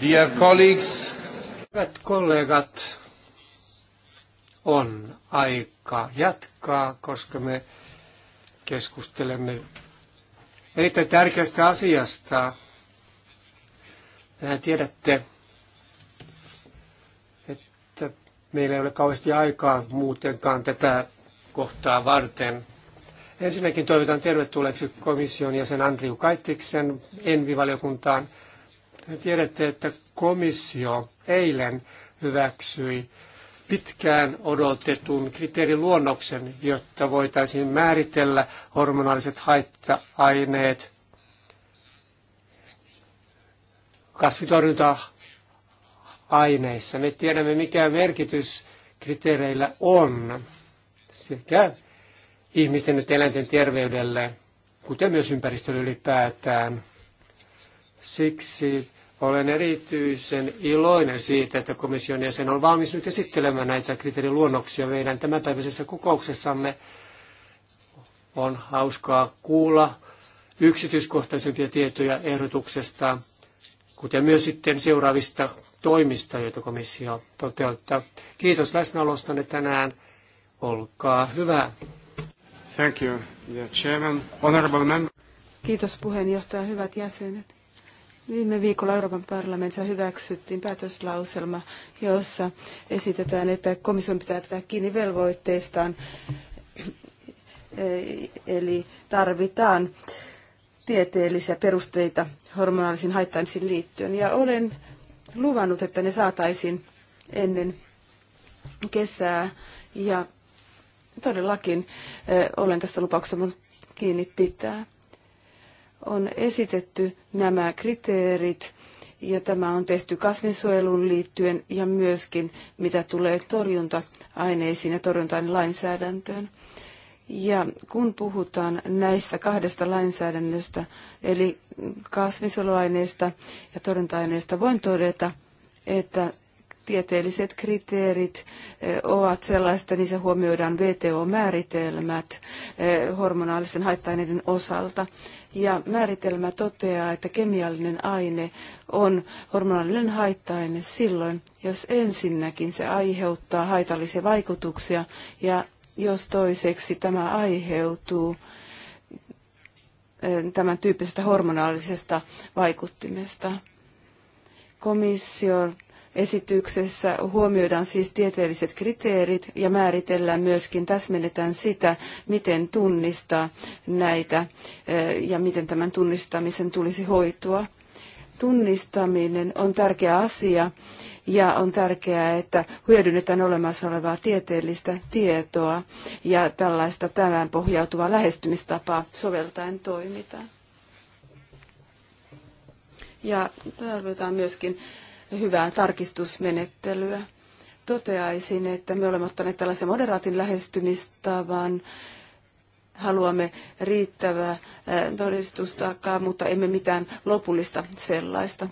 Dear colleagues. Hyvät kollegat, on aika jatkaa, koska me keskustelemme erittäin tärkeästä asiasta. Tähän tiedätte, että meillä ei ole kauheasti aikaa muutenkaan tätä kohtaa varten. Ensinnäkin toivotan tervetulleeksi komission jäsen Andriu Kaitiksen Envi-valiokuntaan – tiedätte, että komissio eilen hyväksyi pitkään odotetun kriteeriluonnoksen, jotta voitaisiin määritellä hormonaaliset haitta-aineet, kasvitorjunta-aineissa. Me tiedämme, mikä merkitys kriteereillä on sekä ihmisten että eläinten terveydelle, kuten myös ympäristölle ylipäätään. Siksi olen erityisen iloinen siitä, että komission jäsen on valmis nyt esittelemään näitä kriteeriluonnoksia meidän tämänpäiväisessä kokouksessamme. On hauskaa kuulla yksityiskohtaisempia tietoja ehdotuksesta, kuten myös sitten seuraavista toimista, joita komissio toteuttaa. Kiitos läsnäolostanne tänään. Olkaa hyvä. Thank you, Chairman. Honorable member. Kiitos puheenjohtaja, hyvät jäsenet. Viime viikolla Euroopan parlamentissa hyväksyttiin päätöslauselma, jossa esitetään, että komission pitää pitää kiinni velvoitteistaan, eli tarvitaan tieteellisiä perusteita hormonaalisiin haittaimisiin liittyen. Ja olen luvannut, että ne saataisiin ennen kesää. Ja todellakin olen tästä lupauksesta kiinni pitää on esitetty nämä kriteerit ja tämä on tehty kasvinsuojeluun liittyen ja myöskin mitä tulee torjunta-aineisiin ja torjunta-lainsäädäntöön. Ja kun puhutaan näistä kahdesta lainsäädännöstä, eli kasvinsuojeluaineista ja torjunta-aineista, voin todeta, että tieteelliset kriteerit eh, ovat sellaista, niissä huomioidaan VTO-määritelmät eh, hormonaalisten haittaineiden osalta. Ja määritelmä toteaa, että kemiallinen aine on hormonaalinen haittaine silloin, jos ensinnäkin se aiheuttaa haitallisia vaikutuksia ja jos toiseksi tämä aiheutuu eh, tämän tyyppisestä hormonaalisesta vaikuttimesta. Komissio Esityksessä huomioidaan siis tieteelliset kriteerit ja määritellään myöskin, täsmennetään sitä, miten tunnistaa näitä eh, ja miten tämän tunnistamisen tulisi hoitua tunnistaminen on tärkeä asia ja on tärkeää, että hyödynnetään olemassa olevaa tieteellistä tietoa ja tällaista tämän pohjautuvaa lähestymistapaa soveltaen toimitaan. Ja tarvitaan myöskin hyvää tarkistusmenettelyä. Toteaisin, että me olemme ottaneet tällaisen moderaatin lähestymistavan. Haluamme riittävää todistustaakaan, mutta emme mitään lopullista sellaista.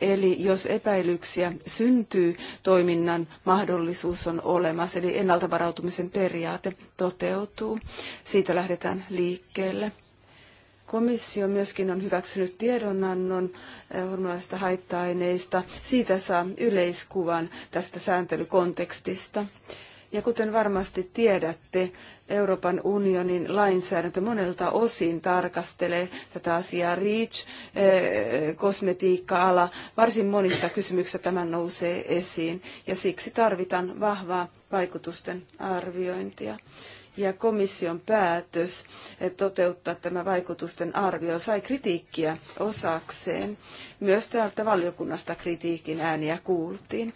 Eli jos epäilyksiä syntyy, toiminnan mahdollisuus on olemassa, eli ennaltavarautumisen periaate toteutuu. Siitä lähdetään liikkeelle. Komissio myöskin on hyväksynyt tiedonannon eh, hormonallisista haitta-aineista. Siitä saa yleiskuvan tästä sääntelykontekstista. Ja kuten varmasti tiedätte, Euroopan unionin lainsäädäntö monelta osin tarkastelee tätä asiaa. REACH, eh, kosmetiikka-ala, varsin monista kysymyksistä tämä nousee esiin ja siksi tarvitaan vahvaa vaikutusten arviointia ja komission päätös eh, toteuttaa tämä vaikutusten arvio sai kritiikkiä osakseen. Myös täältä valiokunnasta kritiikin ääniä kuultiin.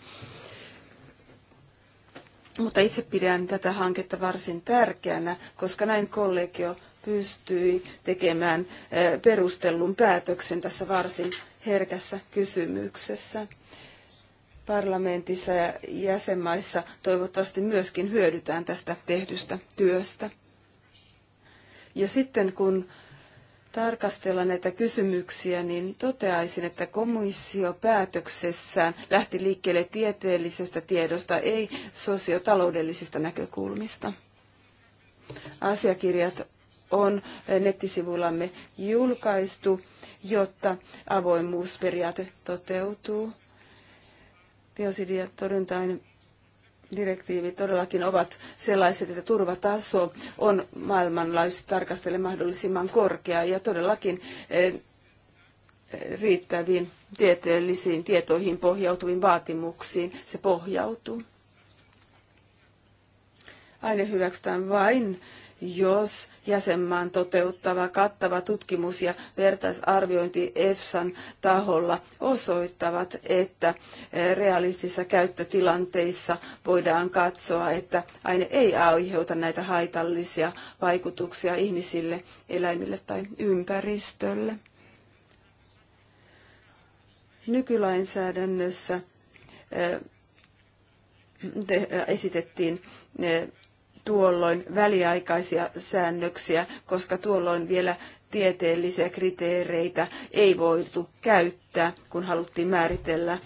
Mutta itse pidän tätä hanketta varsin tärkeänä, koska näin kollegio pystyi tekemään eh, perustellun päätöksen tässä varsin herkässä kysymyksessä parlamentissa ja jäsenmaissa toivottavasti myöskin hyödytään tästä tehdystä työstä. Ja sitten kun tarkastella näitä kysymyksiä, niin toteaisin, että komissio päätöksessään lähti liikkeelle tieteellisestä tiedosta, ei sosiotaloudellisista näkökulmista. Asiakirjat on nettisivullamme julkaistu, jotta avoimuusperiaate toteutuu biosidien torjuntain direktiivi todellakin ovat sellaiset, että turvataso on maailmanlaajuisesti tarkastellen mahdollisimman korkea ja todellakin eh, riittäviin tieteellisiin tietoihin pohjautuviin vaatimuksiin se pohjautuu. Aine hyväksytään vain jos jäsenmaan toteuttava kattava tutkimus ja vertaisarviointi EFSAn taholla osoittavat, että eh, realistisissa käyttötilanteissa voidaan katsoa, että aine ei aiheuta näitä haitallisia vaikutuksia ihmisille, eläimille tai ympäristölle. Nykylainsäädännössä eh, eh, esitettiin tuolloin väliaikaisia säännöksiä, koska tuolloin vielä tieteellisiä kriteereitä ei voitu käyttää, kun haluttiin määritellä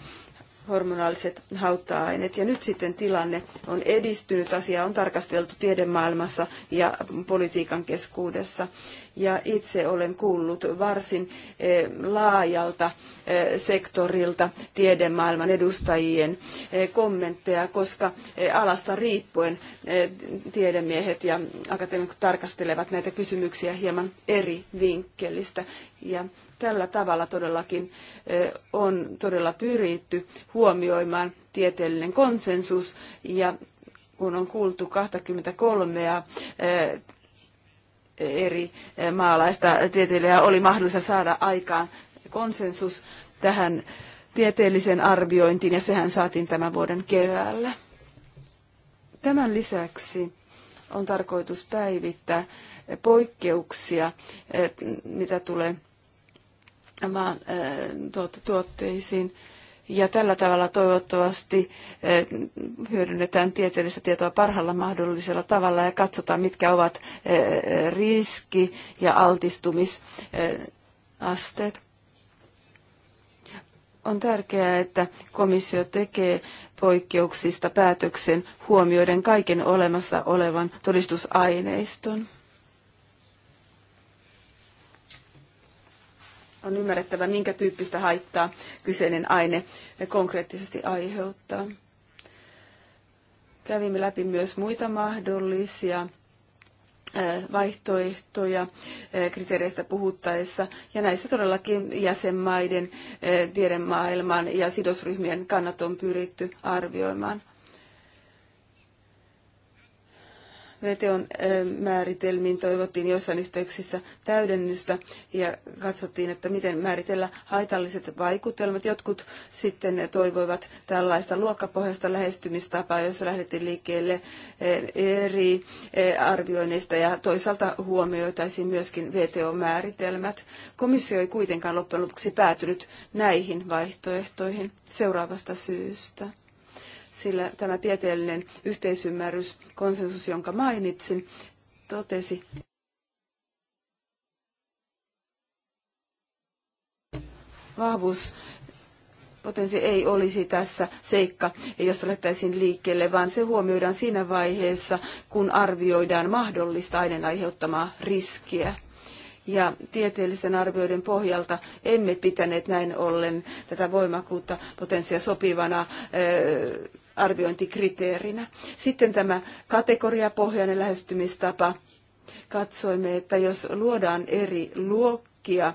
hormonaaliset hautta-aineet. Ja nyt sitten tilanne on edistynyt, asia on tarkasteltu tiedemaailmassa ja politiikan keskuudessa. Ja itse olen kuullut varsin eh, laajalta eh, sektorilta tiedemaailman edustajien eh, kommentteja, koska alasta riippuen tiedemiehet ja akateemikot tarkastelevat näitä kysymyksiä hieman eri vinkkelistä. Ja Tällä tavalla todellakin on todella pyritty huomioimaan tieteellinen konsensus ja kun on kuultu 23 eri maalaista tieteilijää, oli mahdollista saada aikaan konsensus tähän tieteelliseen arviointiin ja sehän saatiin tämän vuoden keväällä. Tämän lisäksi on tarkoitus päivittää poikkeuksia, mitä tulee vaan tuotteisiin. Ja tällä tavalla toivottavasti hyödynnetään tieteellistä tietoa parhaalla mahdollisella tavalla ja katsotaan, mitkä ovat riski- ja altistumisasteet. On tärkeää, että komissio tekee poikkeuksista päätöksen huomioiden kaiken olemassa olevan todistusaineiston. on ymmärrettävä, minkä tyyppistä haittaa kyseinen aine konkreettisesti aiheuttaa. Kävimme läpi myös muita mahdollisia vaihtoehtoja kriteereistä puhuttaessa. Ja näissä todellakin jäsenmaiden, tiedemaailman ja sidosryhmien kannat on pyritty arvioimaan VTOn määritelmiin toivottiin joissain yhteyksissä täydennystä ja katsottiin, että miten määritellä haitalliset vaikutelmat. Jotkut sitten toivoivat tällaista luokkapohjaista lähestymistapaa, jossa lähdettiin liikkeelle eri arvioinneista ja toisaalta huomioitaisiin myöskin VTO-määritelmät. Komissio ei kuitenkaan loppujen lopuksi päätynyt näihin vaihtoehtoihin seuraavasta syystä sillä tämä tieteellinen yhteisymmärrys, konsensus, jonka mainitsin, totesi, vahvuus potenssi ei olisi tässä seikka, jos lähdettäisiin liikkeelle, vaan se huomioidaan siinä vaiheessa, kun arvioidaan mahdollista aineen aiheuttamaa riskiä. Ja tieteellisten arvioiden pohjalta emme pitäneet näin ollen tätä voimakkuutta potenssia sopivana. Öö, arviointikriteerinä. Sitten tämä kategoriapohjainen lähestymistapa. Katsoimme, että jos luodaan eri luokkia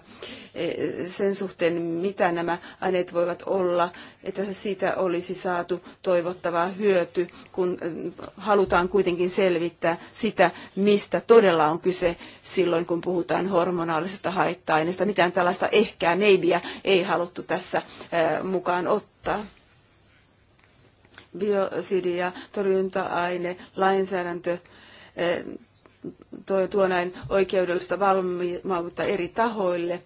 eh, sen suhteen, mitä nämä aineet voivat olla, että siitä olisi saatu toivottavaa hyöty, kun eh, halutaan kuitenkin selvittää sitä, mistä todella on kyse silloin, kun puhutaan hormonaalisesta haitta-aineesta. Mitään tällaista ehkä meibiä ei haluttu tässä eh, mukaan ottaa biosidi- ja torjunta-aine, lainsäädäntö eh, tuo, tuo näin oikeudellista valmiutta eri tahoille.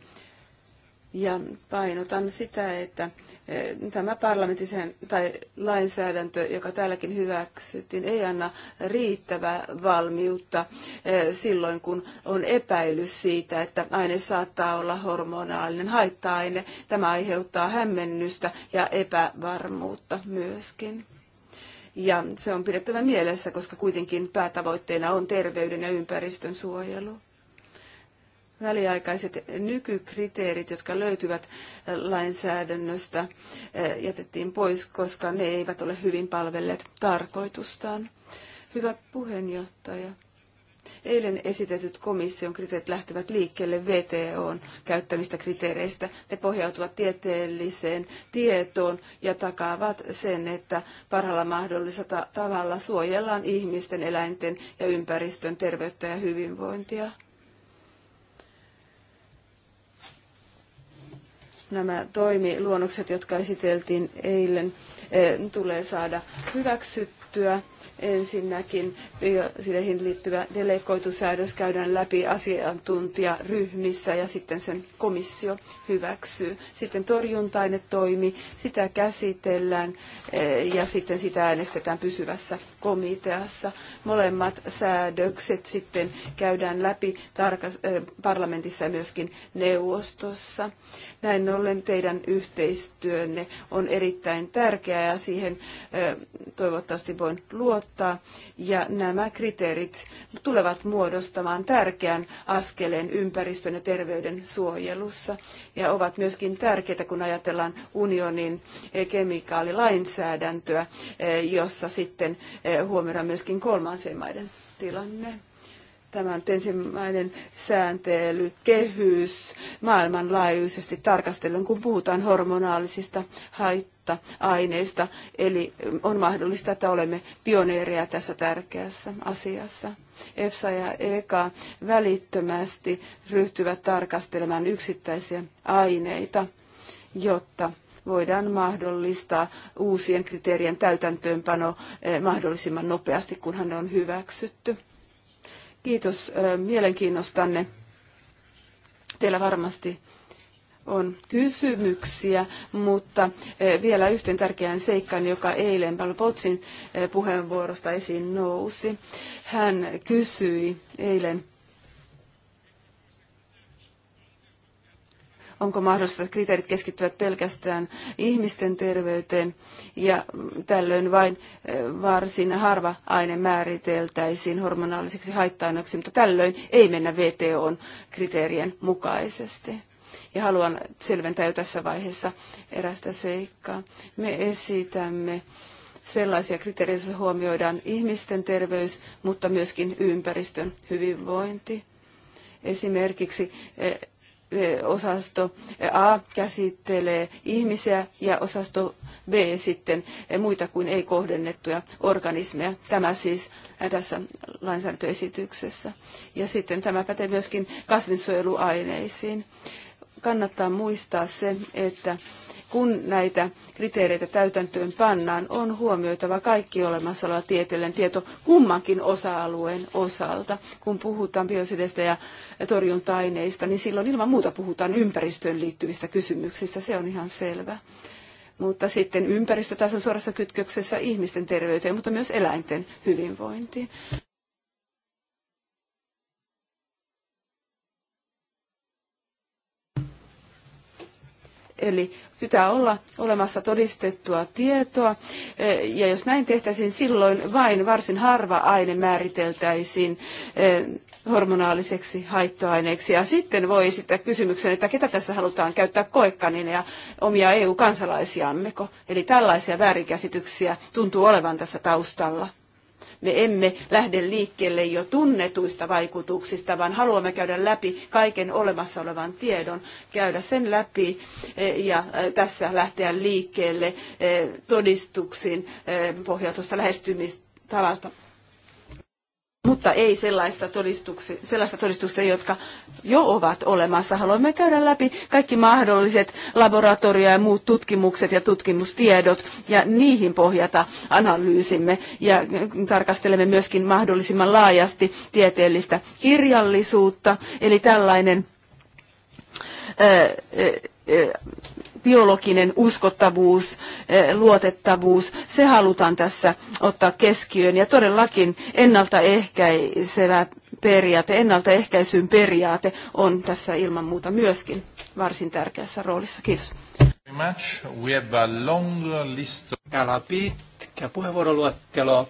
Ja painotan sitä, että Eh, tämä parlamentin tai lainsäädäntö, joka täälläkin hyväksyttiin, ei anna riittävää valmiutta eh, silloin, kun on epäilys siitä, että aine saattaa olla hormonaalinen haitta-aine. Tämä aiheuttaa hämmennystä ja epävarmuutta myöskin. Ja se on pidettävä mielessä, koska kuitenkin päätavoitteena on terveyden ja ympäristön suojelu väliaikaiset nykykriteerit, jotka löytyvät lainsäädännöstä, eh, jätettiin pois, koska ne eivät ole hyvin palvelleet tarkoitustaan. Hyvä puheenjohtaja. Eilen esitetyt komission kriteerit lähtevät liikkeelle VTOn käyttämistä kriteereistä. Ne pohjautuvat tieteelliseen tietoon ja takaavat sen, että parhaalla mahdollisella tavalla suojellaan ihmisten, eläinten ja ympäristön terveyttä ja hyvinvointia. nämä toimiluonnokset, jotka esiteltiin eilen tulee saada hyväksyttyä. Ensinnäkin siihen liittyvä delegoitusäädös käydään läpi asiantuntijaryhmissä ja sitten sen komissio hyväksyy. Sitten toimi sitä käsitellään ja sitten sitä äänestetään pysyvässä komiteassa. Molemmat säädökset sitten käydään läpi parlamentissa ja myöskin neuvostossa. Näin ollen teidän yhteistyönne on erittäin tärkeää ja siihen toivottavasti voin luottaa. Ja nämä kriteerit tulevat muodostamaan tärkeän askeleen ympäristön ja terveyden suojelussa ja ovat myöskin tärkeitä, kun ajatellaan unionin kemikaalilainsäädäntöä, jossa sitten huomioidaan myöskin kolmansien maiden tilanne tämä on ensimmäinen sääntely, kehys maailmanlaajuisesti tarkastellen, kun puhutaan hormonaalisista haitta uutta aineista, eli on mahdollista, että olemme pioneereja tässä tärkeässä asiassa. EFSA ja EKA välittömästi ryhtyvät tarkastelemaan yksittäisiä aineita, jotta voidaan mahdollistaa uusien kriteerien täytäntöönpano eh, mahdollisimman nopeasti, kunhan ne on hyväksytty. Kiitos eh, mielenkiinnostanne. Teillä varmasti on kysymyksiä, mutta eh, vielä yhteen tärkeän seikkaan, joka eilen Potsin eh, puheenvuorosta esiin nousi. Hän kysyi eilen, onko mahdollista, että kriteerit keskittyvät pelkästään ihmisten terveyteen ja tällöin vain eh, varsin harva aine määriteltäisiin hormonaaliseksi haitta-aineeksi, mutta tällöin ei mennä VTOn kriteerien mukaisesti ja haluan selventää jo tässä vaiheessa erästä seikkaa. Me esitämme sellaisia kriteerejä, joissa huomioidaan ihmisten terveys, mutta myöskin ympäristön hyvinvointi. Esimerkiksi eh, eh, osasto A käsittelee ihmisiä ja osasto B sitten eh, muita kuin ei-kohdennettuja organismeja. Tämä siis tässä lainsäädäntöesityksessä. Ja sitten tämä pätee myöskin kasvinsuojeluaineisiin kannattaa muistaa se, että kun näitä kriteereitä täytäntöön pannaan, on huomioitava kaikki olemassa oleva tieteellinen tieto kummankin osa-alueen osalta. Kun puhutaan biosidestä ja torjunta-aineista, niin silloin ilman muuta puhutaan ympäristöön liittyvistä kysymyksistä, se on ihan selvä. Mutta sitten ympäristötason suorassa kytköksessä ihmisten terveyteen, mutta myös eläinten hyvinvointiin. Eli pitää olla olemassa todistettua tietoa, e, ja jos näin tehtäisiin, silloin vain varsin harva aine määriteltäisiin e, hormonaaliseksi haittoaineeksi. Ja sitten voi esittää kysymyksen, että ketä tässä halutaan käyttää koikkanin ja omia EU-kansalaisiammeko. Eli tällaisia väärinkäsityksiä tuntuu olevan tässä taustalla. Me emme lähde liikkeelle jo tunnetuista vaikutuksista, vaan haluamme käydä läpi kaiken olemassa olevan tiedon, käydä sen läpi eh, ja eh, tässä lähteä liikkeelle eh, todistuksiin pohjautusta lähestymistavasta mutta ei sellaista todistusta, sellaista todistusta, jotka jo ovat olemassa. Haluamme käydä läpi kaikki mahdolliset laboratorio- ja muut tutkimukset ja tutkimustiedot ja niihin pohjata analyysimme ja tarkastelemme myöskin mahdollisimman laajasti tieteellistä kirjallisuutta, eli tällainen biologinen uskottavuus, eh, luotettavuus, se halutaan tässä ottaa keskiöön. Ja todellakin ennaltaehkäisevä periaate, ennaltaehkäisyyn periaate on tässä ilman muuta myöskin varsin tärkeässä roolissa. Kiitos. Täällä on pitkä puheenvuoroluettelo.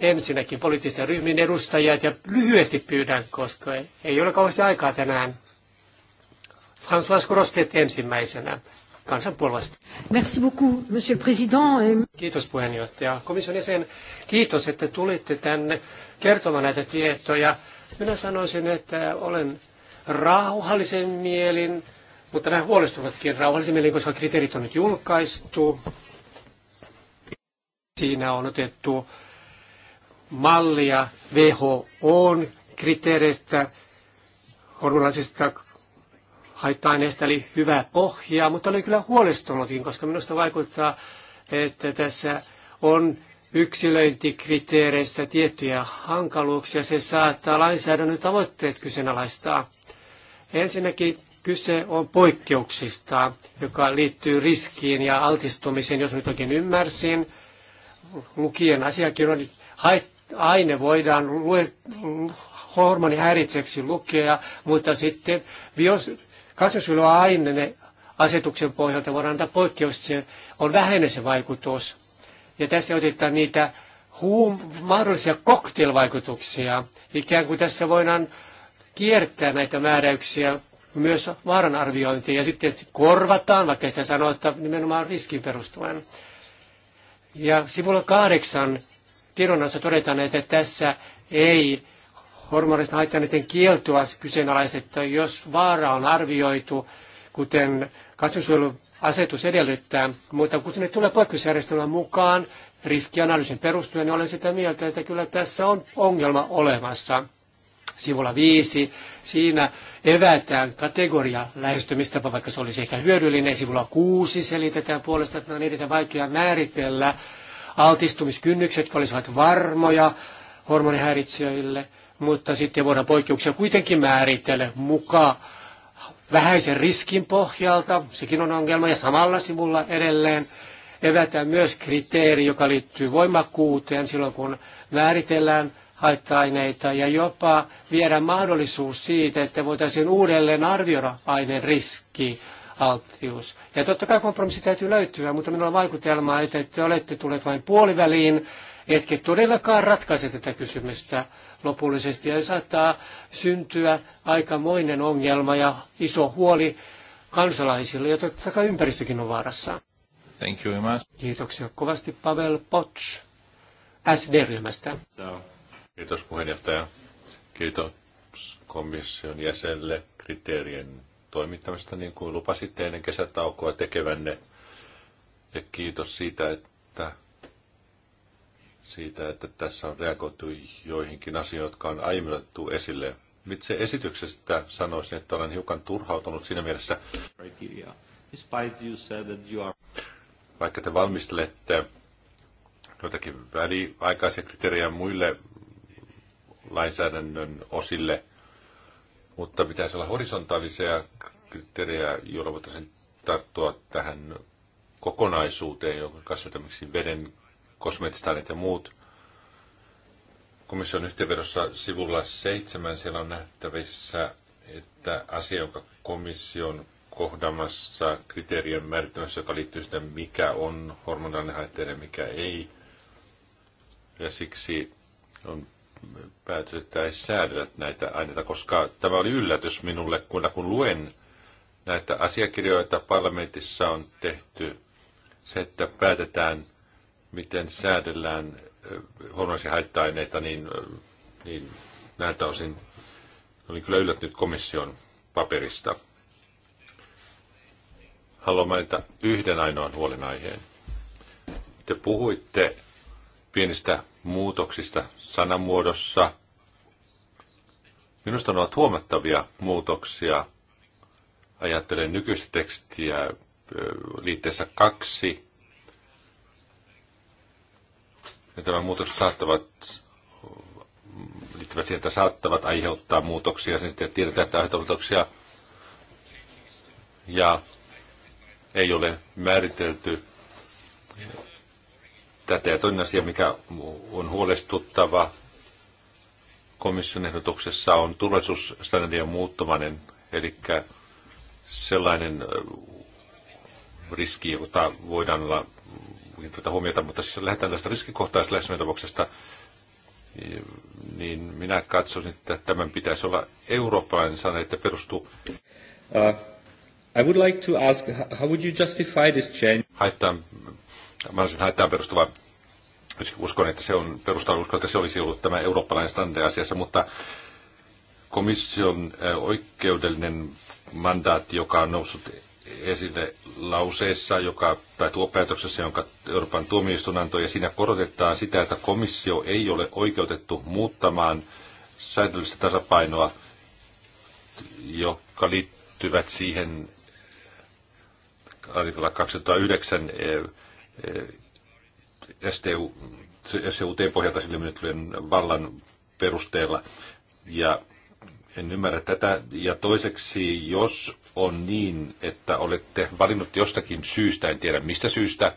Ensinnäkin poliittisten ryhmien edustajat ja lyhyesti pyydän, koska ei ole kauheasti aikaa tänään. François Grostet ensimmäisenä kansanpuolueesta. Merci beaucoup, monsieur le président. Kiitos puheenjohtaja. Komission jäsen, kiitos, että tulitte tänne kertomaan näitä tietoja. Minä sanoisin, että olen rauhallisen mielin, mutta vähän huolestunutkin rauhallisen mielin, koska kriteerit on nyt julkaistu. Siinä on otettu mallia WHOn kriteereistä hormonallisista haitta-aineista oli hyvä pohja, mutta oli kyllä huolestunutkin, koska minusta vaikuttaa, että tässä on yksilöintikriteereistä tiettyjä hankaluuksia. Se saattaa lainsäädännön tavoitteet kyseenalaistaa. Ensinnäkin kyse on poikkeuksista, joka liittyy riskiin ja altistumiseen, jos nyt oikein ymmärsin. Lukien asiakirjojen niin aine voidaan häiritseksi lukea, mutta sitten bios, Kasvinsuojeluaine asetuksen pohjalta voidaan antaa poikkeus, se on vähäinen se vaikutus. Ja tässä otetaan niitä huum, mahdollisia cocktailvaikutuksia. Ikään kuin tässä voidaan kiertää näitä määräyksiä, myös arviointiin ja sitten korvataan, vaikka sitä sanoo, että nimenomaan riskiin perustuen. Ja sivulla kahdeksan tiedonannossa todetaan, että tässä ei hormonista haittaineiden kieltoa kyseenalaistettu, jos vaara on arvioitu, kuten kasvinsuojeluasetus edellyttää. Mutta kun sinne tulee poikkeusjärjestelmän mukaan riskianalyysin perustuen, niin olen sitä mieltä, että kyllä tässä on ongelma olemassa. Sivulla viisi, siinä evätään kategoria lähestymistapa, vaikka se olisi ehkä hyödyllinen. Sivulla kuusi selitetään puolesta, että on erittäin vaikea määritellä altistumiskynnykset, jotka olisivat varmoja hormonihäiritsijöille – mutta sitten voidaan poikkeuksia kuitenkin määritellä mukaan vähäisen riskin pohjalta, sekin on ongelma, ja samalla sivulla edelleen evätään myös kriteeri, joka liittyy voimakkuuteen silloin, kun määritellään haitta-aineita ja jopa viedä mahdollisuus siitä, että voitaisiin uudelleen arvioida aineen riski, Altius. Ja totta kai kompromissi täytyy löytyä, mutta minulla on vaikutelma, että te olette tulleet vain puoliväliin, etkä todellakaan ratkaise tätä kysymystä lopullisesti ja saattaa syntyä aikamoinen ongelma ja iso huoli kansalaisille ja totta kai ympäristökin on vaarassa. Thank you very much. Kiitoksia kovasti Pavel Potsch SD-ryhmästä. Kiitos puheenjohtaja. Kiitos komission jäsenelle kriteerien toimittamista, niin kuin lupasitte ennen kesätaukoa tekevänne. Ja kiitos siitä, että siitä, että tässä on reagoitu joihinkin asioihin, jotka on aiemmin otettu esille. Itse esityksestä sanoisin, että olen hiukan turhautunut siinä mielessä, vaikka te valmistelette jotakin väliaikaisia kriteerejä muille lainsäädännön osille, mutta pitäisi olla horisontaalisia kriteerejä, joilla voitaisiin tarttua tähän kokonaisuuteen, jonka kanssa veden kosmetistaanit ja muut. Komission yhteenvedossa sivulla seitsemän siellä on nähtävissä, että asia, jonka komission kohdamassa kriteerien määrittämässä, joka liittyy sitä, mikä on hormonaalinen mikä ei. Ja siksi on päätetty, että ei säädellä näitä aineita, koska tämä oli yllätys minulle, kun, kun luen näitä asiakirjoja, parlamentissa on tehty, se, että päätetään miten säädellään hormonisia haitta-aineita, niin, niin näiltä osin olin kyllä yllättynyt komission paperista. Haluan mainita yhden ainoan huolenaiheen. Te puhuitte pienistä muutoksista sanamuodossa. Minusta ne ovat huomattavia muutoksia. Ajattelen nykyistä tekstiä liitteessä kaksi ja nämä muutokset saattavat liittyvät siihen, että saattavat aiheuttaa muutoksia, sen sitten tiedetään, että aiheuttaa muutoksia. Ja ei ole määritelty tätä. Ja toinen asia, mikä on huolestuttava komission ehdotuksessa, on turvallisuusstandardien muuttuminen, eli sellainen riski, jota voidaan olla tuota huomiota, mutta siis lähdetään tästä riskikohtaislähestymistapauksesta, niin minä katsoisin, että tämän pitäisi olla eurooppalainen sana, että perustuu... Uh, I would like to ask, how would you justify this change? Haittaan, olisin haittaan perustuva uskon, että se on perustava, uskon, että se olisi ollut tämä eurooppalainen standardi asiassa, mutta komission eh, oikeudellinen mandaatti, joka on noussut esille lauseessa, joka, tai tuo päätöksessä, jonka Euroopan tuomioistuin antoi, ja siinä korotetaan sitä, että komissio ei ole oikeutettu muuttamaan sääntelyllistä tasapainoa, joka liittyvät siihen artikla 2009 STU, STUT pohjalta sille myötyjen vallan perusteella. Ja en ymmärrä tätä. Ja toiseksi, jos on niin, että olette valinnut jostakin syystä, en tiedä mistä syystä,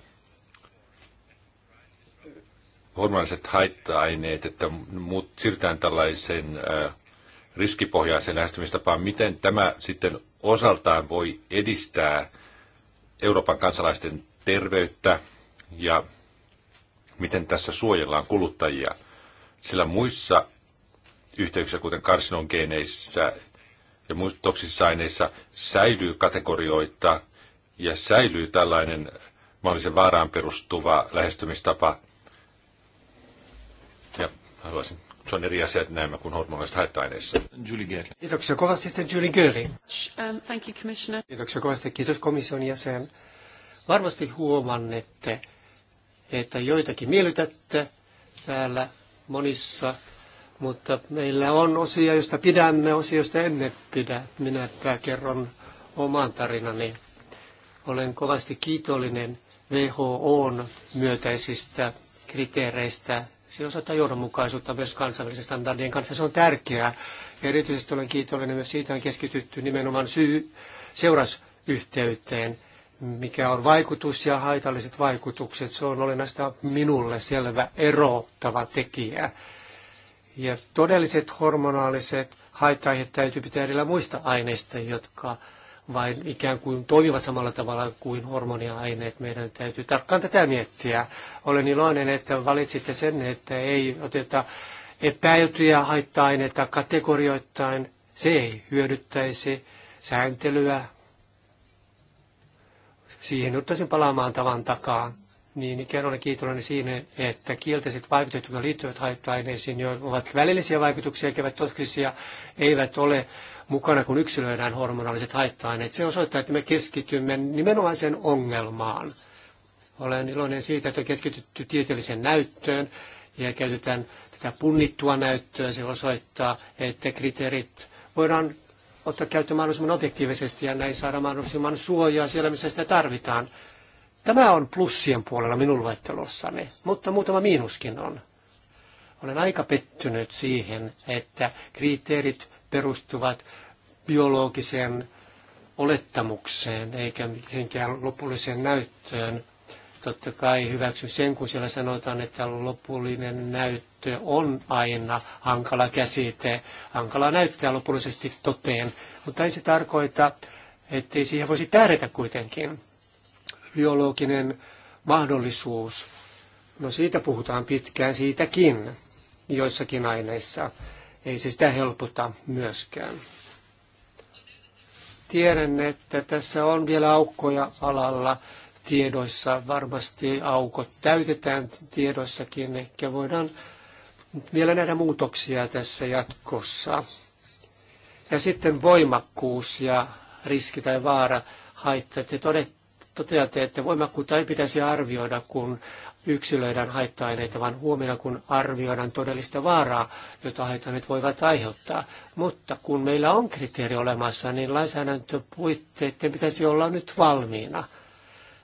hormonalliset haitta-aineet, että muut, siirrytään tällaiseen äh, riskipohjaiseen lähestymistapaan. Miten tämä sitten osaltaan voi edistää Euroopan kansalaisten terveyttä ja miten tässä suojellaan kuluttajia? Sillä muissa yhteyksissä, kuten karsinogeneissä, ja muissa toksisissa aineissa säilyy kategorioita ja säilyy tällainen mahdollisen vaaraan perustuva lähestymistapa. Ja haluaisin, se on eri asia näemme kuin hormonallisista haitta-aineissa. Julie Gerli. Kiitoksia kovasti sitten Julie Gerli. Um, thank you, Commissioner. Kiitoksia kovasti. Kiitos komission jäsen. Varmasti huomannette, että joitakin miellytätte täällä monissa mutta meillä on osia, joista pidämme, osia, joista emme pidä. Minä tämä kerron oman tarinani. Olen kovasti kiitollinen WHOn myötäisistä kriteereistä. Se osoittaa johdonmukaisuutta myös kansainvälisen standardien kanssa. Se on tärkeää. erityisesti olen kiitollinen myös siitä, on keskitytty nimenomaan syy seurasyhteyteen, mikä on vaikutus ja haitalliset vaikutukset. Se on olennaista minulle selvä erottava tekijä. Ja todelliset hormonaaliset haitaiheet täytyy pitää erillä muista aineista, jotka vain ikään kuin toimivat samalla tavalla kuin hormonia-aineet. Meidän täytyy tarkkaan tätä miettiä. Olen iloinen, että valitsitte sen, että ei oteta epäiltyjä haitta-aineita kategorioittain. Se ei hyödyttäisi sääntelyä. Siihen ottaisin palaamaan tavan takaa niin kerron olen kiitollinen siinä, että kielteiset vaikutukset, jotka liittyvät haitta-aineisiin, jo ovat välillisiä vaikutuksia, eikä toksisia, eivät ole mukana, kun yksilöidään hormonaaliset haitta-aineet. Se osoittaa, että me keskitymme nimenomaan sen ongelmaan. Olen iloinen siitä, että on keskitytty tieteelliseen näyttöön ja käytetään tätä punnittua näyttöä. Se osoittaa, että kriteerit voidaan ottaa käyttöön mahdollisimman objektiivisesti ja näin saada mahdollisimman suojaa siellä, missä sitä tarvitaan. Tämä on plussien puolella minun luettelossani, mutta muutama miinuskin on. Olen aika pettynyt siihen, että kriteerit perustuvat biologiseen olettamukseen eikä mihinkään lopulliseen näyttöön. Totta kai hyväksyn sen, kun siellä sanotaan, että lopullinen näyttö on aina hankala käsite. Hankala näyttää lopullisesti toteen, mutta ei se tarkoita, ettei siihen voisi tähdetä kuitenkin biologinen mahdollisuus. No siitä puhutaan pitkään siitäkin joissakin aineissa. Ei se sitä helpota myöskään. Tiedän, että tässä on vielä aukkoja alalla tiedoissa. Varmasti aukot täytetään tiedoissakin. Ehkä voidaan vielä nähdä muutoksia tässä jatkossa. Ja sitten voimakkuus ja riski tai vaara, haitta. Te toteatte, että voimakkuutta ei pitäisi arvioida, kun yksilöidään haitta-aineita, vaan huomioida, kun arvioidaan todellista vaaraa, jota haitta voivat aiheuttaa. Mutta kun meillä on kriteeri olemassa, niin lainsäädäntöpuitteiden pitäisi olla nyt valmiina.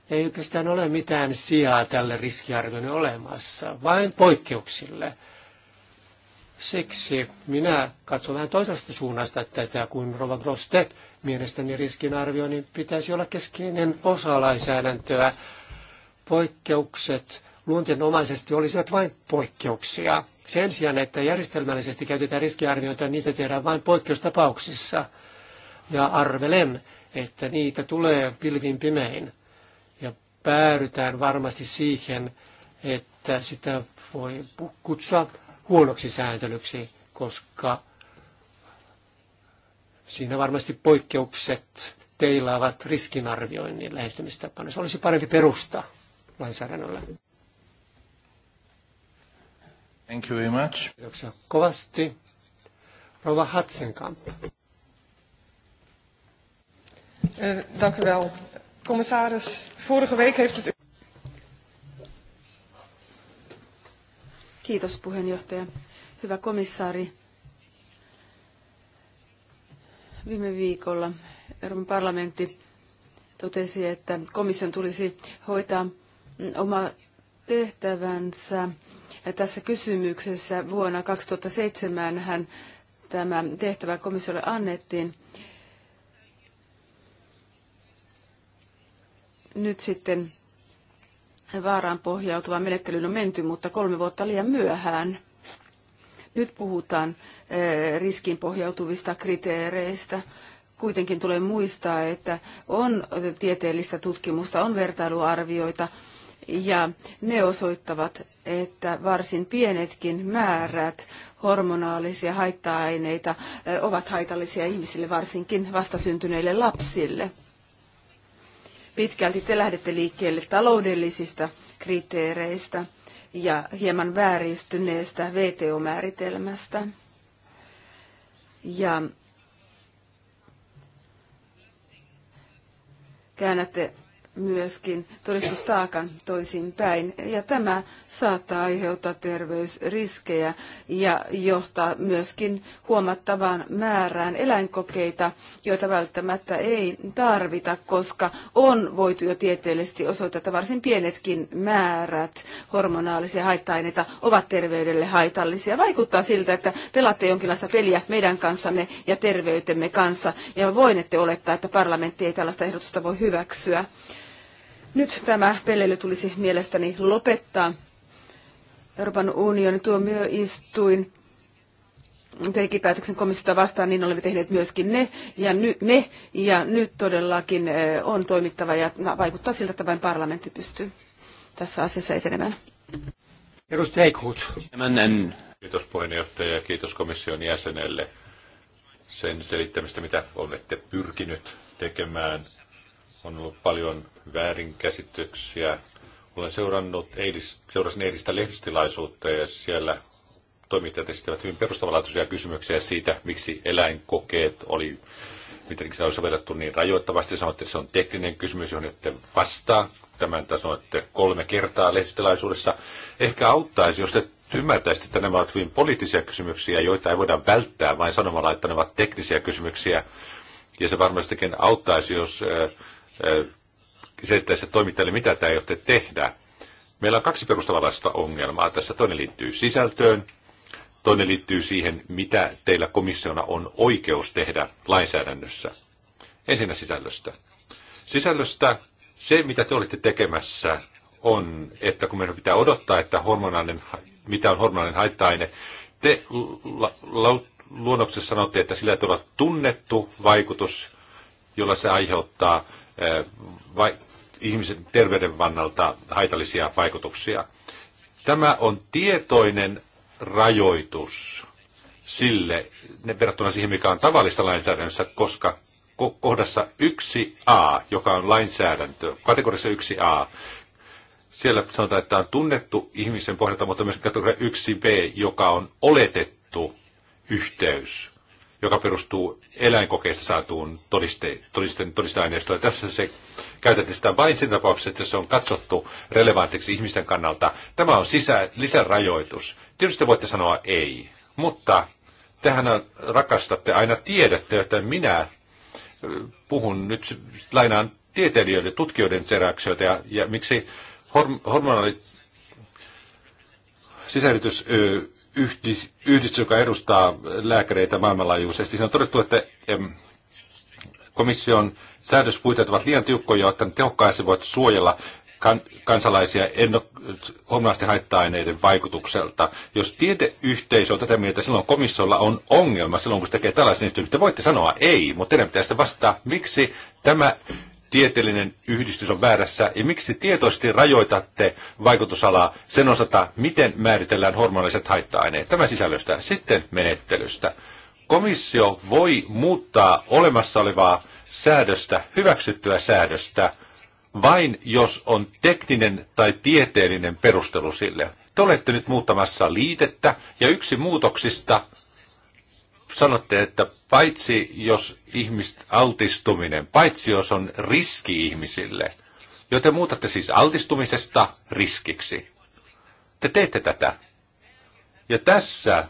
Ei oikeastaan ole mitään sijaa tälle riskiarvioinnille olemassa, vain poikkeuksille. Siksi minä katson vähän toisesta suunnasta tätä kuin Rova Grostek. Mielestäni riskinarvioinnin pitäisi olla keskeinen osa lainsäädäntöä. Poikkeukset luonteenomaisesti olisivat vain poikkeuksia. Sen sijaan, että järjestelmällisesti käytetään riskiarviointia, niitä tehdään vain poikkeustapauksissa. Ja arvelen, että niitä tulee pilvin pimein. Ja päädytään varmasti siihen, että sitä voi kutsua huonoksi sääntelyksi, koska Siinä varmasti poikkeukset teilaavat riskinarvioinnin lähestymistapana. Se olisi parempi perusta lainsäädännöllä. Thank you very much. Kiitoksia kovasti. Rova Hatsenkamp. Eh, dank u wel. Commissaris, vorige week heeft het... Kiitos puheenjohtaja. Hyvä komissaari. Viime viikolla Euroopan parlamentti totesi, että komission tulisi hoitaa mm, oma tehtävänsä tässä kysymyksessä. Vuonna 2007 hän tämä tehtävä komissiolle annettiin. Nyt sitten vaaraan pohjautuva menettelyyn on menty, mutta kolme vuotta liian myöhään – nyt puhutaan eh, riskiin pohjautuvista kriteereistä. Kuitenkin tulee muistaa, että on tieteellistä tutkimusta, on vertailuarvioita, ja ne osoittavat, että varsin pienetkin määrät hormonaalisia haitta-aineita eh, ovat haitallisia ihmisille, varsinkin vastasyntyneille lapsille. Pitkälti te lähdette liikkeelle taloudellisista kriteereistä – ja hieman vääristyneestä VTO-määritelmästä. Ja käännätte myöskin todistustaakan toisin päin. Ja tämä saattaa aiheuttaa terveysriskejä ja johtaa myöskin huomattavaan määrään eläinkokeita, joita välttämättä ei tarvita, koska on voitu jo tieteellisesti osoittaa, että varsin pienetkin määrät hormonaalisia haitta-aineita ovat terveydelle haitallisia. Vaikuttaa siltä, että pelaatte jonkinlaista peliä meidän kanssamme ja terveytemme kanssa, ja voinette olettaa, että parlamentti ei tällaista ehdotusta voi hyväksyä. Nyt tämä pelleily tulisi mielestäni lopettaa. Euroopan unionin tuomioistuin teki päätöksen komissiota vastaan, niin olemme tehneet myöskin ne ja ny, me, ja nyt todellakin eh, on toimittava ja vaikuttaa siltä, että vain parlamentti pystyy tässä asiassa etenemään. Edustaja Eichhut. Kiitos puheenjohtaja ja kiitos komission jäsenelle sen selittämistä, mitä olette pyrkinyt tekemään on ollut paljon väärinkäsityksiä. Olen seurannut eilis, seurasin eilistä lehdistilaisuutta ja siellä toimittajat esittävät hyvin perustavanlaatuisia kysymyksiä siitä, miksi eläinkokeet oli, miten se oli sovellettu niin rajoittavasti. Sanoitte, että se on tekninen kysymys, johon ette vastaa. Tämän sanoitte kolme kertaa lehdistilaisuudessa. Ehkä auttaisi, jos te ymmärtäisitte, että nämä ovat hyvin poliittisia kysymyksiä, joita ei voida välttää vain sanomalla, että ne ovat teknisiä kysymyksiä. Ja se varmastikin auttaisi, jos äh, se, että se toimittajalle, mitä ei ole tehdä. Meillä on kaksi perustavanlaista ongelmaa tässä. Toinen liittyy sisältöön, toinen liittyy siihen, mitä teillä komissiona on oikeus tehdä lainsäädännössä. Ensinnä sisällöstä. Sisällöstä se, mitä te olette tekemässä, on, että kun meidän pitää odottaa, että hormonainen, mitä on hormonainen haitta-aine, te la, la, luonnoksessa sanotte, että sillä tulee tunnettu vaikutus, jolla se aiheuttaa vai, ihmisen terveyden vannalta haitallisia vaikutuksia. Tämä on tietoinen rajoitus sille, ne verrattuna siihen, mikä on tavallista lainsäädännössä, koska kohdassa 1a, joka on lainsäädäntö, kategorissa 1a, siellä sanotaan, että on tunnettu ihmisen pohjalta, mutta myös kategoria 1b, joka on oletettu yhteys joka perustuu eläinkokeista saatuun todiste, todiste, todisteaineistoon. Tässä se käytetään sitä vain sen tapauksessa, että se on katsottu relevantiksi ihmisten kannalta. Tämä on sisä, lisärajoitus. Tietysti voitte sanoa ei, mutta tehän rakastatte aina tiedettä, että minä puhun nyt, lainaan tieteilijöiden, tutkijoiden teräksioita ja, ja miksi horm- hormonaalit sisäilytys yhdistys, joka edustaa lääkäreitä maailmanlaajuisesti. Siinä on todettu, että komission säädöspuitteet ovat liian tiukkoja, jotta ne tehokkaasti voivat suojella kan- kansalaisia huomattavasti haitta-aineiden vaikutukselta. Jos tieteyhteisö on tätä mieltä, silloin komissiolla on ongelma silloin, kun se tekee tällaisen yhteyden. Te voitte sanoa ei, mutta teidän pitää sitten vastata, miksi tämä tieteellinen yhdistys on väärässä ja miksi tietoisesti rajoitatte vaikutusalaa sen osalta, miten määritellään hormonalliset haitta-aineet. Tämä sisällöstä sitten menettelystä. Komissio voi muuttaa olemassa olevaa säädöstä, hyväksyttyä säädöstä, vain jos on tekninen tai tieteellinen perustelu sille. Te olette nyt muuttamassa liitettä ja yksi muutoksista – sanotte, että paitsi jos ihmist, altistuminen, paitsi jos on riski ihmisille, joten muutatte siis altistumisesta riskiksi. Te teette tätä. Ja tässä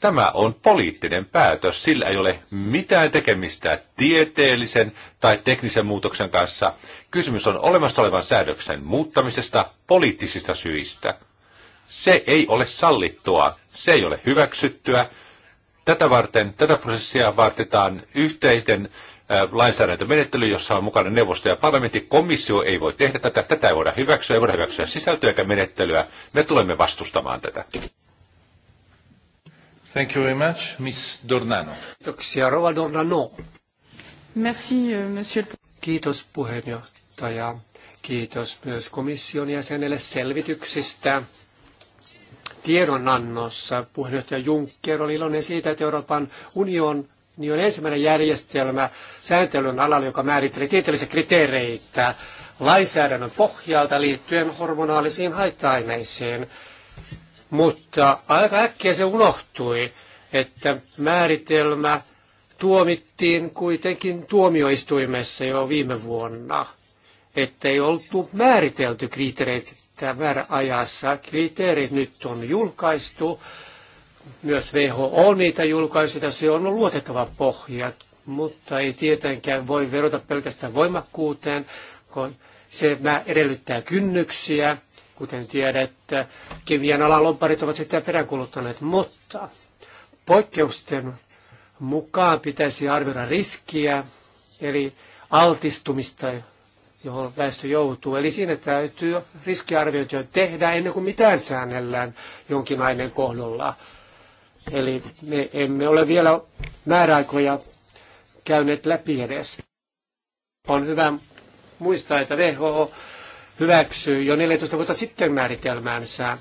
tämä on poliittinen päätös. Sillä ei ole mitään tekemistä tieteellisen tai teknisen muutoksen kanssa. Kysymys on olemassa olevan säädöksen muuttamisesta poliittisista syistä. Se ei ole sallittua, se ei ole hyväksyttyä, Tätä varten, tätä prosessia vartetaan yhteisten lainsäädäntömenettely, jossa on mukana neuvosto ja parlamentti. Komissio ei voi tehdä tätä, tätä ei voida hyväksyä, ei voida hyväksyä sisältöä eikä menettelyä. Me tulemme vastustamaan tätä. Thank you very much, Miss Dornano. Kiitoksia, Rova Dornano. Merci, euh, monsieur. Kiitos puheenjohtaja. Kiitos myös komission jäsenelle selvityksistä tiedonannossa puheenjohtaja Juncker oli iloinen siitä, että Euroopan union niin on ensimmäinen järjestelmä sääntelyn alalla, joka määrittelee tieteellisiä kriteereitä lainsäädännön pohjalta liittyen hormonaalisiin haitta-aineisiin. Mutta aika äkkiä se unohtui, että määritelmä tuomittiin kuitenkin tuomioistuimessa jo viime vuonna, ettei oltu määritelty kriteereitä että määräajassa kriteerit nyt on julkaistu. Myös WHO on niitä julkaisuja, se on luotettava pohja, mutta ei tietenkään voi verota pelkästään voimakkuuteen, kun se edellyttää kynnyksiä, kuten tiedätte, kemian alalomparit ovat sitä peräänkuluttaneet, mutta poikkeusten mukaan pitäisi arvioida riskiä, eli altistumista johon väestö joutuu. Eli siinä täytyy riskiarviointia tehdä ennen kuin mitään säännellään jonkin aineen kohdalla. Eli me emme ole vielä määräaikoja käyneet läpi edes. On hyvä muistaa, että WHO hyväksyy jo 14 vuotta sitten määritelmänsä.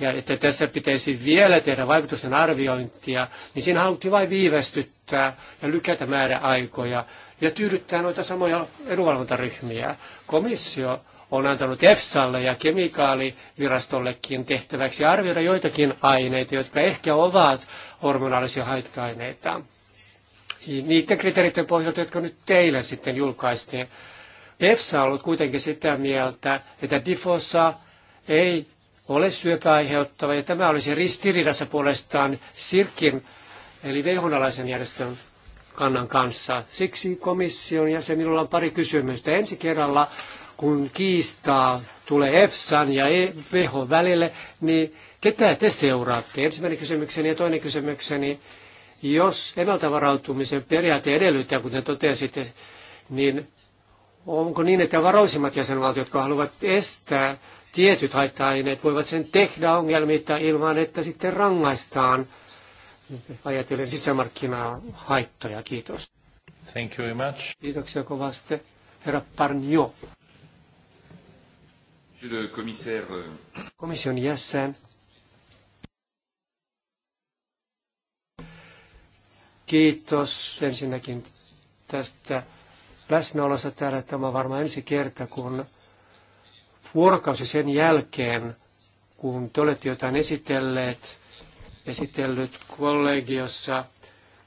Ja että tässä pitäisi vielä tehdä vaikutusten arviointia, niin siinä haluttiin vain viivästyttää ja lykätä määräaikoja ja tyydyttää noita samoja edunvalvontaryhmiä. Komissio on antanut EFSAlle ja kemikaalivirastollekin tehtäväksi arvioida joitakin aineita, jotka ehkä ovat hormonaalisia haitta-aineita. Niiden kriteereiden pohjalta, jotka nyt teille sitten julkaistiin. EFSA on ollut kuitenkin sitä mieltä, että difossa ei ole syöpäaiheuttava ja tämä olisi ristiriidassa puolestaan SIRKin, eli vehonalaisen järjestön kannan kanssa. Siksi komission jäsenillä minulla on pari kysymystä. Ensi kerralla, kun kiistaa tulee EFSAn ja e- WHO välille, niin ketä te seuraatte? Ensimmäinen kysymykseni ja toinen kysymykseni, jos varautumisen periaate edellyttää, kuten totesitte, niin onko niin, että varoisimmat jäsenvaltiot, jotka haluavat estää tietyt haitta-aineet, voivat sen tehdä ongelmitta ilman, että sitten rangaistaan – ajatellen sisämarkkinaa haittoja. Kiitos. Thank you very much. Kiitoksia kovasti. Herra Parnio. Monsieur le commissaire. Euh, Komission jäsen. Kiitos ensinnäkin tästä läsnäolosta täällä. Tämä on varmaan ensi kerta, kun vuorokausi sen jälkeen, kun te olette jotain esitelleet, esitellyt kollegiossa,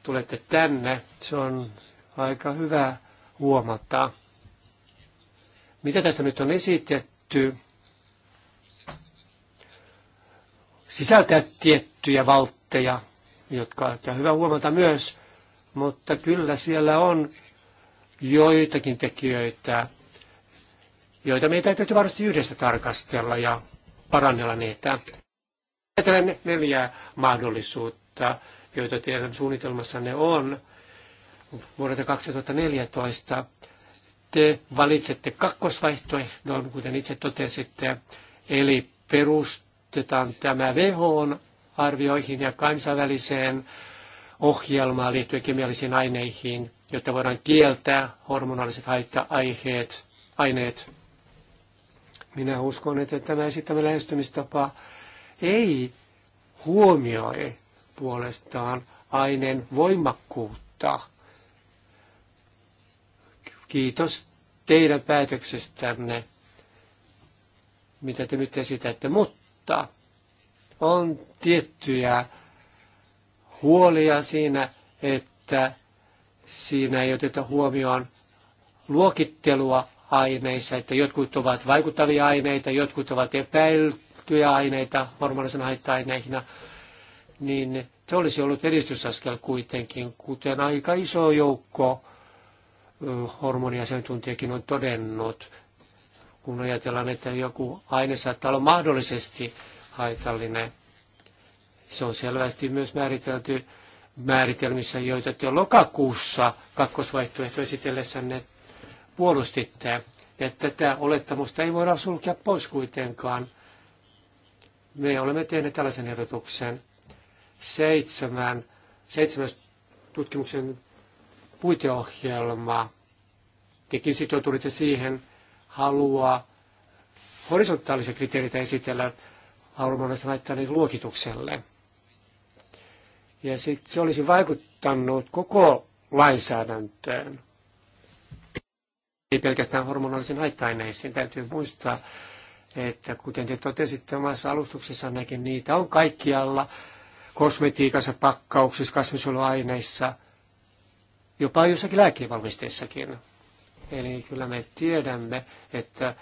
tulette tänne. Se on aika hyvä huomata. Mitä tässä nyt on esitetty? Sisältää tiettyjä valtteja, jotka on hyvä huomata myös, mutta kyllä siellä on joitakin tekijöitä, joita meidän täytyy varmasti yhdessä tarkastella ja parannella niitä. Ajatellaan neljää mahdollisuutta, joita teidän suunnitelmassanne on vuodelta 2014. Te valitsette kakkosvaihtoehdon, kuten itse totesitte, eli perustetaan tämä WHOn arvioihin ja kansainväliseen ohjelmaan liittyen kemiallisiin aineihin, jotta voidaan kieltää hormonaaliset haitta-aineet. Minä uskon, että tämä esittämä lähestymistapa ei huomioi puolestaan aineen voimakkuutta. Kiitos teidän päätöksestänne, mitä te nyt esitätte, mutta on tiettyjä huolia siinä, että siinä ei oteta huomioon luokittelua aineissa, että jotkut ovat vaikuttavia aineita, jotkut ovat epäil, työaineita normaalisena haitta-aineina, niin se olisi ollut edistysaskel kuitenkin, kuten aika iso joukko hormoniasiantuntijakin on todennut, kun ajatellaan, että joku aine saattaa olla mahdollisesti haitallinen. Se on selvästi myös määritelty määritelmissä, joita te lokakuussa kakkosvaihtoehto esitellessänne puolustitte. Että tätä olettamusta ei voida sulkea pois kuitenkaan. Me olemme tehneet tällaisen ehdotuksen seitsemän, seitsemän tutkimuksen puiteohjelma. Tekin sitoutuitte siihen haluaa horisontaalisia kriteereitä esitellä hormonista haittaneen luokitukselle. Ja sitten se olisi vaikuttanut koko lainsäädäntöön. Ei pelkästään hormonallisiin haitta-aineisiin. Täytyy muistaa, että kuten te totesitte omassa alustuksessannekin, niitä on kaikkialla kosmetiikassa, pakkauksissa, kasvinsuojeluaineissa, jopa jossakin lääkevalmisteissakin. Eli kyllä me tiedämme, että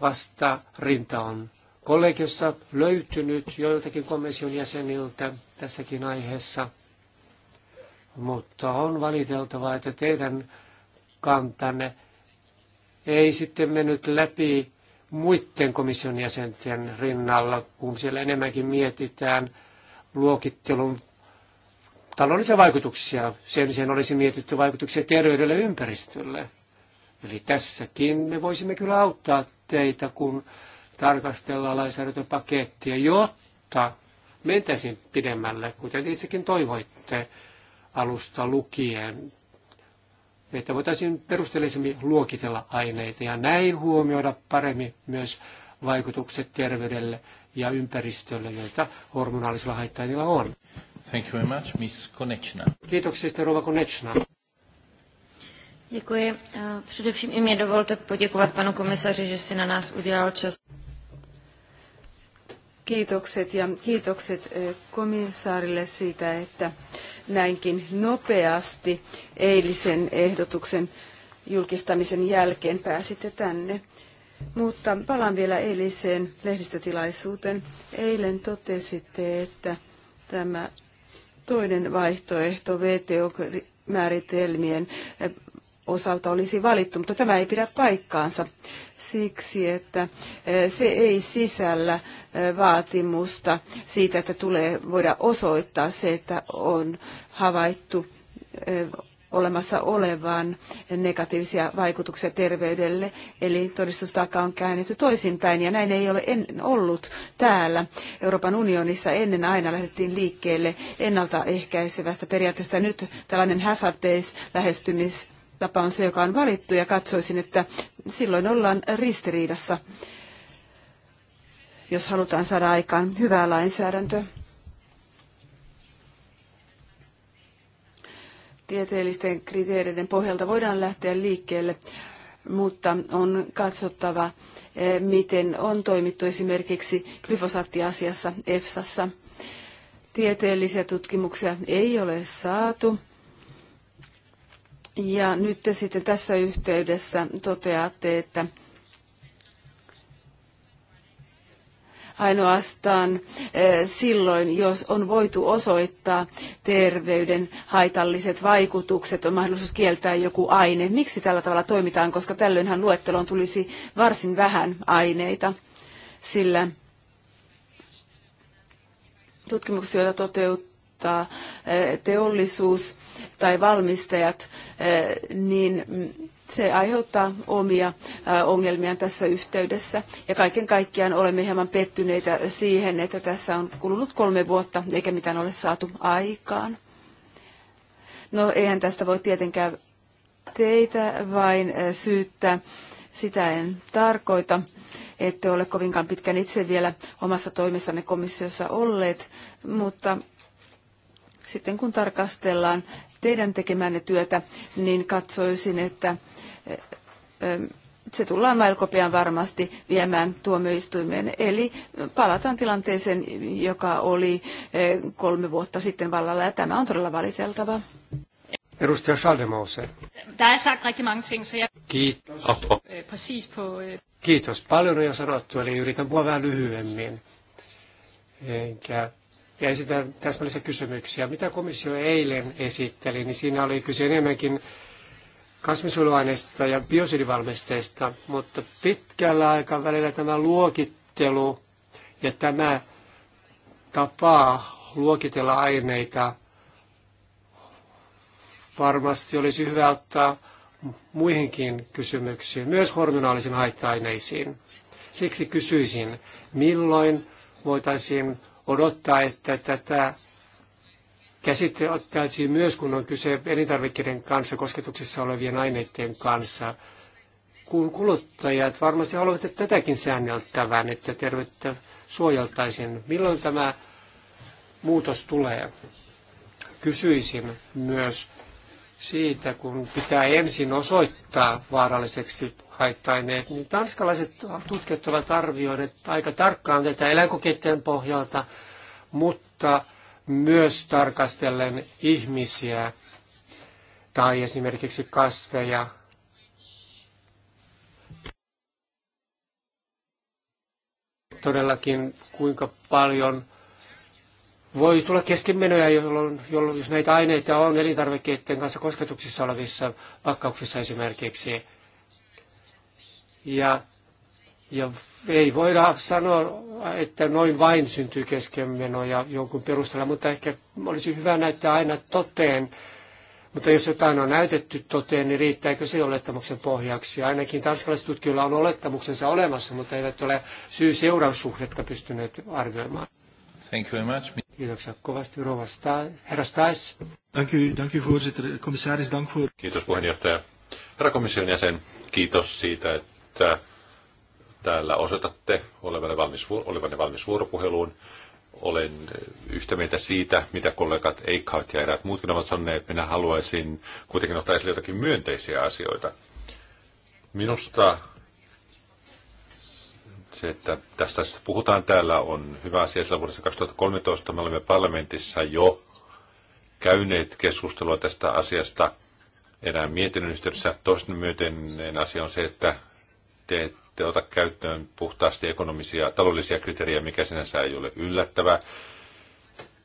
vasta rinta on kollegiossa löytynyt joiltakin komission jäseniltä tässäkin aiheessa, mutta on valiteltavaa, että teidän kantanne ei sitten mennyt läpi muiden komission jäsenten rinnalla, kun siellä enemmänkin mietitään luokittelun taloudellisia vaikutuksia. Sen sijaan olisi mietitty vaikutuksia terveydelle ja ympäristölle. Eli tässäkin me voisimme kyllä auttaa teitä, kun tarkastellaan lainsäädäntöpakettia, jotta mentäisiin pidemmälle, kuten itsekin toivoitte alusta lukien että voitaisiin perusteellisemmin luokitella aineita ja näin huomioida paremmin myös vaikutukset terveydelle ja ympäristölle, joita hormonaalisilla haittainilla on. Thank you very much, Miss Konechna. sitten, Rova Konechna. Děkuji. Eh, především i mě dovolte poděkovat panu komisaři, že si na nás udělal čas. Kiitokset ja kiitokset eh, komissaarille siitä, että näinkin nopeasti eilisen ehdotuksen julkistamisen jälkeen pääsitte tänne. Mutta palaan vielä eiliseen lehdistötilaisuuteen. Eilen totesitte, että tämä toinen vaihtoehto VTO-määritelmien osalta olisi valittu, mutta tämä ei pidä paikkaansa siksi, että eh, se ei sisällä eh, vaatimusta siitä, että tulee voida osoittaa se, että on havaittu eh, olemassa olevan negatiivisia vaikutuksia terveydelle, eli todistustaakka on käännetty toisinpäin, ja näin ei ole en, ollut täällä Euroopan unionissa. Ennen aina lähdettiin liikkeelle ennaltaehkäisevästä periaatteesta, nyt tällainen hazard-based lähestymis tapa on se, joka on valittu, ja katsoisin, että silloin ollaan ristiriidassa, jos halutaan saada aikaan hyvää lainsäädäntöä. Tieteellisten kriteereiden pohjalta voidaan lähteä liikkeelle, mutta on katsottava, eh, miten on toimittu esimerkiksi glyfosaattiasiassa EFSassa. Tieteellisiä tutkimuksia ei ole saatu ja nyt te sitten tässä yhteydessä toteatte, että ainoastaan eh, silloin, jos on voitu osoittaa terveyden haitalliset vaikutukset, on mahdollisuus kieltää joku aine. Miksi tällä tavalla toimitaan, koska tällöinhän luetteloon tulisi varsin vähän aineita, sillä tutkimukset, joita toteut tuottaa eh, teollisuus tai valmistajat, eh, niin se aiheuttaa omia eh, ongelmia tässä yhteydessä. Ja kaiken kaikkiaan olemme hieman pettyneitä siihen, että tässä on kulunut kolme vuotta eikä mitään ole saatu aikaan. No eihän tästä voi tietenkään teitä vain syyttää. Sitä en tarkoita. Ette ole kovinkaan pitkän itse vielä omassa toimessanne komissiossa olleet, mutta sitten kun tarkastellaan teidän tekemänne työtä, niin katsoisin, että eh, eh, se tullaan melko pian varmasti viemään tuomioistuimeen. Eli palataan tilanteeseen, joka oli eh, kolme vuotta sitten vallalla, ja tämä on todella valiteltava. Edustaja Schaldemose. Er Kiitos. Øh, øh- Kiitos. Paljon on jo sanottu, eli yritän puhua vähän lyhyemmin. Enkä ja esitän täsmällisiä kysymyksiä. Mitä komissio eilen esitteli, niin siinä oli kyse enemmänkin kasvinsuojeluaineista ja biosidivalmisteista, mutta pitkällä aikavälillä tämä luokittelu ja tämä tapa luokitella aineita varmasti olisi hyvä ottaa muihinkin kysymyksiin, myös hormonaalisiin haitta-aineisiin. Siksi kysyisin, milloin voitaisiin odottaa, että tätä käsitte ottaisiin myös, kun on kyse elintarvikkeiden kanssa kosketuksissa olevien aineiden kanssa. Kun kuluttajat varmasti haluavat että tätäkin säänneltävän, että terveyttä suojeltaisiin. Milloin tämä muutos tulee? Kysyisin myös siitä, kun pitää ensin osoittaa vaaralliseksi haittaineet, niin tanskalaiset tutkijat ovat arvioineet aika tarkkaan tätä eläinkokeiden pohjalta, mutta myös tarkastellen ihmisiä tai esimerkiksi kasveja. Todellakin kuinka paljon voi tulla keskenmenoja, jolloin, jolloin, jos näitä aineita on elintarvikkeiden kanssa kosketuksissa olevissa pakkauksissa esimerkiksi. Ja, ja ei voida sanoa, että noin vain syntyy keskenmenoja jonkun perusteella, mutta ehkä olisi hyvä näyttää aina toteen. Mutta jos jotain on näytetty toteen, niin riittääkö se olettamuksen pohjaksi? Ainakin tutkijoilla on olettamuksensa olemassa, mutta eivät ole syy-seuraussuhdetta pystyneet arvioimaan. Thank you very much. Kiitoksia kovasti, Rova Herra Stais. Thank you, thank you, voorzitter. Commissaris, Kiitos puheenjohtaja. Herra komission jäsen, kiitos siitä, että että täällä osoitatte olevanne valmis, olevanne valmis vuoropuheluun. Olen yhtä mieltä siitä, mitä kollegat Eikhaat ja eräät muutkin ovat sanoneet. Minä haluaisin kuitenkin ottaa esille jotakin myönteisiä asioita. Minusta se, että tästä puhutaan täällä, on hyvä asia. Sillä vuodessa 2013 me olemme parlamentissa jo käyneet keskustelua tästä asiasta erään mietinnön yhteydessä. Toisen myönteinen asia on se, että te ette ota käyttöön puhtaasti ekonomisia taloudellisia kriteerejä, mikä sinänsä ei ole yllättävää.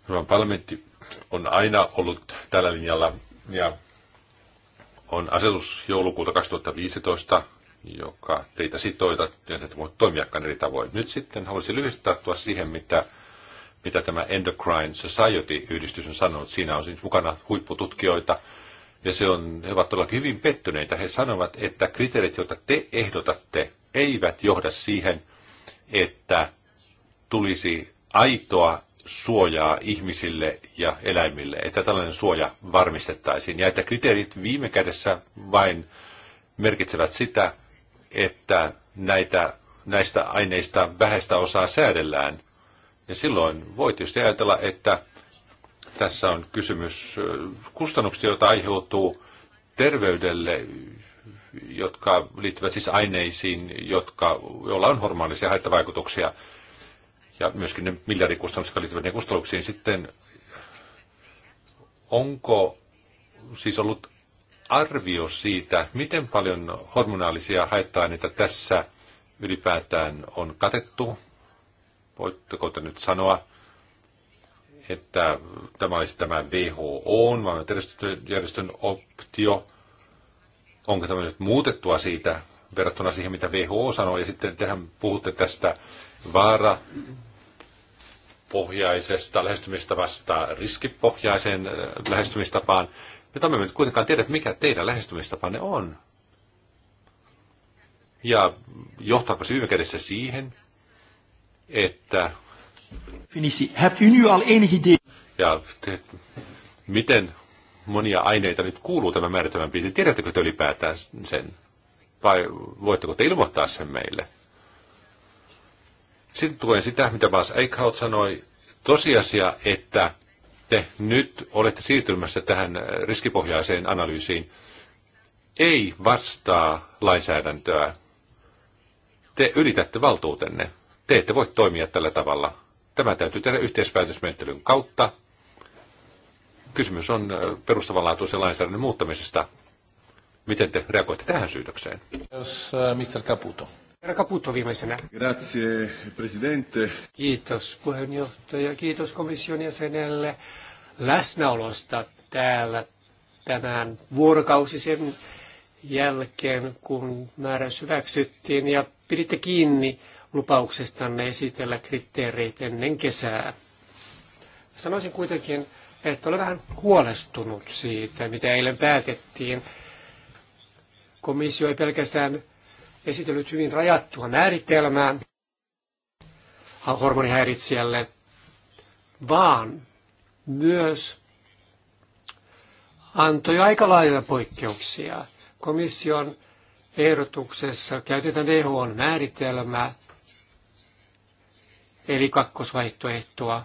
Euroopan parlamentti on aina ollut tällä linjalla ja on asetus joulukuuta 2015, joka teitä sitoita, että voi toimiakaan eri tavoin. Nyt sitten haluaisin lyhyesti tarttua siihen, mitä, mitä tämä Endocrine Society-yhdistys on sanonut. Siinä on siis mukana huippututkijoita, ja se on, he ovat todellakin hyvin pettyneitä. He sanovat, että kriteerit, joita te ehdotatte, eivät johda siihen, että tulisi aitoa suojaa ihmisille ja eläimille, että tällainen suoja varmistettaisiin. Ja että kriteerit viime kädessä vain merkitsevät sitä, että näitä, näistä aineista vähäistä osaa säädellään. Ja silloin voi tietysti ajatella, että tässä on kysymys kustannuksista, joita aiheutuu terveydelle, jotka liittyvät siis aineisiin, jotka, joilla on hormonallisia haittavaikutuksia. Ja myöskin ne miljardikustannukset, jotka liittyvät niihin kustannuksiin. Sitten onko siis ollut arvio siitä, miten paljon hormonaalisia haitta-aineita tässä ylipäätään on katettu? Voitteko te nyt sanoa? että tämä olisi tämä WHO, maailmanterveysjärjestön optio. Onko tämä nyt muutettua siitä verrattuna siihen, mitä WHO sanoi? Ja sitten tehän puhutte tästä vaara pohjaisesta lähestymistavasta riskipohjaiseen äh, lähestymistapaan, Me me nyt kuitenkaan tiedä, mikä teidän lähestymistapanne on. Ja johtaako se viime kädessä siihen, että Finissi, hebt u nu al enig idee? Ja te, miten monia aineita nyt kuuluu tämän määritelmän piiriin? Tiedättekö te ylipäätään sen? Vai voitteko te ilmoittaa sen meille? Sitten tuen sitä, mitä Bas Eichhout sanoi. Tosiasia, että te nyt olette siirtymässä tähän riskipohjaiseen analyysiin, ei vastaa lainsäädäntöä. Te ylitätte valtuutenne. Te ette voi toimia tällä tavalla. Tämä täytyy tehdä yhteispäätösmenettelyn kautta. Kysymys on äh, perustavanlaatuisen lainsäädännön muuttamisesta. Miten te reagoitte tähän syytökseen? Jos äh, Mr. Caputo. Herra Caputo viimeisenä. Grazie, presidente. Kiitos puheenjohtaja, kiitos komission jäsenelle läsnäolosta täällä tänään vuorokausisen jälkeen, kun määräys hyväksyttiin ja piditte kiinni lupauksestanne esitellä kriteereit ennen kesää. Sanoisin kuitenkin, että olen vähän huolestunut siitä, mitä eilen päätettiin. Komissio ei pelkästään esitellyt hyvin rajattua määritelmää hormonihäiritsijälle, vaan myös antoi aika laajoja poikkeuksia. Komission ehdotuksessa käytetään WHOn e määritelmää eli kakkosvaihtoehtoa.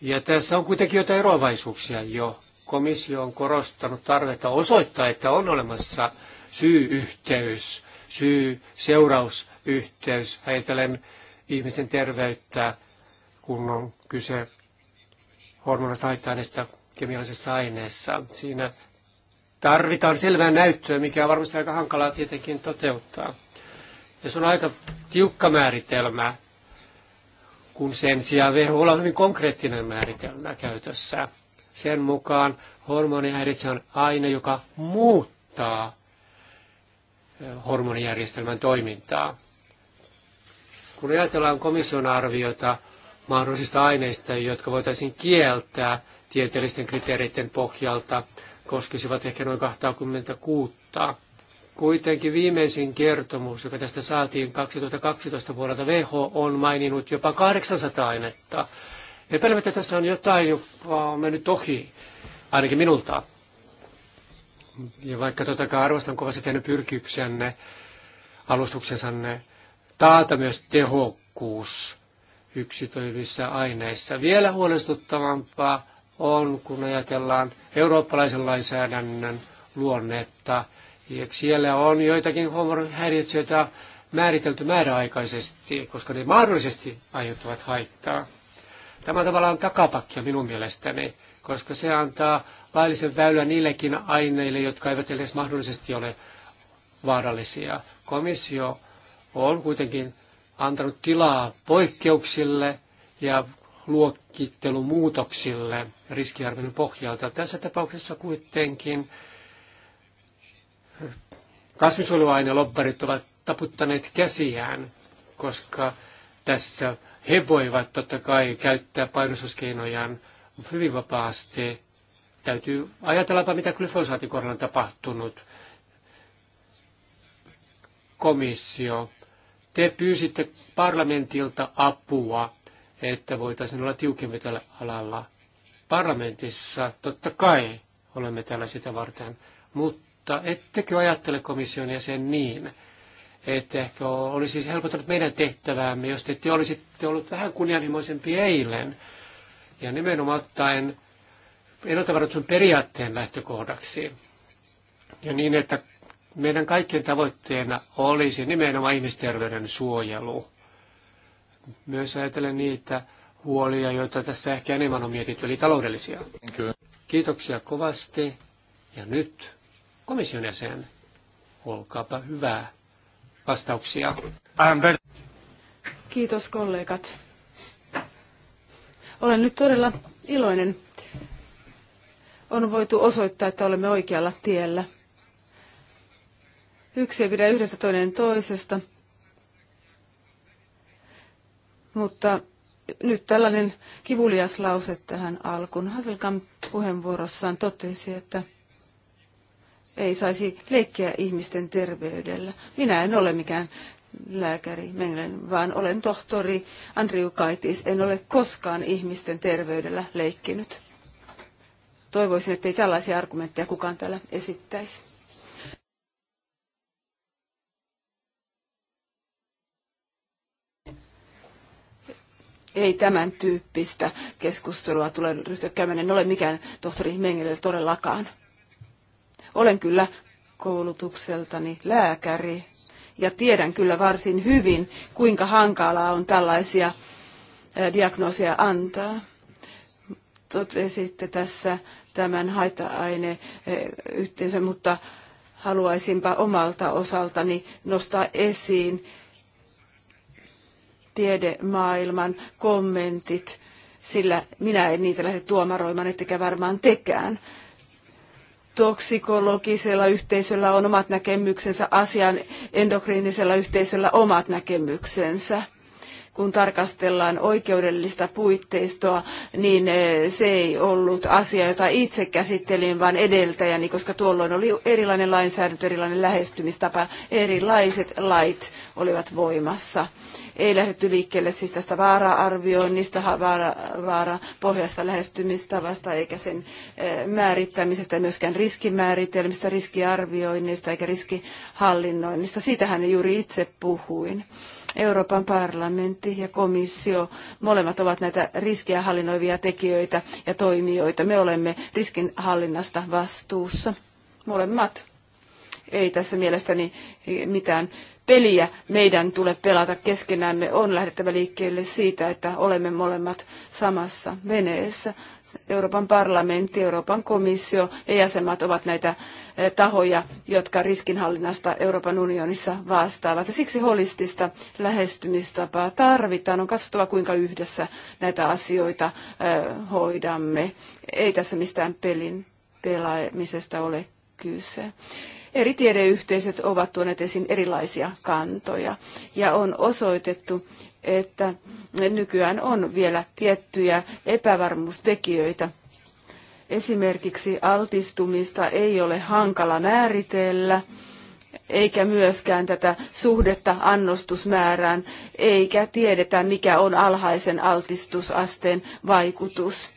Ja tässä on kuitenkin jotain eroavaisuuksia jo. Komissio on korostanut tarvetta osoittaa, että on olemassa syy-yhteys, syy-seurausyhteys. Ajatellen ihmisten terveyttä, kun on kyse hormonasta haitta-aineesta kemiallisessa aineessa. Siinä tarvitaan selvää näyttöä, mikä on varmasti aika hankalaa tietenkin toteuttaa. Ja se on aika tiukka määritelmä kun sen sijaan WHOlla on hyvin konkreettinen määritelmä käytössä. Sen mukaan hormonihäiritse on aine, joka muuttaa hormonijärjestelmän toimintaa. Kun ajatellaan komission arviota mahdollisista aineista, jotka voitaisiin kieltää tieteellisten kriteereiden pohjalta, koskisivat ehkä noin 26 Kuitenkin viimeisin kertomus, joka tästä saatiin 2012 vuodelta, WHO on maininnut jopa 800 ainetta. Epäilemättä tässä on jotain, joka on mennyt ohi, ainakin minulta. Ja vaikka totta kai arvostan kovasti teidän pyrkiyksenne, alustuksensanne, taata myös tehokkuus yksitoivissa aineissa. Vielä huolestuttavampaa on, kun ajatellaan eurooppalaisen lainsäädännön luonnetta – ja siellä on joitakin hormonihäiriöitä määritelty määräaikaisesti, koska ne mahdollisesti aiheuttavat haittaa. Tämä on takapakkia minun mielestäni, koska se antaa laillisen väylän niillekin aineille, jotka eivät edes mahdollisesti ole vaarallisia. Komissio on kuitenkin antanut tilaa poikkeuksille ja luokittelumuutoksille riskiarvion pohjalta. Tässä tapauksessa kuitenkin kasvinsuojeluainelobbarit ovat taputtaneet käsiään, koska tässä he voivat totta kai käyttää painostuskeinojaan hyvin vapaasti. Täytyy ajatella, mitä glyfosaatin kohdalla on tapahtunut. Komissio, te pyysitte parlamentilta apua, että voitaisiin olla tiukempi tällä alalla. Parlamentissa totta kai olemme täällä sitä varten, mutta mutta ettekö ajattele komission jäsen niin, että ehkä olisi helpottanut meidän tehtäväämme, jos te, olisitte ollut vähän kunnianhimoisempi eilen ja nimenomaan ottaen edotavaroitun periaatteen lähtökohdaksi. Ja niin, että meidän kaikkien tavoitteena olisi nimenomaan ihmisterveyden suojelu. Myös ajatellen niitä huolia, joita tässä ehkä enemmän on mietitty, eli taloudellisia. Kiitoksia kovasti. Ja nyt komission jäsen. Olkaapa hyvää vastauksia. Kiitos kollegat. Olen nyt todella iloinen. On voitu osoittaa, että olemme oikealla tiellä. Yksi ei pidä yhdestä toinen toisesta. Mutta nyt tällainen kivulias lause tähän alkuun. Havelkan puheenvuorossaan totesi, että ei saisi leikkiä ihmisten terveydellä. Minä en ole mikään lääkäri Menglen, vaan olen tohtori Andriu Kaitis. En ole koskaan ihmisten terveydellä leikkinyt. Toivoisin, ettei tällaisia argumentteja kukaan täällä esittäisi. ei tämän tyyppistä keskustelua tule ryhtyä käymään. En ole mikään tohtori Mengele todellakaan. Olen kyllä koulutukseltani lääkäri ja tiedän kyllä varsin hyvin, kuinka hankalaa on tällaisia diagnoosia antaa. Totesitte tässä tämän haita-aine yhteisön, mutta haluaisinpa omalta osaltani nostaa esiin tiedemaailman kommentit, sillä minä en niitä lähde tuomaroimaan, ettekä varmaan tekään toksikologisella yhteisöllä on omat näkemyksensä asian, endokriinisella yhteisöllä omat näkemyksensä kun tarkastellaan oikeudellista puitteistoa, niin eh, se ei ollut asia, jota itse käsittelin, vaan edeltäjäni, koska tuolloin oli erilainen lainsäädäntö, erilainen lähestymistapa, erilaiset lait olivat voimassa ei lähdetty liikkeelle siis tästä vaara-arvioinnista, vaara, vaarapohjasta lähestymistavasta, eikä sen eh, määrittämisestä, myöskään riskimääritelmistä, riskiarvioinnista eikä riskihallinnoinnista. Siitähän juuri itse puhuin. Euroopan parlamentti ja komissio, molemmat ovat näitä riskiä hallinnoivia tekijöitä ja toimijoita. Me olemme riskinhallinnasta vastuussa. Molemmat. Ei tässä mielestäni mitään peliä meidän tule pelata keskenämme. On lähdettävä liikkeelle siitä, että olemme molemmat samassa veneessä. Euroopan parlamentti, Euroopan komissio ja jäsenmaat ovat näitä eh, tahoja, jotka riskinhallinnasta Euroopan unionissa vastaavat. Ja siksi holistista lähestymistapaa tarvitaan. On katsottava, kuinka yhdessä näitä asioita eh, hoidamme. Ei tässä mistään pelin pelaamisesta ole kyse. Eri tiedeyhteisöt ovat tuoneet esiin erilaisia kantoja ja on osoitettu, että nykyään on vielä tiettyjä epävarmuustekijöitä. Esimerkiksi altistumista ei ole hankala määritellä, eikä myöskään tätä suhdetta annostusmäärään, eikä tiedetä, mikä on alhaisen altistusasteen vaikutus.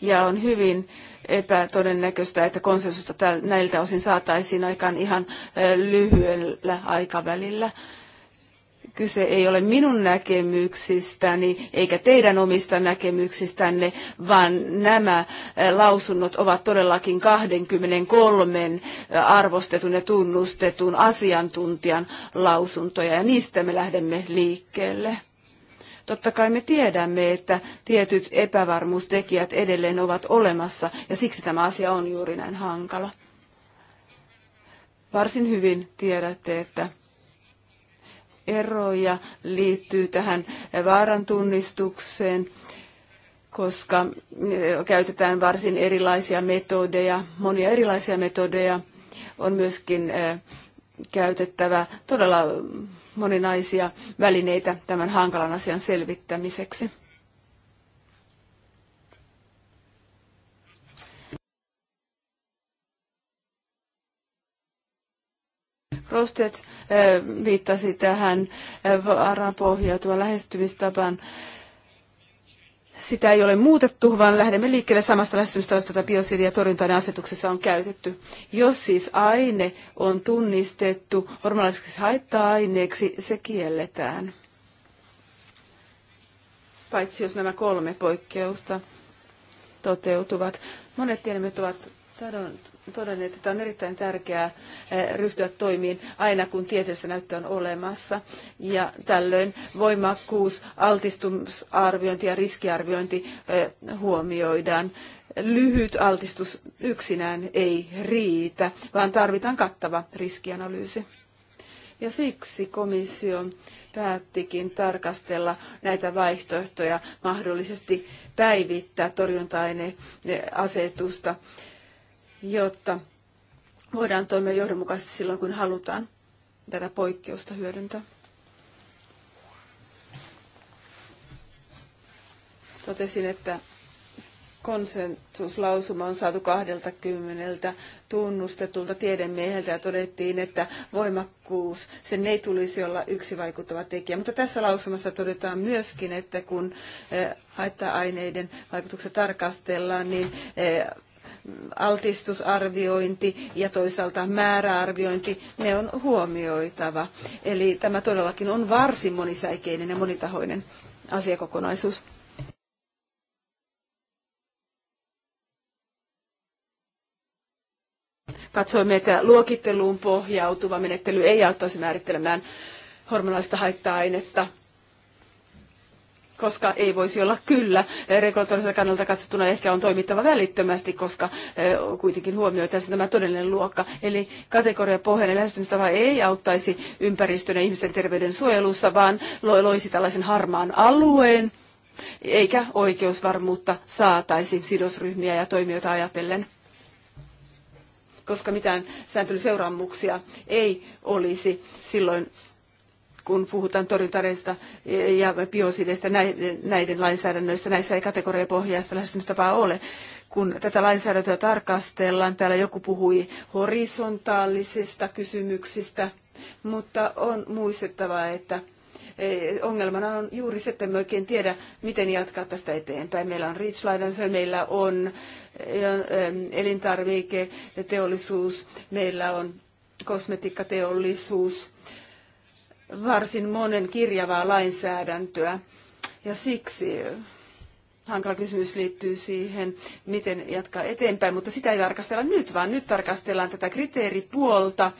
Ja on hyvin äh, epätodennäköistä, että konsensusta näiltä osin saataisiin aikaan ihan lyhyellä aikavälillä. Kyse ei ole minun näkemyksistäni eikä teidän omista näkemyksistänne, vaan nämä lausunnot ovat todellakin 23 arvostetun ja tunnustetun asiantuntijan lausuntoja ja niistä me lähdemme liikkeelle. Totta kai me tiedämme, että tietyt epävarmuustekijät edelleen ovat olemassa ja siksi tämä asia on juuri näin hankala. Varsin hyvin tiedätte, että eroja liittyy tähän vaarantunnistukseen, koska eh, käytetään varsin erilaisia metodeja, monia erilaisia metodeja. On myöskin eh, käytettävä todella moninaisia välineitä tämän hankalan asian selvittämiseksi. Rostet eh, viittasi tähän eh, pohjautuvan lähestymistapaan sitä ei ole muutettu, vaan lähdemme liikkeelle samasta lähestymistavasta, jota biosidia torjunta asetuksessa on käytetty. Jos siis aine on tunnistettu hormonalliseksi haitta-aineeksi, se kielletään. Paitsi jos nämä kolme poikkeusta toteutuvat. Monet tiedemiehet ovat todennut, että on erittäin tärkeää eh, ryhtyä toimiin aina kun tieteessä näyttö on olemassa. Ja tällöin voimakkuus, altistumisarviointi ja riskiarviointi eh, huomioidaan. Lyhyt altistus yksinään ei riitä, vaan tarvitaan kattava riskianalyysi. Ja siksi komissio päättikin tarkastella näitä vaihtoehtoja, mahdollisesti päivittää torjunta-aineasetusta jotta voidaan toimia johdonmukaisesti silloin, kun halutaan tätä poikkeusta hyödyntää. Totesin, että konsensuslausuma on saatu 20 tunnustetulta tiedemieheltä ja todettiin, että voimakkuus, sen ei tulisi olla yksi vaikuttava tekijä. Mutta tässä lausumassa todetaan myöskin, että kun eh, haitta-aineiden vaikutukset tarkastellaan, niin eh, altistusarviointi ja toisaalta määräarviointi, ne on huomioitava. Eli tämä todellakin on varsin monisäikeinen ja monitahoinen asiakokonaisuus. Katsoimme, että luokitteluun pohjautuva menettely ei auttaisi määrittelemään hormonaalista haitta-ainetta koska ei voisi olla kyllä. Regulatoriselta kannalta katsottuna ehkä on toimittava välittömästi, koska eh, kuitenkin huomioitaisiin tämä todellinen luokka. Eli kategoriapohjainen lähestymistapa ei auttaisi ympäristön ja ihmisten terveyden suojelussa, vaan loisi tällaisen harmaan alueen, eikä oikeusvarmuutta saataisi sidosryhmiä ja toimijoita ajatellen koska mitään sääntelyseuraamuksia ei olisi silloin kun puhutaan torjuntareista ja biosideistä näiden, näiden lainsäädännöissä. Näissä ei kategoriapohjaista lähestymistapaa ole. Kun tätä lainsäädäntöä tarkastellaan, täällä joku puhui horisontaalisista kysymyksistä, mutta on muistettava, että eh, ongelmana on juuri se, että me oikein tiedä, miten jatkaa tästä eteenpäin. Meillä on rich meillä on eh, elintarviketeollisuus, meillä on kosmetiikkateollisuus, varsin monen kirjavaa lainsäädäntöä. Ja siksi hankala kysymys liittyy siihen, miten jatkaa eteenpäin, mutta sitä ei tarkastella nyt, vaan nyt tarkastellaan tätä kriteeripuolta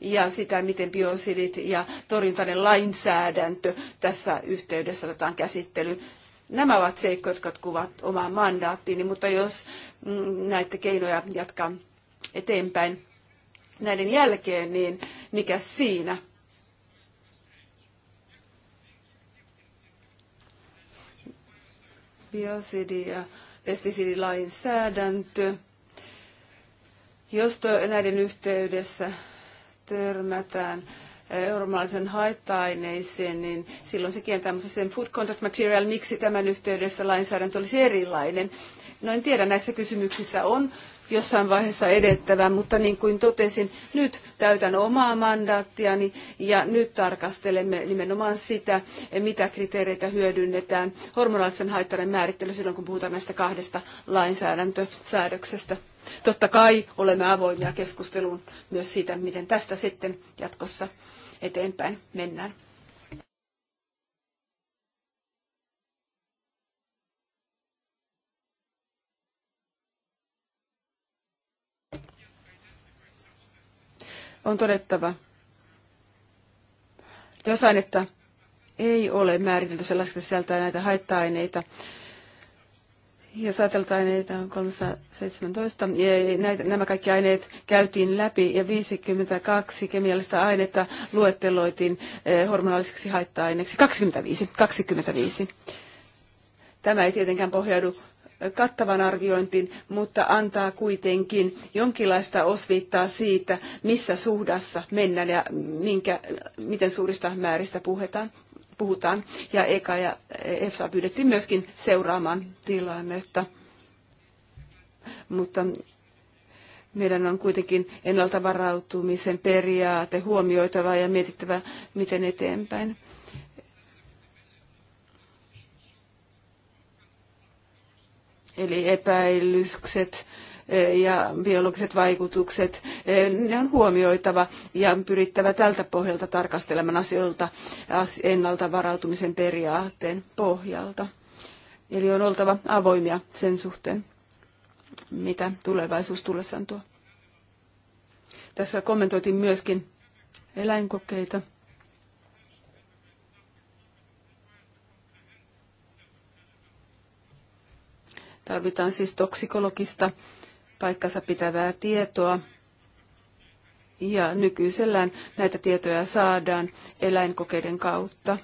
ja sitä, miten biosidit ja torjuntainen lainsäädäntö tässä yhteydessä otetaan käsittelyyn. Nämä ovat seikkoja, jotka kuvat omaa mandaattiini, mutta jos mm, näitä keinoja jatkaa eteenpäin näiden jälkeen, niin mikä siinä – biosidi- ja pestisidilainsäädäntö. Jos näiden yhteydessä törmätään eh, eurooppalaisen haitta-aineeseen, niin silloin se kieltää, mutta sen food contact material, miksi tämän yhteydessä lainsäädäntö olisi erilainen. No en tiedä, näissä kysymyksissä on jossain vaiheessa edettävä, mutta niin kuin totesin, nyt täytän omaa mandaattiani ja nyt tarkastelemme nimenomaan sitä, mitä kriteereitä hyödynnetään hormonaalisen haittaren määrittely silloin, kun puhutaan näistä kahdesta lainsäädäntösäädöksestä. Totta kai olemme avoimia keskusteluun myös siitä, miten tästä sitten jatkossa eteenpäin mennään. on todettava, että jos ainetta ei ole määritelty sellaista, että sieltä näitä haitta-aineita, jos ajatellaan aineita on 317, ja näitä, nämä kaikki aineet käytiin läpi ja 52 kemiallista ainetta luetteloitiin eh, hormonaalisiksi haitta-aineiksi. 25, 25. Tämä ei tietenkään pohjaudu kattavan arviointin, mutta antaa kuitenkin jonkinlaista osviittaa siitä, missä suhdassa mennään ja minkä, miten suurista määristä puhutaan. puhutaan. Ja EKA ja EFSA pyydettiin myöskin seuraamaan tilannetta. Mutta meidän on kuitenkin ennalta varautumisen periaate huomioitava ja mietittävä, miten eteenpäin. eli epäilykset eh, ja biologiset vaikutukset, eh, ne on huomioitava ja pyrittävä tältä pohjalta tarkastelemaan asioilta ennalta varautumisen periaatteen pohjalta. Eli on oltava avoimia sen suhteen, mitä tulevaisuus tullessaan tuo. Tässä kommentoitiin myöskin eläinkokeita. Tarvitaan siis toksikologista paikkansa pitävää tietoa. Ja nykyisellään näitä tietoja saadaan eläinkokeiden kautta.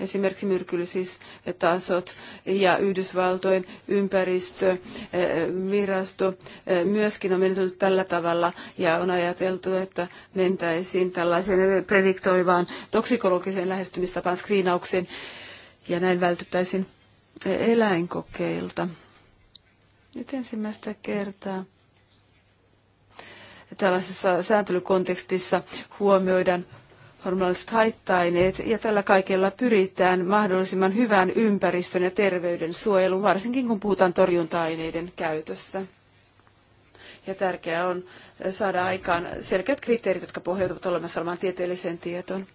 Esimerkiksi myrkyllisistasot eh, ja Yhdysvaltojen ympäristövirasto eh, eh, myöskin on mennyt tällä tavalla ja on ajateltu, että mentäisiin tällaiseen prediktoivaan toksikologiseen lähestymistapaan screenaukseen ja näin vältyttäisiin eläinkokeilta. Nyt ensimmäistä kertaa tällaisessa sääntelykontekstissa huomioidaan hormonalliset haitta-aineet ja tällä kaikella pyritään mahdollisimman hyvään ympäristön ja terveyden suojeluun, varsinkin kun puhutaan torjunta-aineiden käytöstä. Ja tärkeää on saada aikaan selkeät kriteerit, jotka pohjautuvat olemassa olemaan tieteelliseen tietoon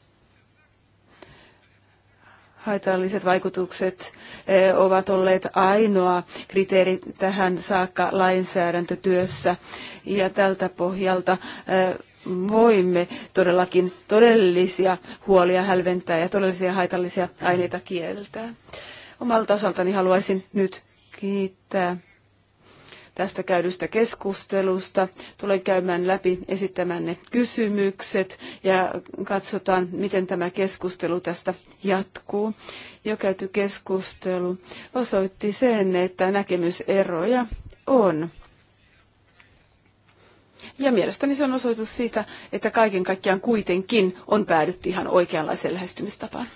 haitalliset vaikutukset eh, ovat olleet ainoa kriteeri tähän saakka lainsäädäntötyössä. Ja tältä pohjalta eh, voimme todellakin todellisia huolia hälventää ja todellisia haitallisia aineita kieltää. Omalta osaltani haluaisin nyt kiittää tästä käydystä keskustelusta. Tulee käymään läpi esittämänne kysymykset ja katsotaan, miten tämä keskustelu tästä jatkuu. Jo käyty keskustelu osoitti sen, että näkemyseroja on. Ja mielestäni se on osoitus siitä, että kaiken kaikkiaan kuitenkin on päädytty ihan oikeanlaiseen lähestymistapaan.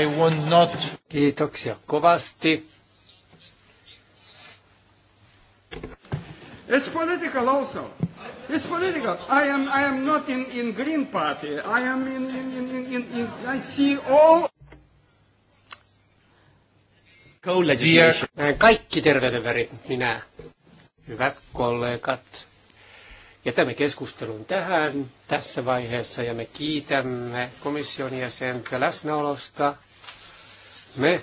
I want not. Kiitoksia kovasti. It's political also. It's political. I am, I am not in, in Green Party. I am in, in, in, in, in in I see all... co äh, kaikki terveyden värit minä. Hyvät kollegat, Ja jätämme keskustelun tähän tässä vaiheessa ja me kiitämme komission jäsentä läsnäolosta. Me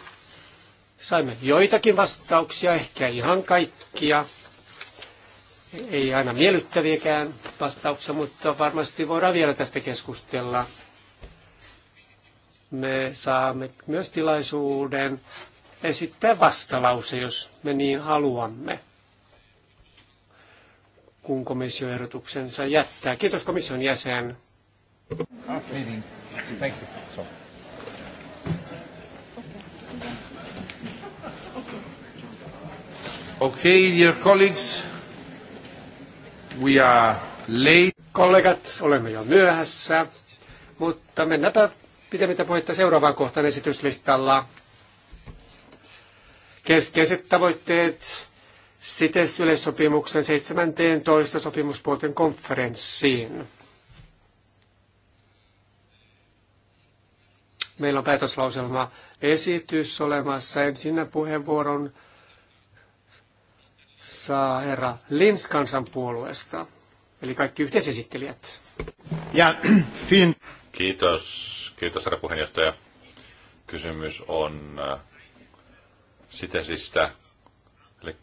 saimme joitakin vastauksia, ehkä ihan kaikkia ei aina miellyttäviäkään vastauksia, mutta varmasti voidaan vielä tästä keskustella. Me saamme myös tilaisuuden esittää vastalause, jos me niin haluamme, kun komissio ehdotuksensa jättää. Kiitos komission jäsen. Okay, dear colleagues. We are late. Kollegat, olemme jo myöhässä, mutta mennäänpä pitemmittä puhetta seuraavaan kohtaan esityslistalla. Keskeiset tavoitteet cites yleissopimuksen 17. sopimuspuolten konferenssiin. Meillä on päätöslauselma esitys olemassa. Ensinnä puheenvuoron saa herra Lins kansanpuolueesta, eli kaikki yhteisesittelijät. Ja, fin. Kiitos, kiitos herra puheenjohtaja. Kysymys on äh, Sitesistä, eli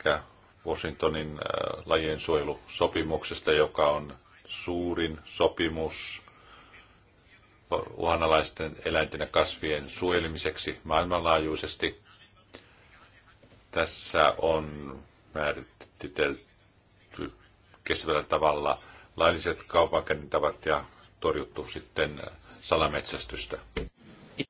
Washingtonin äh, lajien suojelusopimuksesta, joka on suurin sopimus äh, uhanalaisten eläinten ja kasvien suojelemiseksi maailmanlaajuisesti. Tässä on määritelty kestävällä tavalla lailliset kaupankäyntitavat ja torjuttu sitten äh, salametsästystä.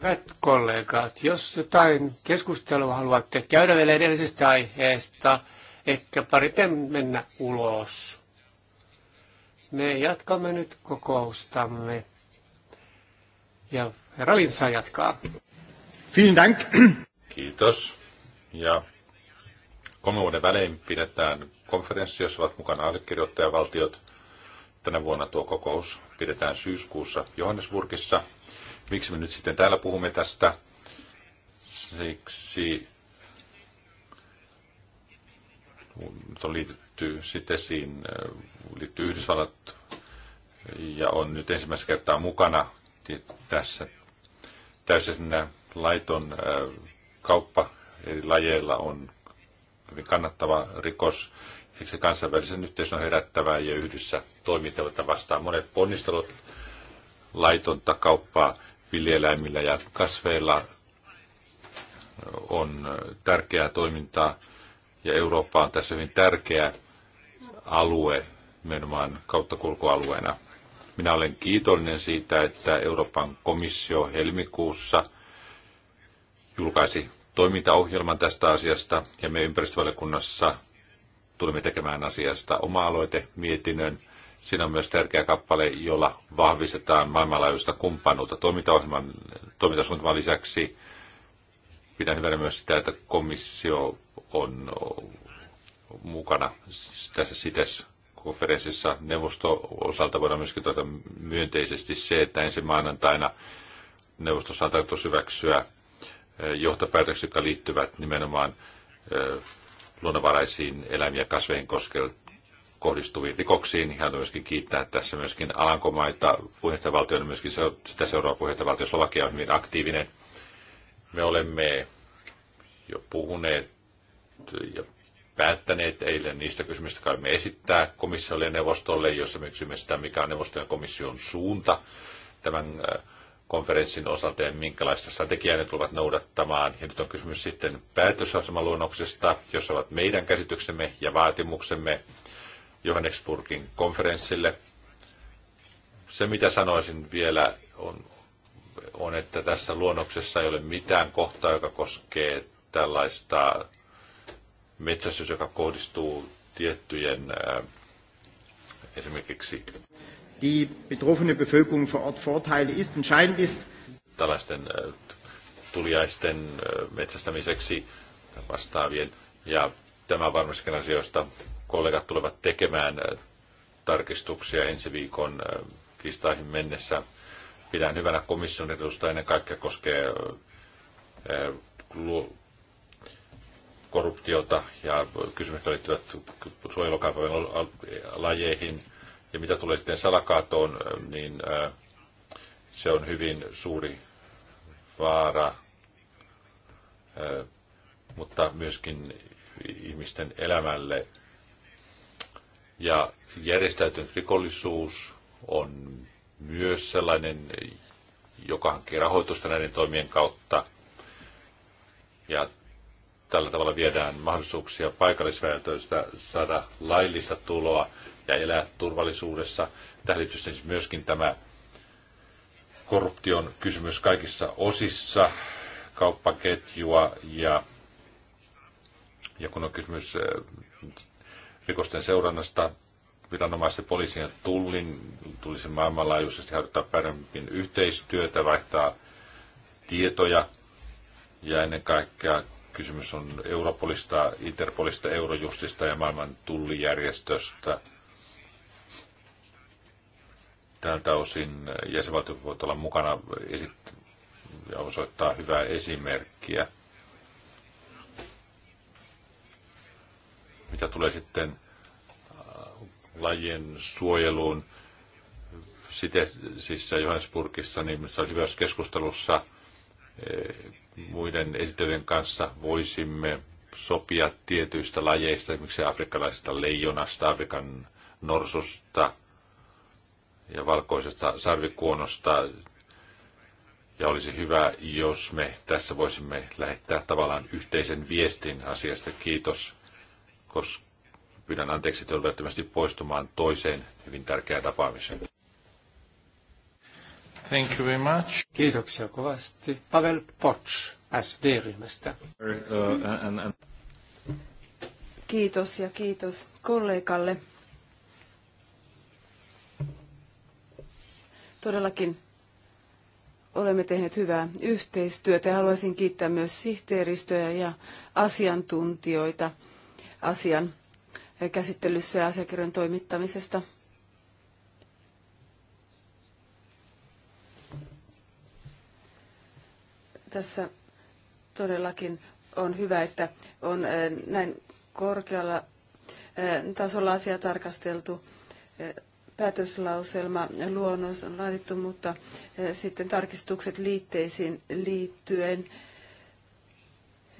Hyvät kollegat, jos jotain keskustelua haluatte käydä vielä edellisestä aiheesta, ehkä pariten mennä ulos. Me jatkamme nyt kokoustamme. Ja herra Linsa jatkaa. Vielen Dank. Kiitos. Ja kolme vuoden välein pidetään konferenssi, jossa ovat mukana allekirjoittajavaltiot. Tänä vuonna tuo kokous pidetään syyskuussa Johannesburgissa. Miksi me nyt sitten täällä puhumme tästä? Siksi on liitetty sitten äh, liittyy Yhdysvallat ja on nyt ensimmäistä kertaa mukana tässä täysin laiton äh, kauppa eri lajeilla on hyvin kannattava rikos. Se kansainvälisen yhteisön on herättävää ja yhdessä toimintavalta vastaan monet ponnistelut laitonta kauppaa viljeläimillä ja kasveilla on tärkeää toimintaa ja Eurooppa on tässä hyvin tärkeä alue, nimenomaan kauttakulkualueena. Minä olen kiitollinen siitä, että Euroopan komissio helmikuussa julkaisi toimintaohjelman tästä asiasta ja me ympäristövaliokunnassa tulemme tekemään asiasta oma mietinnön. Siinä on myös tärkeä kappale, jolla vahvistetaan maailmanlaajuista kumppanuutta toimintaohjelman toimintasuunnitelman lisäksi. Pidän hyvänä myös sitä, että komissio on mukana tässä sites konferenssissa neuvosto-osalta voidaan myöskin tuota myönteisesti se, että ensi maanantaina neuvostossa on tarkoitus hyväksyä johtopäätökset, jotka liittyvät nimenomaan luonnonvaraisiin eläimiä kasveihin kohdistuviin rikoksiin. Hän myöskin kiittää tässä myöskin Alankomaita puheenjohtajavaltioiden, myöskin sitä seuraava puheenjohtajavaltio Slovakia on hyvin aktiivinen. Me olemme jo puhuneet ja päättäneet eilen niistä kysymyksistä, jotka me esittää komissiolle ja neuvostolle, jossa me kysymme sitä, mikä on neuvoston ja komission suunta tämän konferenssin osalta ja minkälaista strategiaa ne tulevat noudattamaan. Ja nyt on kysymys sitten päätösasemaluonnoksesta, jossa ovat meidän käsityksemme ja vaatimuksemme Johannesburgin konferenssille. Se, mitä sanoisin vielä, on, on, että tässä luonnoksessa ei ole mitään kohtaa, joka koskee tällaista metsästys, joka kohdistuu tiettyjen esimerkiksi die betroffene Bevölkerung vor Ort Vorteile ist. Entscheidend ist, tällaisten äh, tuliaisten äh, metsästämiseksi vastaavien. Ja tämä varmastikin asioista kollegat tulevat tekemään äh, tarkistuksia ensi viikon kistaihin mennessä. Pidän hyvänä komission edustaa ennen kaikkea koskee korruptiota ja kysymykset liittyvät suojelukaupojen lajeihin ja mitä tulee sitten salakaatoon, niin se on hyvin suuri vaara, mutta myöskin ihmisten elämälle. Ja järjestäytynyt rikollisuus on myös sellainen, joka hankkii rahoitusta näiden toimien kautta. Ja tällä tavalla viedään mahdollisuuksia paikallisväestöstä saada laillista tuloa ja elää turvallisuudessa. Tähän liittyy siis myöskin tämä korruption kysymys kaikissa osissa kauppaketjua ja, ja kun on kysymys rikosten seurannasta, viranomaisten, poliisin ja tullin tulisi maailmanlaajuisesti harjoittaa paremmin yhteistyötä, vaihtaa tietoja ja ennen kaikkea kysymys on Europolista, Interpolista, Eurojustista ja maailman tullijärjestöstä – tältä osin jäsenvaltiot voivat olla mukana esit- ja osoittaa hyvää esimerkkiä. Mitä tulee sitten äh, lajien suojeluun, sitten siis Johannesburgissa, niin myös keskustelussa eh, muiden esitöiden kanssa voisimme sopia tietyistä lajeista, esimerkiksi afrikkalaisesta leijonasta, Afrikan norsusta, ja valkoisesta sarvikuonosta. Ja olisi hyvä, jos me tässä voisimme lähettää tavallaan yhteisen viestin asiasta. Kiitos, koska pyydän anteeksi, että välttämättä poistumaan toiseen hyvin tärkeään tapaamiseen. Thank you very much. Kiitoksia kovasti. Pavel Potsch SD-ryhmästä. Uh, kiitos ja kiitos kollegalle Todellakin olemme tehneet hyvää yhteistyötä ja haluaisin kiittää myös sihteeristöjä ja asiantuntijoita asian käsittelyssä ja asiakirjan toimittamisesta. Tässä todellakin on hyvä, että on näin korkealla tasolla asia tarkasteltu päätöslauselma luonnos on laadittu, mutta eh, sitten tarkistukset liitteisiin liittyen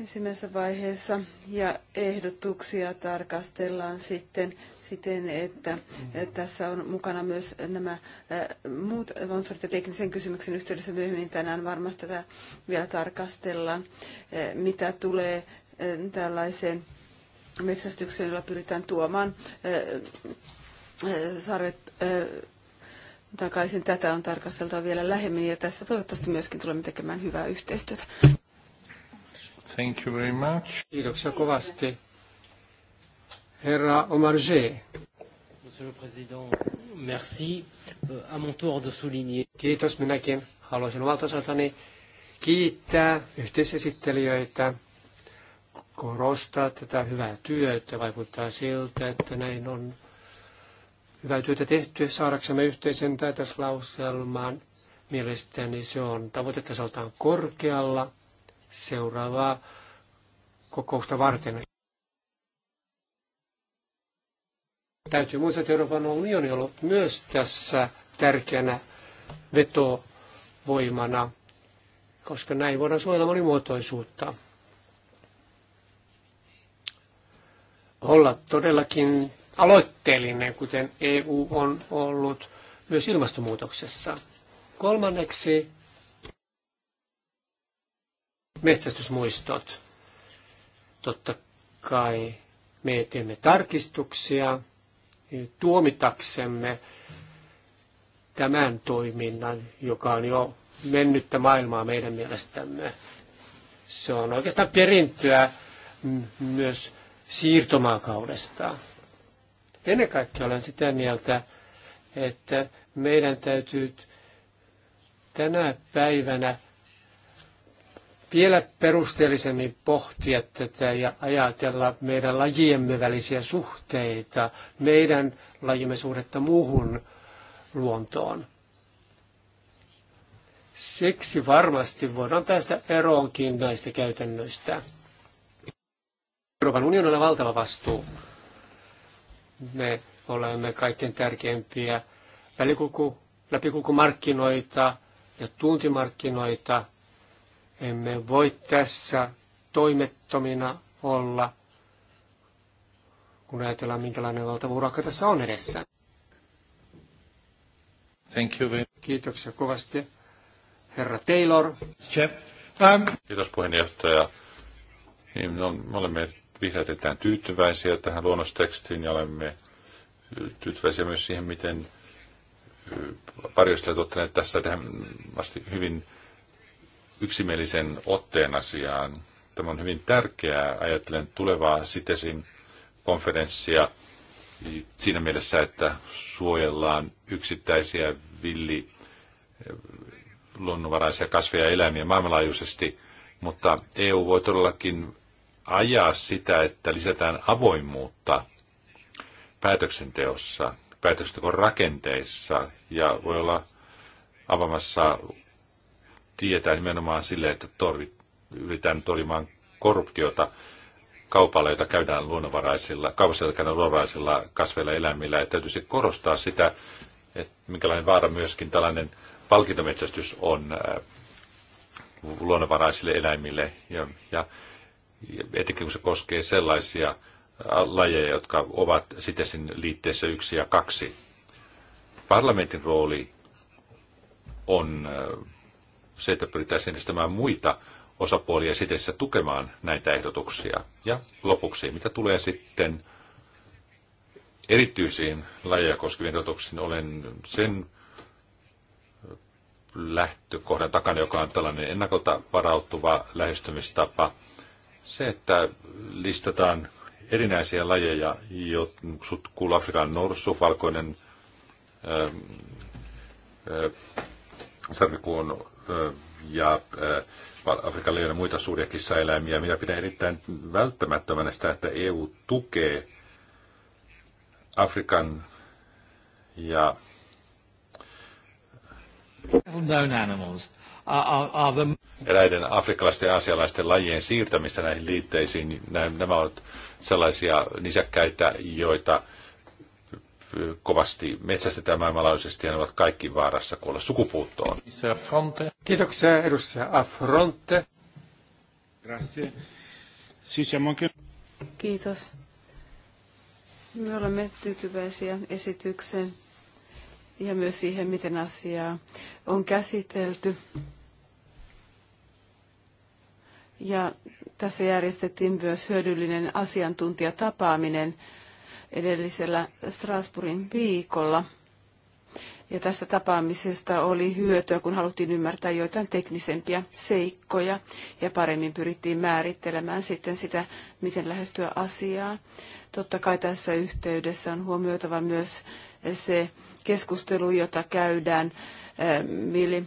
ensimmäisessä vaiheessa ja ehdotuksia tarkastellaan sitten siten, että eh, tässä on mukana myös nämä eh, muut konsortit ja teknisen kysymyksen yhteydessä myöhemmin tänään varmasti tätä vielä tarkastellaan, mitä tulee tällaiseen metsästykseen, jolla pyritään tuomaan sarvet takaisin. Tätä on tarkasteltava vielä lähemmin ja tässä toivottavasti myöskin tulemme tekemään hyvää yhteistyötä. Thank you very much. Kiitoksia kovasti. Herra G. Monsieur le Président, merci. Euh, à mon tour de souligner. Kiitos minäkin. Haluaisin omalta osaltani kiittää yhteisesittelijöitä, korostaa tätä hyvää työtä. Vaikuttaa siltä, että näin on hyvää työtä tehtyä saadaksemme yhteisen päätöslauselman. Mielestäni se on tavoitetasoltaan korkealla seuraavaa kokousta varten. Täytyy muistaa, että Euroopan unioni on ollut myös tässä tärkeänä vetovoimana, koska näin voidaan suojella monimuotoisuutta. Olla todellakin aloitteellinen, kuten EU on ollut myös ilmastonmuutoksessa. Kolmanneksi metsästysmuistot. Totta kai me teemme tarkistuksia tuomitaksemme tämän toiminnan, joka on jo mennyttä maailmaa meidän mielestämme. Se on oikeastaan perintöä myös siirtomaakaudesta. Ennen kaikkea olen sitä mieltä, että meidän täytyy tänä päivänä vielä perusteellisemmin pohtia tätä ja ajatella meidän lajiemme välisiä suhteita, meidän lajimme suhdetta muuhun luontoon. Siksi varmasti voidaan päästä eroonkin näistä käytännöistä. Euroopan unionilla on valtava vastuu. Me olemme kaikkein tärkeimpiä välikulku, läpikulkumarkkinoita ja tuntimarkkinoita. Emme voi tässä toimettomina olla, kun ajatellaan, minkälainen valtavuurakka tässä on edessä. Thank you. Kiitoksia kovasti, herra Taylor. Um. Kiitos puheenjohtaja. Niin, no, me olemme vihreät erittäin tyytyväisiä tähän luonnostekstiin ja olemme tyytyväisiä myös siihen, miten varjostelijat ottaneet tässä tähän hyvin yksimielisen otteen asiaan. Tämä on hyvin tärkeää, ajattelen tulevaa sitesin konferenssia siinä mielessä, että suojellaan yksittäisiä villi luonnonvaraisia kasveja ja eläimiä maailmanlaajuisesti, mutta EU voi todellakin ajaa sitä, että lisätään avoimuutta päätöksenteossa, päätöksenteon rakenteissa ja voi olla avamassa tietää nimenomaan sille, että torvi, yritetään torjumaan korruptiota kaupalla, jota käydään luonnonvaraisilla, kaupassa, jota käydään luonnonvaraisilla kasveilla eläimillä. Ja täytyisi korostaa sitä, että minkälainen vaara myöskin tällainen palkintometsästys on äh, luonnonvaraisille eläimille. Ja, ja etenkin kun se koskee sellaisia lajeja, jotka ovat sitten liitteessä yksi ja kaksi. Parlamentin rooli on se, että pyritään edistämään muita osapuolia sitessä tukemaan näitä ehdotuksia. Ja lopuksi, mitä tulee sitten erityisiin lajeja koskeviin ehdotuksiin, olen sen lähtökohdan takana, joka on tällainen ennakolta varautuva lähestymistapa, se, että listataan erinäisiä lajeja, jotkut kuuluu Afrikan norsu, valkoinen ähm, äh, sarvikuon äh, ja äh, Afrikan leijona muita suuria kissaeläimiä. Minä pidän erittäin välttämättömänä sitä, että EU tukee Afrikan ja Well-known animals. Eräiden afrikkalaisten ja asialaisten lajien siirtämistä näihin liitteisiin, niin nämä ovat sellaisia nisäkkäitä, joita kovasti metsästetään maailmanlaajuisesti ja ne ovat kaikki vaarassa kuolla sukupuuttoon. Kiitoksia edustaja Affronte. Kiitos. Me olemme tyytyväisiä esitykseen ja myös siihen, miten asiaa on käsitelty. Ja tässä järjestettiin myös hyödyllinen asiantuntijatapaaminen edellisellä Strasbourgin viikolla. Ja tästä tapaamisesta oli hyötyä, kun haluttiin ymmärtää joitain teknisempiä seikkoja ja paremmin pyrittiin määrittelemään sitten sitä, miten lähestyä asiaa. Totta kai tässä yhteydessä on huomioitava myös se, keskustelu, jota käydään mili eh,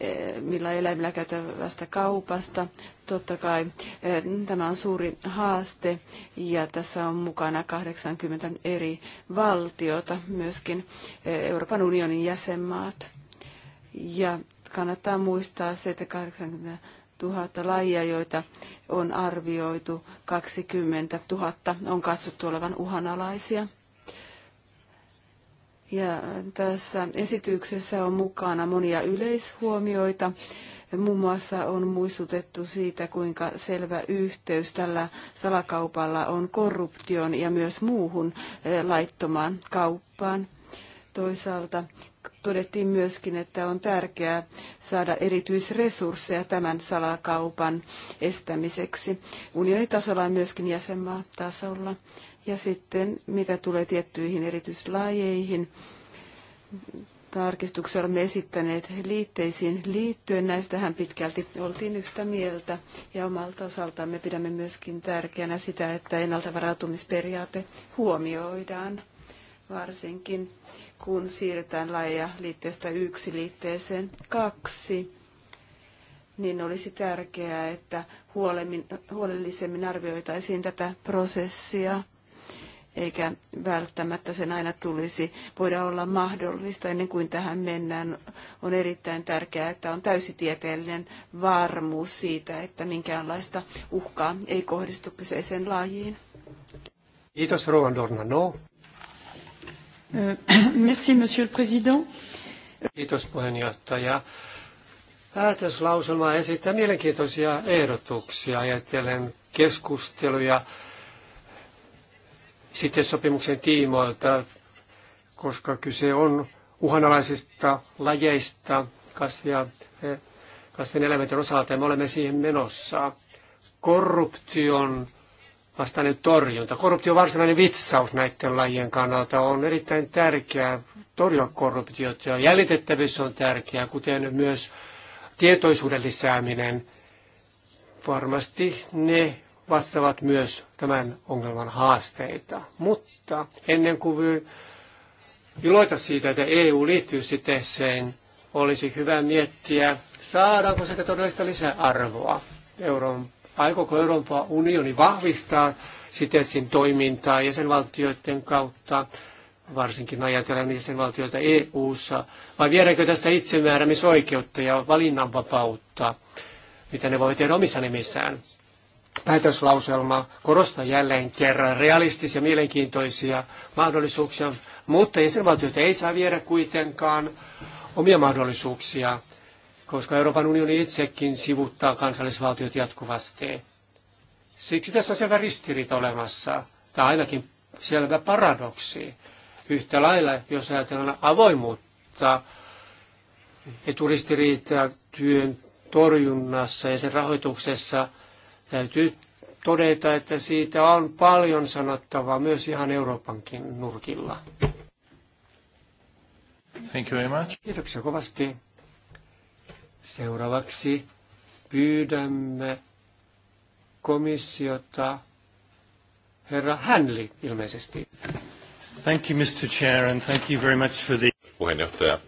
eh, millä eläimillä käytävästä kaupasta. Totta kai eh, tämä on suuri haaste ja tässä on mukana 80 eri valtiota, myöskin Euroopan unionin jäsenmaat. Ja kannattaa muistaa se, että 80 000 lajia, joita on arvioitu, 20 000 on katsottu olevan uhanalaisia. Ja tässä esityksessä on mukana monia yleishuomioita. Muun muassa on muistutettu siitä, kuinka selvä yhteys tällä salakaupalla on korruption ja myös muuhun e, laittomaan kauppaan. Toisaalta todettiin myöskin, että on tärkeää saada erityisresursseja tämän salakaupan estämiseksi. Unionitasolla ja myöskin jäsenmaatasolla. tasolla ja sitten mitä tulee tiettyihin erityislajeihin, tarkistuksia olemme esittäneet liitteisiin liittyen. Näistähän pitkälti oltiin yhtä mieltä ja omalta me pidämme myöskin tärkeänä sitä, että ennaltavarautumisperiaate huomioidaan varsinkin kun siirretään lajeja liitteestä yksi liitteeseen kaksi, niin olisi tärkeää, että huolellisemmin arvioitaisiin tätä prosessia eikä välttämättä sen aina tulisi voida olla mahdollista ennen kuin tähän mennään. On erittäin tärkeää, että on täysitieteellinen varmuus siitä, että minkäänlaista uhkaa ei kohdistu kyseiseen lajiin. Kiitos, Dorna. Dornano. Euh, merci, monsieur le président. Kiitos, puheenjohtaja. Päätöslauselma esittää mielenkiintoisia ehdotuksia ajatellen keskusteluja sitten sopimuksen tiimoilta, koska kyse on uhanalaisista lajeista kasvia, eh, kasvin eläinten osalta ja me olemme siihen menossa. Korruption vastainen torjunta. Korruptio on varsinainen vitsaus näiden lajien kannalta on erittäin tärkeää torjua korruptiota ja jäljitettävyys on tärkeää, kuten myös tietoisuuden lisääminen. Varmasti ne vastaavat myös tämän ongelman haasteita. Mutta ennen kuin iloita siitä, että EU liittyy siteeseen, olisi hyvä miettiä, saadaanko sitä todellista lisäarvoa. Euron, aikooko Euroopan unioni vahvistaa sitesin toimintaa jäsenvaltioiden kautta, varsinkin ajatellen jäsenvaltioita EU-ssa, vai viedäänkö tästä itsemääräämisoikeutta ja valinnanvapautta, mitä ne voi tehdä omissa nimissään? päätöslauselma korostaa jälleen kerran realistisia mielenkiintoisia mahdollisuuksia, mutta jäsenvaltioita ei saa viedä kuitenkaan omia mahdollisuuksia, koska Euroopan unioni itsekin sivuttaa kansallisvaltiot jatkuvasti. Siksi tässä on selvä ristiriita olemassa, tai ainakin selvä paradoksi. Yhtä lailla, jos ajatellaan avoimuutta, eturistiriitaa työn torjunnassa ja sen rahoituksessa – Täytyy todeta, että siitä on paljon sanottavaa myös ihan Euroopankin nurkilla. Thank you very much. Kiitoksia kovasti. Seuraavaksi pyydämme komissiota herra Hänli ilmeisesti. Thank you, Mr. Chair, and thank you very much for the... Puheenjohtaja,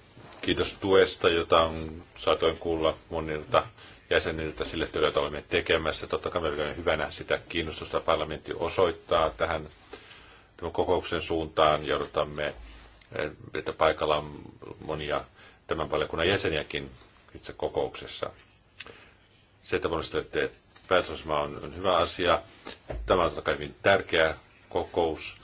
kiitos tuesta, jota on saatoin kuulla monilta jäseniltä sille työlle, jota olemme tekemässä. Totta kai on hyvänä sitä kiinnostusta parlamentti osoittaa tähän tämän kokouksen suuntaan Joudutamme, että paikalla on monia tämän valiokunnan jäseniäkin itse kokouksessa. Se, että muistelette, päätösosma on, on hyvä asia. Tämä on totta hyvin tärkeä kokous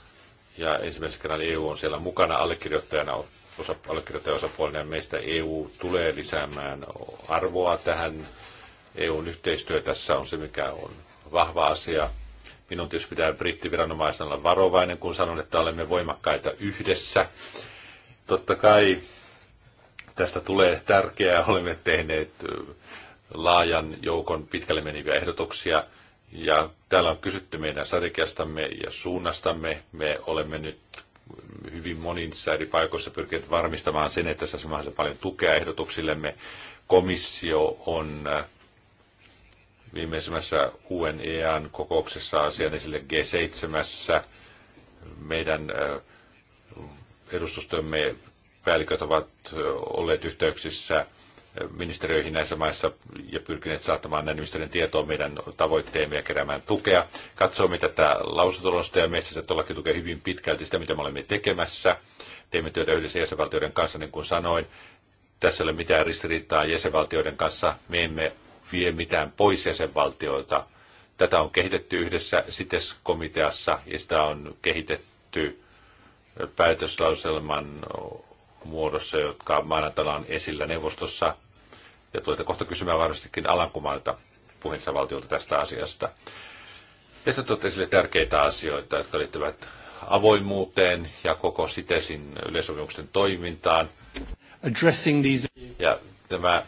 ja ensimmäisen kerran EU on siellä mukana allekirjoittajana osa, allekirjoittajaosapuolena ja meistä EU tulee lisäämään arvoa tähän EUn yhteistyö tässä on se, mikä on vahva asia. Minun tietysti pitää brittiviranomaisena olla varovainen, kun sanon, että olemme voimakkaita yhdessä. Totta kai tästä tulee tärkeää. Olemme tehneet laajan joukon pitkälle meniviä ehdotuksia. Ja täällä on kysytty meidän sarikeastamme ja suunnastamme. Me olemme nyt hyvin monissa eri paikoissa pyrkineet varmistamaan sen, että tässä on paljon tukea ehdotuksillemme. Komissio on äh, viimeisimmässä UNEAn kokouksessa asian esille G7. Meidän edustustomme päälliköt ovat olleet yhteyksissä ministeriöihin näissä maissa ja pyrkineet saattamaan näiden ministeriön tietoa meidän tavoitteemme ja keräämään tukea. Katsomme tätä lausuntolosta ja meissä se todellakin tukee hyvin pitkälti sitä, mitä me olemme tekemässä. Teemme työtä yhdessä jäsenvaltioiden kanssa, niin kuin sanoin. Tässä ei ole mitään ristiriitaa jäsenvaltioiden kanssa. Me emme vie mitään pois jäsenvaltioilta. Tätä on kehitetty yhdessä CITES-komiteassa ja sitä on kehitetty päätöslauselman muodossa, jotka maanantaina on esillä neuvostossa. Ja tulette kohta kysymään varmastikin Alankumailta puheenjohtajavaltiolta tästä asiasta. Ja sitten tuotte esille tärkeitä asioita, jotka liittyvät avoimuuteen ja koko SITESin yleisopimuksen toimintaan. Addressing these... Ja tämä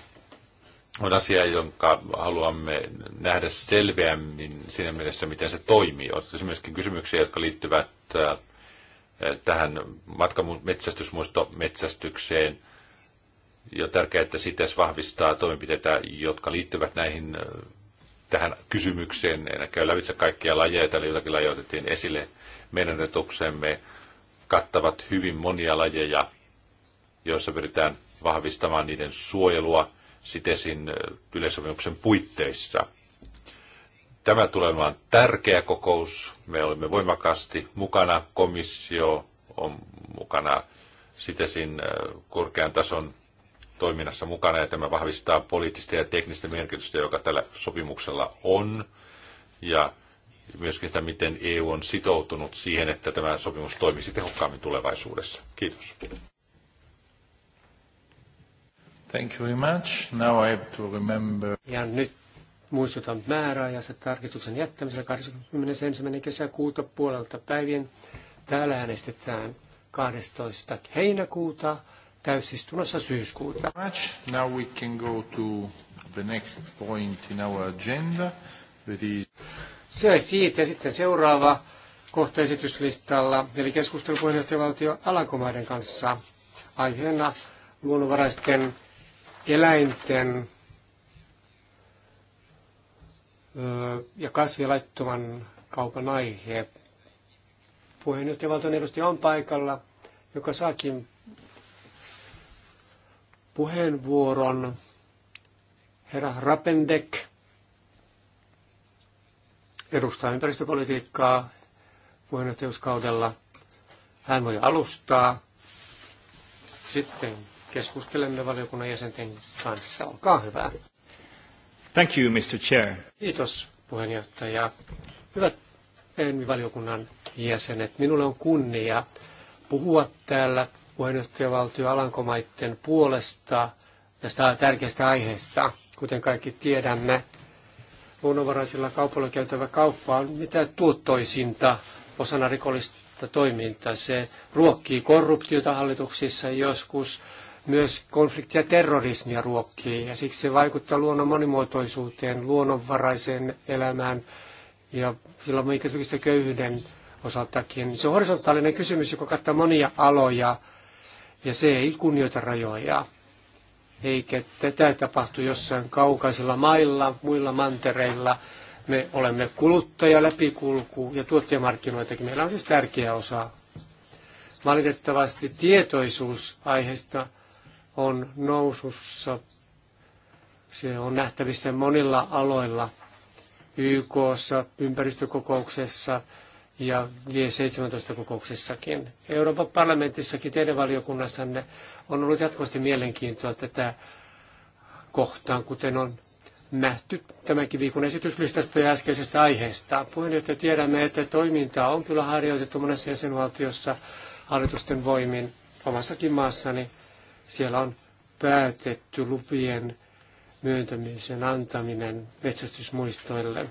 on asia, jonka haluamme nähdä selveämmin siinä mielessä, miten se toimii. On siis myöskin kysymyksiä, jotka liittyvät äh, tähän matkametsästysmuistometsästykseen. Ja tärkeää, että CITES vahvistaa toimenpiteitä, jotka liittyvät näihin äh, tähän kysymykseen. En käy lävitse kaikkia lajeja, täällä jotakin lajeja otettiin esille. Meidän etuksemme kattavat hyvin monia lajeja, joissa pyritään vahvistamaan niiden suojelua – sitesin yleissopimuksen puitteissa. Tämä tulee olemaan tärkeä kokous. Me olemme voimakkaasti mukana. Komissio on mukana sitesin korkean tason toiminnassa mukana ja tämä vahvistaa poliittista ja teknistä merkitystä, joka tällä sopimuksella on. Ja myöskin sitä, miten EU on sitoutunut siihen, että tämä sopimus toimisi tehokkaammin tulevaisuudessa. Kiitos. Thank you very much. Now I have to remember. Ja nyt muistutan määräajasta tarkistuksen jättämisellä 21. kesäkuuta puolelta päivien. Täällä äänestetään 12. heinäkuuta täysistunnossa syyskuuta. Now we can go to the next point in our agenda. Is... Se siitä sitten seuraava kohta esityslistalla, eli keskustelu puheenjohtajavaltio Alankomaiden kanssa aiheena luonnonvaraisten eläinten ja kasvilaittoman kaupan aihe. Puheenjohtajavaltion edustaja on paikalla, joka saakin puheenvuoron. Herra Rapendek edustaa ympäristöpolitiikkaa puheenjohtajuuskaudella. Hän voi alustaa. Sitten keskustelemme valiokunnan jäsenten kanssa. Olkaa hyvä. Thank you, Mr. Chair. Kiitos, puheenjohtaja. Hyvät valiokunnan jäsenet, minulle on kunnia puhua täällä puheenjohtajavaltio Alankomaiden puolesta tästä tärkeästä aiheesta. Kuten kaikki tiedämme, luonnonvaraisilla kaupoilla käytävä kauppa on mitä tuottoisinta osana rikollista toimintaa. Se ruokkii korruptiota hallituksissa joskus, myös konflikti ja terrorismia ruokkii ja siksi se vaikuttaa luonnon monimuotoisuuteen, luonnonvaraiseen elämään ja sillä on minkätyystä köyhyyden osaltakin. Se on horisontaalinen kysymys, joka kattaa monia aloja ja se ei kunnioita rajoja. Eikä tätä tapahtu jossain kaukaisilla mailla, muilla mantereilla. Me olemme kuluttaja, läpikulku ja tuottajamarkkinoitakin. Meillä on siis tärkeä osa valitettavasti tietoisuus aiheesta on nousussa. Se on nähtävissä monilla aloilla, YKssa, ympäristökokouksessa ja G17-kokouksessakin. Euroopan parlamentissakin teidän valiokunnassanne on ollut jatkuvasti mielenkiintoa tätä kohtaan, kuten on nähty tämänkin viikon esityslistasta ja äskeisestä aiheesta. Puheenjohtaja tiedämme, että toimintaa on kyllä harjoitettu monessa jäsenvaltiossa hallitusten voimin omassakin maassani. Siellä on päätetty lupien myöntämisen antaminen metsästysmuistoille.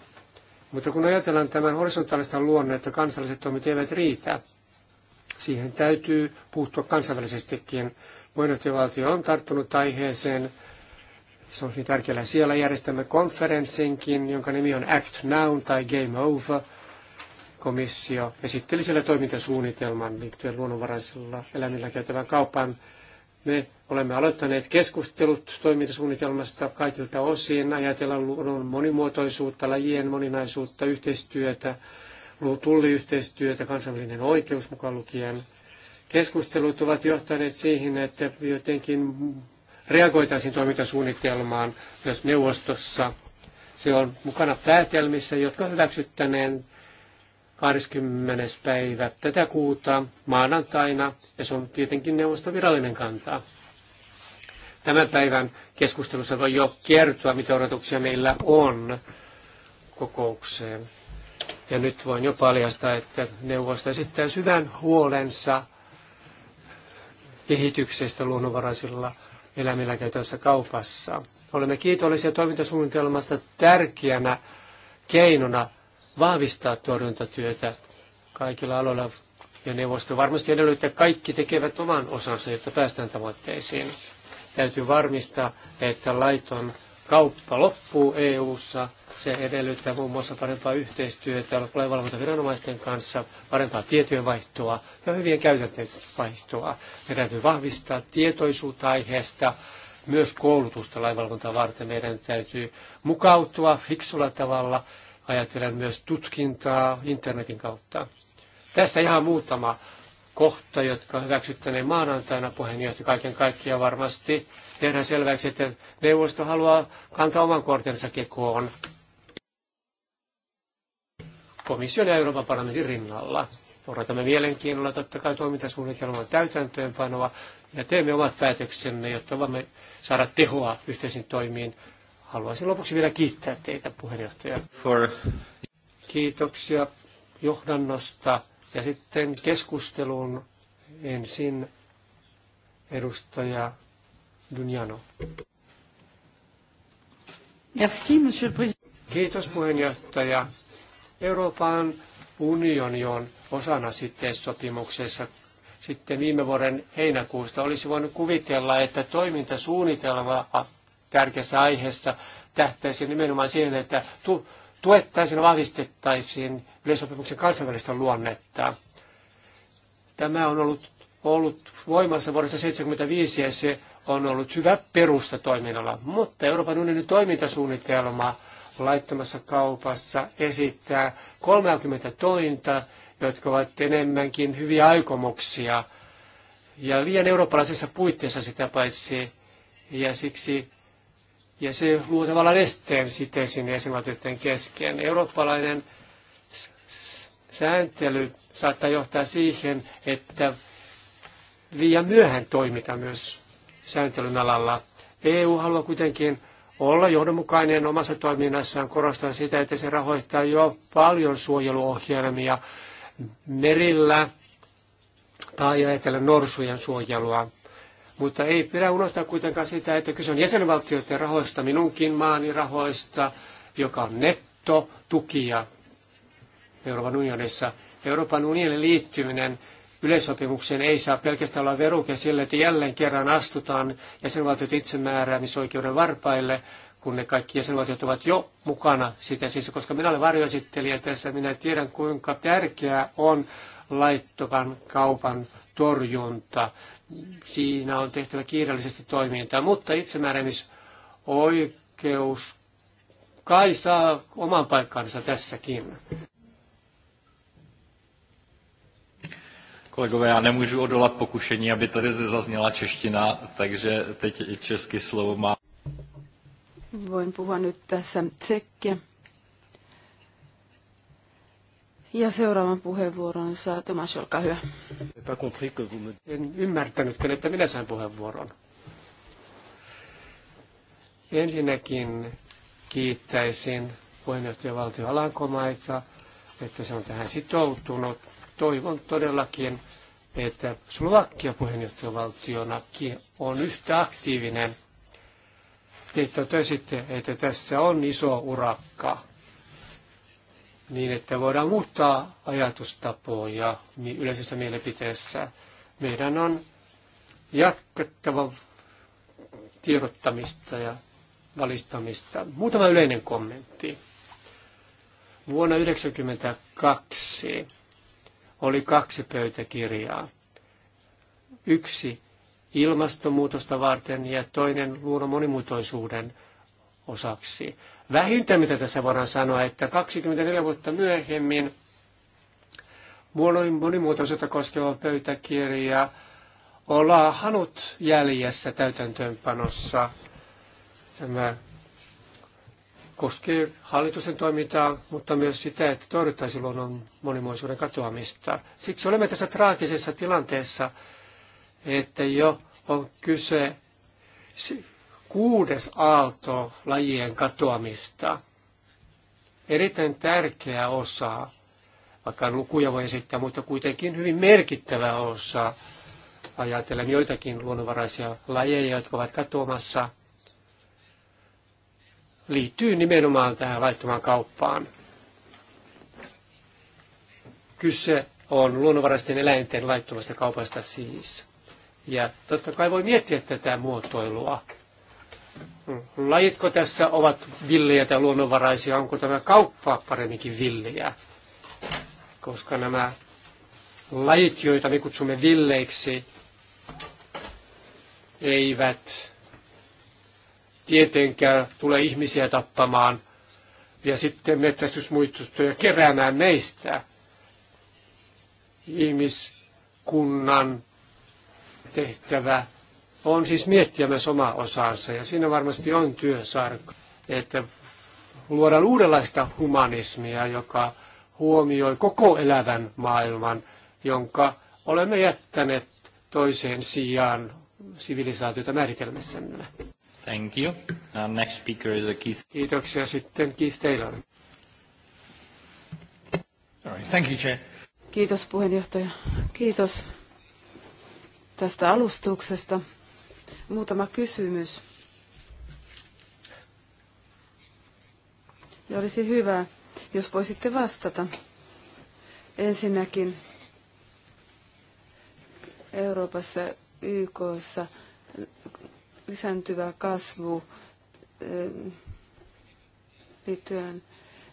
Mutta kun ajatellaan tämän horisontaalista luonnetta, kansalliset toimet eivät riitä. Siihen täytyy puuttua kansainvälisestikin. Puheenjohtajavaltio on tarttunut aiheeseen. Se on hyvin tärkeää. Siellä järjestämme konferenssinkin, jonka nimi on Act Now tai Game Over. Komissio esitteli siellä toimintasuunnitelman liittyen luonnonvaraisilla eläimillä käytävän kaupan me olemme aloittaneet keskustelut toimintasuunnitelmasta kaikilta osin, ajatella luonnon monimuotoisuutta, lajien moninaisuutta, yhteistyötä, tulliyhteistyötä, kansainvälinen oikeus mukaan lukien. Keskustelut ovat johtaneet siihen, että jotenkin reagoitaisiin toimintasuunnitelmaan myös neuvostossa. Se on mukana päätelmissä, jotka hyväksyttäneen 20. päivä tätä kuuta maanantaina, ja se on tietenkin neuvoston virallinen kanta. Tämän päivän keskustelussa voi jo kertoa, mitä odotuksia meillä on kokoukseen. Ja nyt voin jo paljastaa, että neuvosto esittää syvän huolensa kehityksestä luonnonvaraisilla eläimillä käytössä kaupassa. Olemme kiitollisia toimintasuunnitelmasta tärkeänä keinona vahvistaa torjuntatyötä kaikilla aloilla. Ja neuvosto varmasti edellyttää, että kaikki tekevät oman osansa, jotta päästään tavoitteisiin. Täytyy varmistaa, että laiton kauppa loppuu EU-ssa. Se edellyttää muun muassa parempaa yhteistyötä lainvalvontaviranomaisten kanssa, parempaa tietojenvaihtoa ja hyvien käytänteiden vaihtoa. Ja täytyy vahvistaa tietoisuutta aiheesta, myös koulutusta lainvalvontaa varten. Meidän täytyy mukautua fiksulla tavalla Ajatellen myös tutkintaa internetin kautta. Tässä ihan muutama kohta, jotka hyväksyttäneen maanantaina puheenjohtaja kaiken kaikkiaan varmasti. Tehdään selväksi, että neuvosto haluaa kantaa oman kortensa kekoon komission ja Euroopan parlamentin rinnalla. Odotamme mielenkiinnolla totta kai toimintasuunnitelman täytäntöönpanoa ja teemme omat päätöksemme, jotta voimme saada tehoa yhteisiin toimiin Haluaisin lopuksi vielä kiittää teitä puheenjohtaja. For... Kiitoksia johdannosta ja sitten keskusteluun ensin edustaja Dunjano. Merci, monsieur le président. Kiitos puheenjohtaja. Euroopan unioni on osana sitten sopimuksessa sitten viime vuoden heinäkuusta. Olisi voinut kuvitella, että toimintasuunnitelma tärkeässä aiheessa tähtäisi nimenomaan siihen, että tu- tuettaisiin ja vahvistettaisiin yleisopimuksen kansainvälistä luonnetta. Tämä on ollut, ollut voimassa vuodesta 1975 ja se on ollut hyvä perusta toiminnalla, mutta Euroopan unionin toimintasuunnitelma laittomassa kaupassa esittää 30 tointa, jotka ovat enemmänkin hyviä aikomuksia ja liian eurooppalaisessa puitteissa sitä paitsi. Ja siksi ja se luo tavallaan esteen sitten sinne jäsenvaltioiden kesken. Eurooppalainen sääntely saattaa johtaa siihen, että liian myöhään toimita myös sääntelyn alalla. EU haluaa kuitenkin olla johdonmukainen omassa toiminnassaan, korostaa sitä, että se rahoittaa jo paljon suojeluohjelmia merillä tai ajatellen norsujen suojelua. Mutta ei pidä unohtaa kuitenkaan sitä, että kyse on jäsenvaltioiden rahoista, minunkin maani rahoista, joka on nettotukia Euroopan unionissa. Euroopan unionin liittyminen yleissopimukseen ei saa pelkästään olla veruke sille, että jälleen kerran astutaan jäsenvaltiot itsemääräämisoikeuden varpaille, kun ne kaikki jäsenvaltiot ovat jo mukana sitä. Siis, koska minä olen varjoesittelijä tässä, minä tiedän kuinka tärkeää on laittoman kaupan torjunta siinä on tehtävä kiireellisesti toimintaa, mutta itsemääräämisoikeus kai saa oman paikkansa tässäkin. Kolegové, já nemůžu odolat pokušení, aby tady zazněla čeština, takže teď i česky slovo má. Voin puhua nyt tässä tsekkiä. Ja seuraavan puheenvuoronsa Tomas, olkaa hyvä. En ymmärtänyt, että minä sain puheenvuoron. Ensinnäkin kiittäisin puheenjohtaja valtio Alankomaita, että se on tähän sitoutunut. Toivon todellakin, että Slovakia puheenjohtajavaltionakin on yhtä aktiivinen. Te totesitte, että tässä on iso urakka niin, että voidaan muuttaa ajatustapoja yleisessä mielipiteessä. Meidän on jatkettava tiedottamista ja valistamista. Muutama yleinen kommentti. Vuonna 1992 oli kaksi pöytäkirjaa. Yksi ilmastonmuutosta varten ja toinen luonnon monimuotoisuuden osaksi vähintä, mitä tässä voidaan sanoa, että 24 vuotta myöhemmin monimuotoisuutta koskeva pöytäkirja ollaan hanut jäljessä täytäntöönpanossa. Tämä koskee hallituksen toimintaa, mutta myös sitä, että torjuttaisiin luonnon monimuotoisuuden katoamista. Siksi olemme tässä traagisessa tilanteessa, että jo on kyse kuudes aalto lajien katoamista. Erittäin tärkeä osa, vaikka lukuja voi esittää, mutta kuitenkin hyvin merkittävä osa. Ajatellen joitakin luonnonvaraisia lajeja, jotka ovat katoamassa, liittyy nimenomaan tähän laittomaan kauppaan. Kyse on luonnonvaraisten eläinten laittomasta kaupasta siis. Ja totta kai voi miettiä tätä muotoilua lajitko tässä ovat villejä tai luonnonvaraisia, onko tämä kauppa paremminkin villejä, koska nämä lajit, joita me kutsumme villeiksi, eivät tietenkään tule ihmisiä tappamaan ja sitten metsästysmuistustoja keräämään meistä ihmiskunnan tehtävä on siis miettiä myös oma osaansa ja siinä varmasti on työsarka, että luodaan uudenlaista humanismia, joka huomioi koko elävän maailman, jonka olemme jättäneet toiseen sijaan sivilisaatiota määritelmässämme. Thank you. Our next speaker is Keith. Kiitoksia sitten Keith Taylor. Sorry. Thank you, Chair. Kiitos puheenjohtaja. Kiitos tästä alustuksesta. Muutama kysymys. Ja olisi hyvä, jos voisitte vastata. Ensinnäkin Euroopassa, YKssa lisääntyvä kasvu eh, liittyen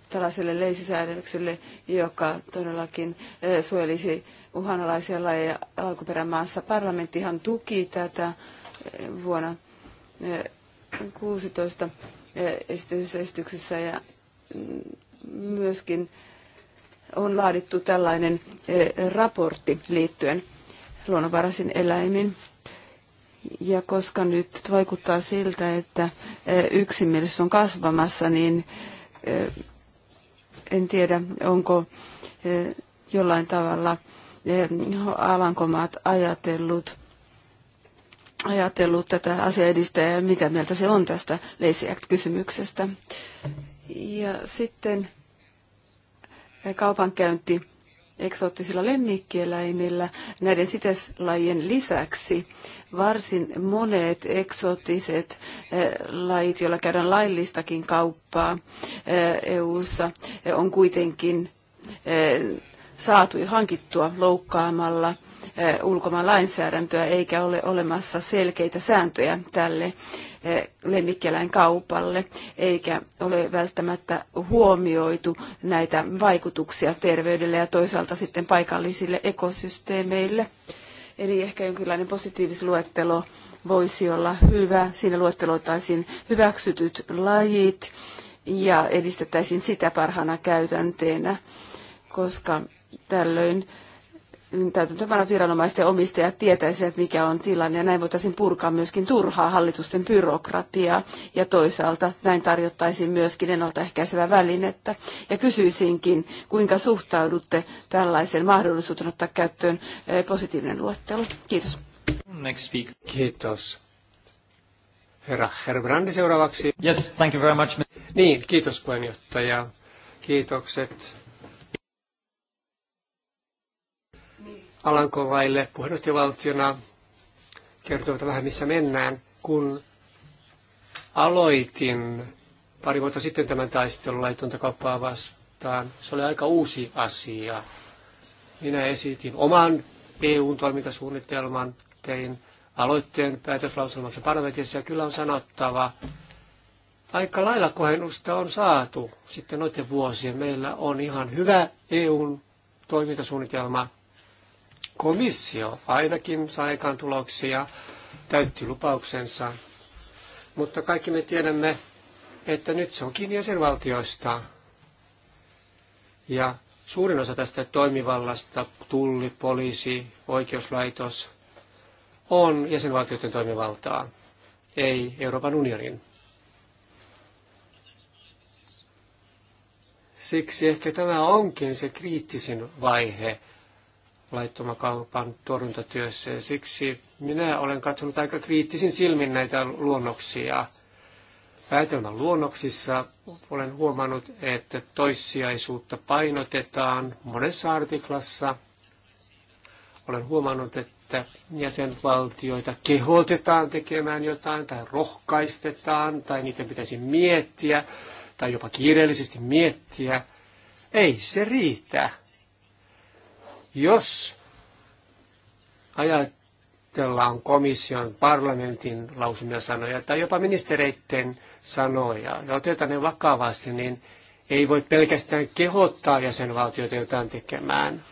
tällaiselle leisisäädökselle, joka todellakin eh, suojelisi uhanalaisia lajeja alkuperämaassa. Parlamenttihan tuki tätä vuonna 16 eh, eh, esityksessä ja mm, myöskin on laadittu tällainen eh, raportti liittyen luonnonvaraisiin eläimiin. Ja koska nyt vaikuttaa siltä, että yksimielisyys on kasvamassa, niin en tiedä, onko jollain tavalla Alankomaat ajatellut ajatellut tätä asiaa edistää ja mitä mieltä se on tästä Lazy Act-kysymyksestä. Ja sitten eh, kaupankäynti eksoottisilla lemmikkieläimillä näiden siteslajien lisäksi varsin monet eksoottiset eh, lajit, joilla käydään laillistakin kauppaa EU-ssa, eh, e on kuitenkin saatu ja hankittua loukkaamalla – ulkomaan lainsäädäntöä eikä ole olemassa selkeitä sääntöjä tälle kaupalle, eikä ole välttämättä huomioitu näitä vaikutuksia terveydelle ja toisaalta sitten paikallisille ekosysteemeille. Eli ehkä jonkinlainen positiivisluettelo voisi olla hyvä. Siinä luetteloitaisiin hyväksytyt lajit ja edistettäisiin sitä parhaana käytänteenä, koska tällöin täytäntöönpanot viranomaisten omistajat tietäisivät, mikä on tilanne, ja näin voitaisiin purkaa myöskin turhaa hallitusten byrokratiaa, ja toisaalta näin tarjottaisiin myöskin ennaltaehkäisevää välinettä. Ja kysyisinkin, kuinka suhtaudutte tällaiseen mahdollisuuteen ottaa käyttöön eh, positiivinen luettelo. Kiitos. Next speak. Kiitos. Herra Herbrandi seuraavaksi. Yes, thank you very much. Niin, kiitos puheenjohtaja. Kiitokset Alankovaille puheenjohtajavaltiona kertovat vähän missä mennään, kun aloitin pari vuotta sitten tämän taistelun laitonta kauppaa vastaan. Se oli aika uusi asia. Minä esitin oman EU-toimintasuunnitelman, tein aloitteen päätöslauselmassa parlamentissa ja kyllä on sanottava, aika lailla kohennusta on saatu sitten noiden vuosien. Meillä on ihan hyvä eu toimintasuunnitelma komissio ainakin sai aikaan tuloksia, täytti lupauksensa, mutta kaikki me tiedämme, että nyt se on kiinni jäsenvaltioista. Ja suurin osa tästä toimivallasta, tulli, poliisi, oikeuslaitos, on jäsenvaltioiden toimivaltaa, ei Euroopan unionin. Siksi ehkä tämä onkin se kriittisin vaihe laittoman kaupan torjuntatyössä. Ja siksi minä olen katsonut aika kriittisin silmin näitä luonnoksia. Päätelmän luonnoksissa olen huomannut, että toissijaisuutta painotetaan monessa artiklassa. Olen huomannut, että jäsenvaltioita kehotetaan tekemään jotain tai rohkaistetaan tai niitä pitäisi miettiä tai jopa kiireellisesti miettiä. Ei se riitä jos ajatellaan komission, parlamentin lausumia sanoja tai jopa ministereiden sanoja ja otetaan ne vakavasti, niin ei voi pelkästään kehottaa jäsenvaltioita jotain tekemään,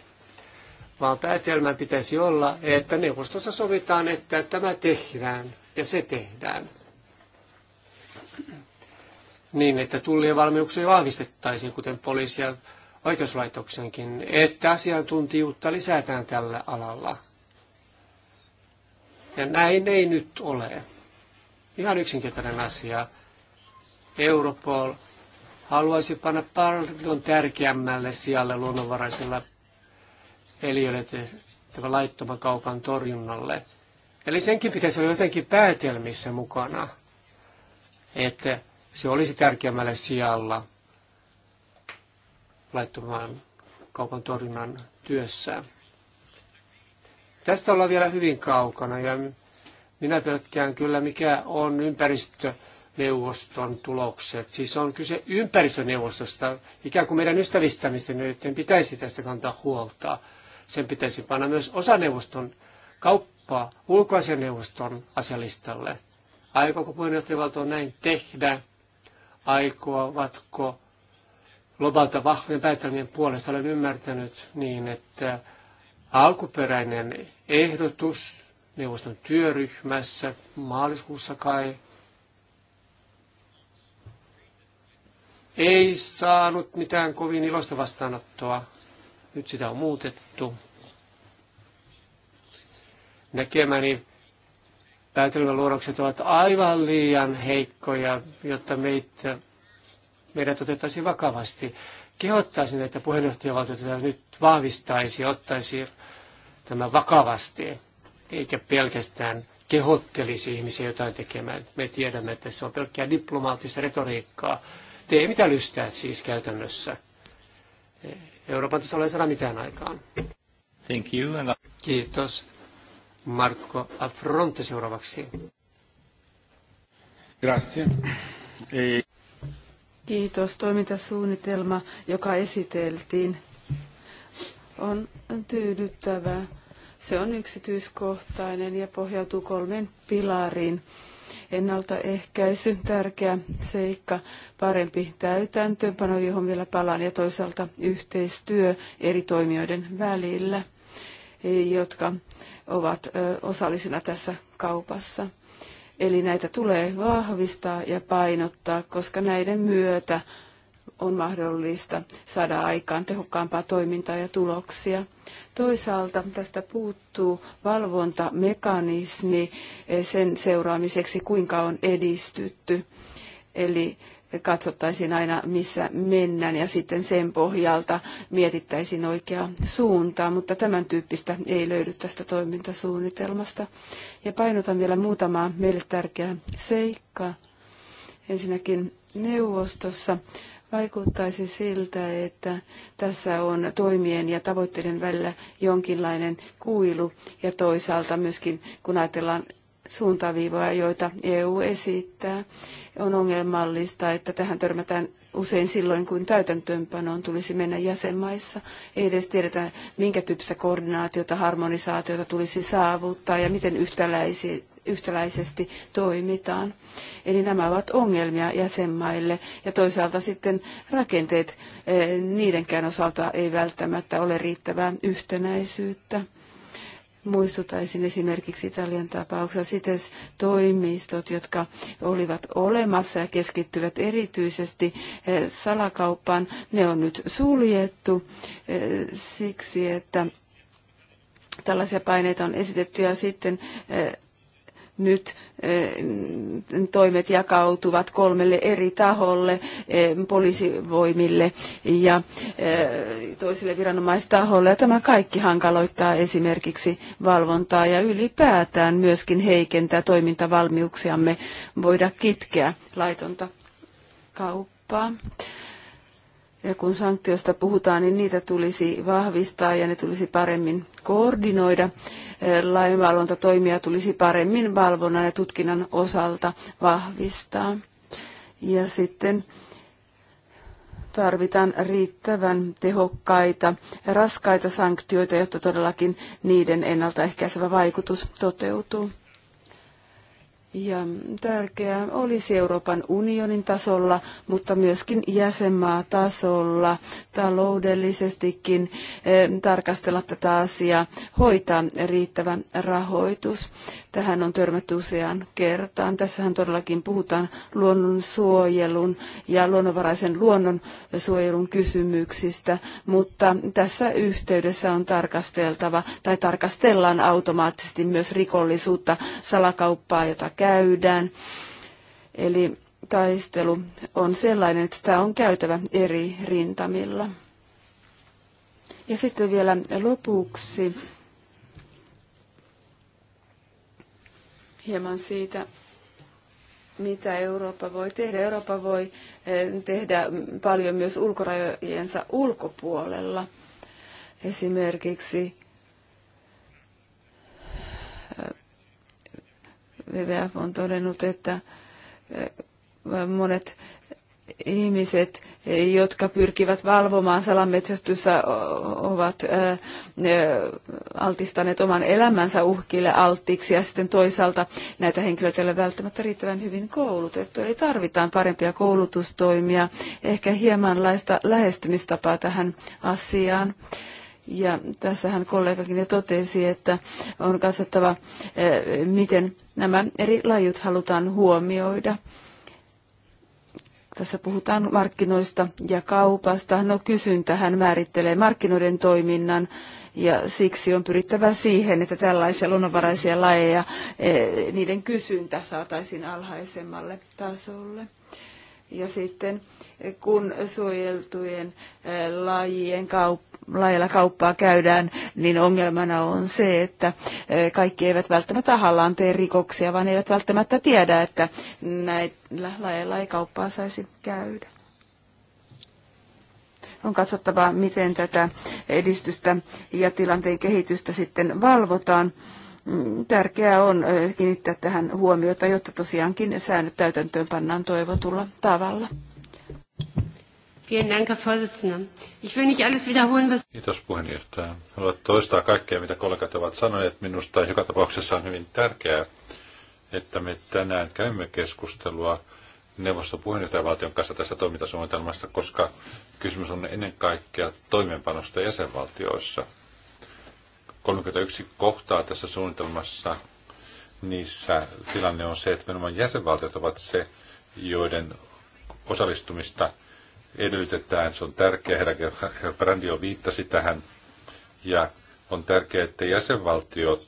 vaan päätelmän pitäisi olla, että neuvostossa sovitaan, että tämä tehdään ja se tehdään. Niin, että tullien valmiuksia vahvistettaisiin, kuten poliisia oikeuslaitoksenkin, että asiantuntijuutta lisätään tällä alalla. Ja näin ei nyt ole. Ihan yksinkertainen asia. Europol haluaisi panna paljon tärkeämmälle sijalle luonnonvaraisilla eliöille tehtävän laittoman kaupan torjunnalle. Eli senkin pitäisi olla jotenkin päätelmissä mukana, että se olisi tärkeämmällä sijalla laittomaan kaupan torjunnan työssään. Tästä ollaan vielä hyvin kaukana ja minä pelkään kyllä, mikä on ympäristöneuvoston tulokset. Siis on kyse ympäristöneuvostosta, ikään kuin meidän ystävistämistä, joiden pitäisi tästä kantaa huolta. Sen pitäisi panna myös osaneuvoston kauppaa ulkoasianeuvoston asialistalle. Aikooko puheenjohtajavaltio näin tehdä? Aikovatko lobata vahvojen päätelmien puolesta. Olen ymmärtänyt niin, että alkuperäinen ehdotus neuvoston työryhmässä maaliskuussa kai ei saanut mitään kovin iloista vastaanottoa. Nyt sitä on muutettu. Näkemäni päätelmäluonnokset ovat aivan liian heikkoja, jotta meitä meidät otettaisiin vakavasti. Kehottaisin, että puheenjohtajavaltio nyt vahvistaisi ja ottaisi tämä vakavasti, eikä pelkästään kehottelisi ihmisiä jotain tekemään. Me tiedämme, että se on pelkkää diplomaattista retoriikkaa. ei mitä lystää siis käytännössä. Euroopan tasolla ei saada mitään aikaan. Thank you. And... Kiitos. Marco Affronte seuraavaksi. Grazie. E... Kiitos. Toimintasuunnitelma, joka esiteltiin, on tyydyttävä. Se on yksityiskohtainen ja pohjautuu kolmen pilariin. Ennaltaehkäisy, tärkeä seikka, parempi täytäntöönpano, johon vielä palaan, ja toisaalta yhteistyö eri toimijoiden välillä, jotka ovat osallisina tässä kaupassa. Eli näitä tulee vahvistaa ja painottaa, koska näiden myötä on mahdollista saada aikaan tehokkaampaa toimintaa ja tuloksia. Toisaalta tästä puuttuu valvontamekanismi sen seuraamiseksi, kuinka on edistytty. Eli katsottaisiin aina, missä mennään ja sitten sen pohjalta mietittäisiin oikeaa suuntaa, mutta tämän tyyppistä ei löydy tästä toimintasuunnitelmasta. Ja painotan vielä muutamaa meille tärkeää seikkaa. Ensinnäkin neuvostossa vaikuttaisi siltä, että tässä on toimien ja tavoitteiden välillä jonkinlainen kuilu ja toisaalta myöskin kun ajatellaan suuntaviivoja, joita EU esittää. On ongelmallista, että tähän törmätään usein silloin, kun täytäntöönpanoon tulisi mennä jäsenmaissa. Ei edes tiedetä, minkä tyyppistä koordinaatiota, harmonisaatiota tulisi saavuttaa ja miten yhtäläisiä yhtäläisesti toimitaan. Eli nämä ovat ongelmia jäsenmaille ja toisaalta sitten rakenteet eh, niidenkään osalta ei välttämättä ole riittävää yhtenäisyyttä. Muistutaisin esimerkiksi Italian tapauksessa sites toimistot, jotka olivat olemassa ja keskittyvät erityisesti eh, salakauppaan. Ne on nyt suljettu eh, siksi, että tällaisia paineita on esitetty ja sitten eh, nyt eh, toimet jakautuvat kolmelle eri taholle, eh, poliisivoimille ja eh, toisille viranomaistaholle. Ja tämä kaikki hankaloittaa esimerkiksi valvontaa ja ylipäätään myöskin heikentää toimintavalmiuksiamme voida kitkeä laitonta kauppaa. Ja kun sanktioista puhutaan, niin niitä tulisi vahvistaa ja ne tulisi paremmin koordinoida. Lainvalvontatoimia tulisi paremmin valvonnan ja tutkinnan osalta vahvistaa. Ja sitten tarvitaan riittävän tehokkaita ja raskaita sanktioita, jotta todellakin niiden ennaltaehkäisevä vaikutus toteutuu. Ja tärkeää olisi Euroopan unionin tasolla, mutta myöskin jäsenmaatasolla taloudellisestikin eh, tarkastella tätä asiaa, hoitaa riittävän rahoitus. Tähän on törmätty useaan kertaan. Tässähän todellakin puhutaan luonnonsuojelun ja luonnonvaraisen luonnonsuojelun kysymyksistä, mutta tässä yhteydessä on tarkasteltava tai tarkastellaan automaattisesti myös rikollisuutta, salakauppaa, jota käydään. Eli taistelu on sellainen, että tämä on käytävä eri rintamilla. Ja sitten vielä lopuksi hieman siitä, mitä Eurooppa voi tehdä. Eurooppa voi eh, tehdä paljon myös ulkorajojensa ulkopuolella. Esimerkiksi WWF on todennut, että e, monet ihmiset, e, jotka pyrkivät valvomaan salametsästyssä, ovat e, altistaneet oman elämänsä uhkille alttiiksi ja sitten toisaalta näitä henkilöitä ei ole välttämättä riittävän hyvin koulutettu. Eli tarvitaan parempia koulutustoimia, ehkä laista lähestymistapaa tähän asiaan. Mm ja tässähän kollegakin jo totesi, että on katsottava, eh, miten nämä eri lajut halutaan huomioida. Tässä puhutaan markkinoista ja kaupasta. No kysyntähän määrittelee markkinoiden toiminnan ja siksi on pyrittävä siihen, että tällaisia luonnonvaraisia lajeja, eh, niiden kysyntä saataisiin alhaisemmalle tasolle. Ja sitten kun suojeltujen lajien kauppa lailla kauppaa käydään, niin ongelmana on se, että kaikki eivät välttämättä tahallaan tee rikoksia, vaan eivät välttämättä tiedä, että näillä lajeilla ei kauppaa saisi käydä. On katsottava, miten tätä edistystä ja tilanteen kehitystä sitten valvotaan tärkeää on kiinnittää tähän huomiota, jotta tosiaankin säännöt täytäntöön pannaan toivotulla tavalla. Kiitos puheenjohtaja. Haluan toistaa kaikkea, mitä kollegat ovat sanoneet. Minusta joka tapauksessa on hyvin tärkeää, että me tänään käymme keskustelua neuvoston puheenjohtajavaltion kanssa tästä toimintasuunnitelmasta, koska kysymys on ennen kaikkea toimeenpanosta jäsenvaltioissa – 31 kohtaa tässä suunnitelmassa, niissä tilanne on se, että nimenomaan jäsenvaltiot ovat se, joiden osallistumista edellytetään. Se on tärkeää, herra jo viittasi tähän, ja on tärkeää, että jäsenvaltiot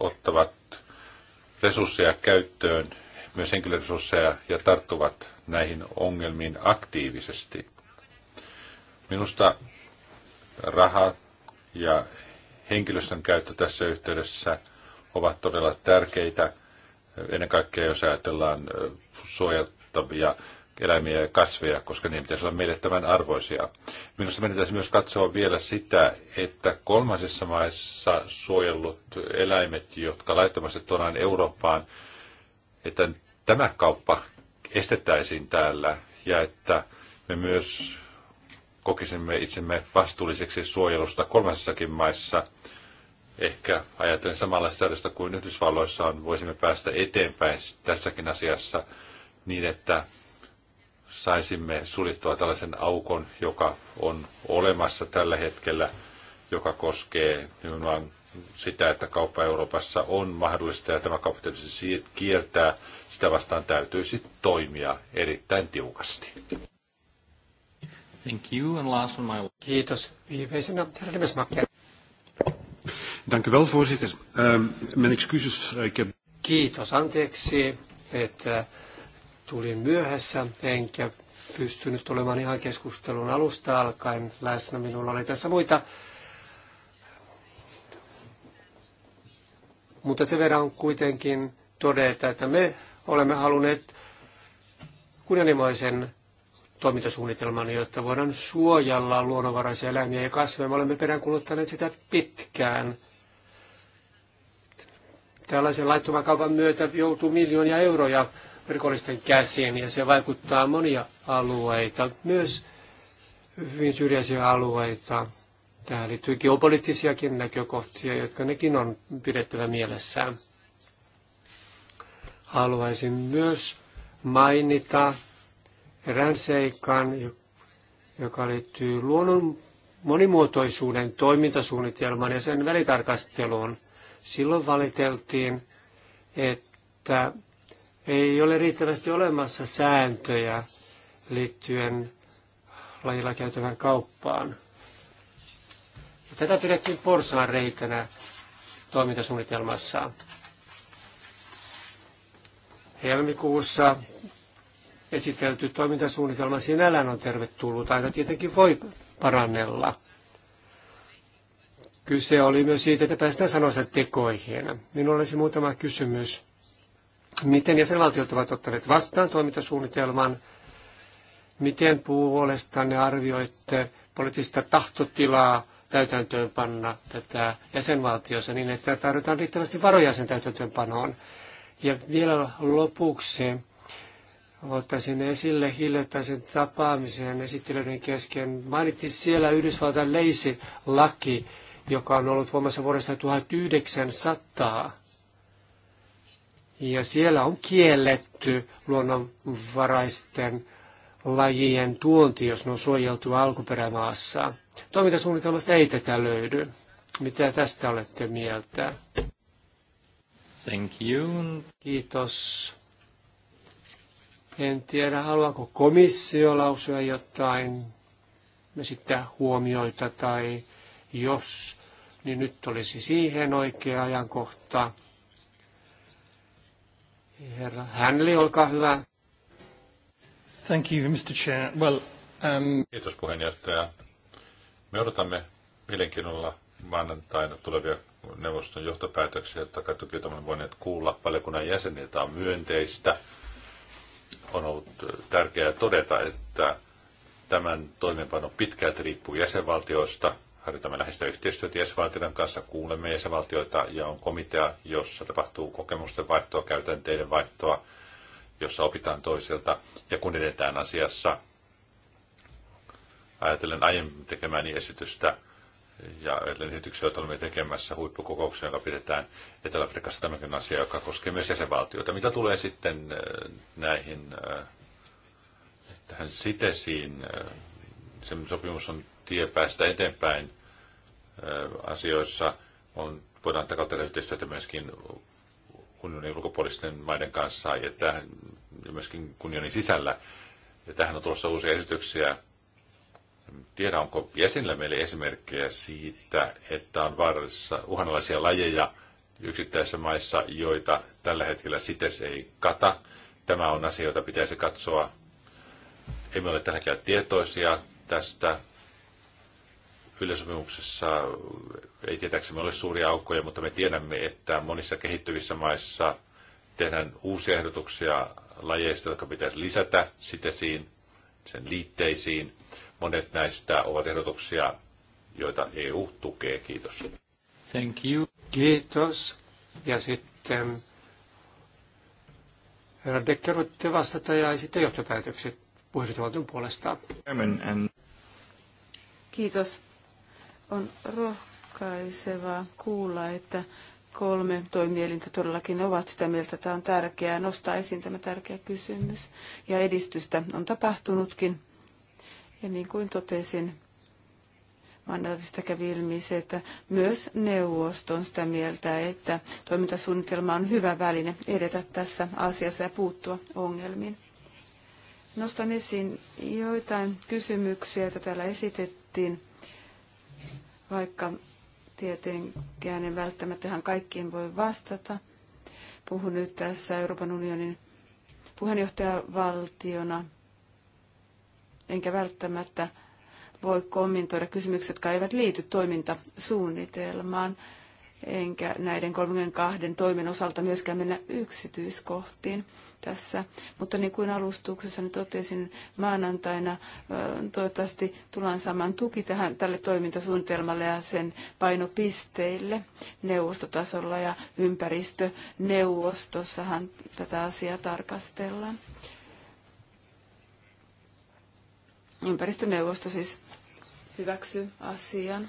ottavat resursseja käyttöön, myös henkilöresursseja, ja tarttuvat näihin ongelmiin aktiivisesti. Minusta raha ja henkilöstön käyttö tässä yhteydessä ovat todella tärkeitä. Ennen kaikkea jos ajatellaan suojattavia eläimiä ja kasveja, koska niin pitäisi olla meille tämän arvoisia. Minusta meidän pitäisi myös katsoa vielä sitä, että kolmansissa maissa suojellut eläimet, jotka laittomasti tuodaan Eurooppaan, että tämä kauppa estettäisiin täällä ja että me myös kokisimme itsemme vastuulliseksi suojelusta kolmansissakin maissa – ehkä ajatellen samanlaista säädöstä kuin Yhdysvalloissa on, voisimme päästä eteenpäin tässäkin asiassa niin, että saisimme suljettua tällaisen aukon, joka on olemassa tällä hetkellä, joka koskee nimenomaan sitä, että kauppa Euroopassa on mahdollista ja tämä kauppa tietysti kiertää, sitä vastaan täytyisi toimia erittäin tiukasti. Thank you and last one, my... Kiitos. Viimeisenä herra Dank u wel, voorzitter. Ehm, mijn excuses. Eh, ik heb... Kiitos. Anteeksi, että eh, tulin myöhässä, enkä pystynyt olemaan ihan keskustelun alusta alkaen läsnä. Minulla oli tässä muita. Mutta sen verran kuitenkin todeta, että me olemme halunneet kunnianhimoisen toimintasuunnitelman, jotta voidaan suojella luonnonvaraisia eläimiä ja kasveja. Me olemme peräänkuluttaneet sitä pitkään – Tällaisen laittoman kaupan myötä joutuu miljoonia euroja rikollisten käsiin ja se vaikuttaa monia alueita, myös hyvin syrjäisiä alueita. Tähän liittyy geopoliittisiakin näkökohtia, jotka nekin on pidettävä mielessään. Haluaisin myös mainita erään seikan, joka liittyy luonnon monimuotoisuuden toimintasuunnitelman ja sen välitarkasteluun – Silloin valiteltiin, että ei ole riittävästi olemassa sääntöjä liittyen lajilla käytävän kauppaan. Ja tätä pidettiin porsaan reikänä toimintasuunnitelmassaan. Helmikuussa esitelty toimintasuunnitelma sinällään on tervetullut, aina tietenkin voi parannella. Kyse oli myös siitä, että päästään sanoista tekoihin. Minulla olisi muutama kysymys. Miten jäsenvaltiot ovat ottaneet vastaan toimintasuunnitelman? Miten puolestanne arvioitte poliittista tahtotilaa täytäntöönpanna tätä jäsenvaltiossa niin, että tarvitaan riittävästi varoja sen täytäntöönpanoon? Ja vielä lopuksi ottaisin esille hiljattaisen tapaamisen esittelyiden kesken. Mainittiin siellä Yhdysvaltain leisi laki joka on ollut voimassa vuodesta 1900. Ja siellä on kielletty luonnonvaraisten lajien tuonti, jos ne on suojeltu alkuperämaassa. Toimintasuunnitelmasta ei tätä löydy. Mitä tästä olette mieltä? Thank you. Kiitos. En tiedä, haluaako komissio lausua jotain esittää huomioita tai jos niin nyt olisi siihen oikea ajankohta. Herra Hänli, olkaa hyvä. Thank you, Mr. Chair. Well, um... Kiitos puheenjohtaja. Me odotamme mielenkiinnolla maanantaina tulevia neuvoston johtopäätöksiä, että kaikki olemme voineet kuulla. Valiokunnan jäseniltä on myönteistä. On ollut tärkeää todeta, että tämän toimeenpano pitkälti riippuu jäsenvaltioista – harjoitamme läheistä yhteistyötä jäsenvaltioiden kanssa, kuulemme jäsenvaltioita ja on komitea, jossa tapahtuu kokemusten vaihtoa, käytänteiden vaihtoa, jossa opitaan toisilta ja kun edetään asiassa, ajatellen aiemmin tekemäni esitystä ja ajatellen esityksiä, joita olemme tekemässä huippukokouksia, joka pidetään Etelä-Afrikassa tämäkin asia, joka koskee myös jäsenvaltioita. Mitä tulee sitten äh, näihin äh, tähän sitesiin, äh, se sopimus on tie päästä eteenpäin asioissa. On, voidaan takautella yhteistyötä myöskin unionin ulkopuolisten maiden kanssa ja, tähän, ja myöskin unionin sisällä. Ja tähän on tulossa uusia esityksiä. tiedä, onko jäsenillä meille esimerkkejä siitä, että on vaarallisissa uhanalaisia lajeja yksittäisissä maissa, joita tällä hetkellä sites ei kata. Tämä on asia, jota pitäisi katsoa. Emme ole tälläkään tietoisia tästä yleisopimuksessa ei tietääksemme ole suuria aukkoja, mutta me tiedämme, että monissa kehittyvissä maissa tehdään uusia ehdotuksia lajeista, jotka pitäisi lisätä sitesiin, sen liitteisiin. Monet näistä ovat ehdotuksia, joita EU tukee. Kiitos. Thank you. Kiitos. Ja sitten herra Dekker, voitte vastata ja sitten johtopäätökset puheenjohtajan puolesta. Kiitos. On rohkaisevaa kuulla, että kolme toimielintä todellakin ovat sitä mieltä, että on tärkeää nostaa esiin tämä tärkeä kysymys. Ja edistystä on tapahtunutkin. Ja niin kuin totesin, mandaatista kävi ilmi se, että myös neuvosto on sitä mieltä, että toimintasuunnitelma on hyvä väline edetä tässä asiassa ja puuttua ongelmiin. Nostan esiin joitain kysymyksiä, joita täällä esitettiin vaikka tietenkään en välttämättä ihan kaikkiin voi vastata. Puhun nyt tässä Euroopan unionin puheenjohtajavaltiona, enkä välttämättä voi kommentoida kysymyksiä, jotka eivät liity toimintasuunnitelmaan, enkä näiden 32 toimen osalta myöskään mennä yksityiskohtiin tässä. Mutta niin kuin alustuksessa totesin maanantaina, toivottavasti tullaan saamaan tuki tähän, tälle toimintasuunnitelmalle ja sen painopisteille neuvostotasolla ja ympäristöneuvostossahan tätä asiaa tarkastellaan. Ympäristöneuvosto siis hyväksyy asian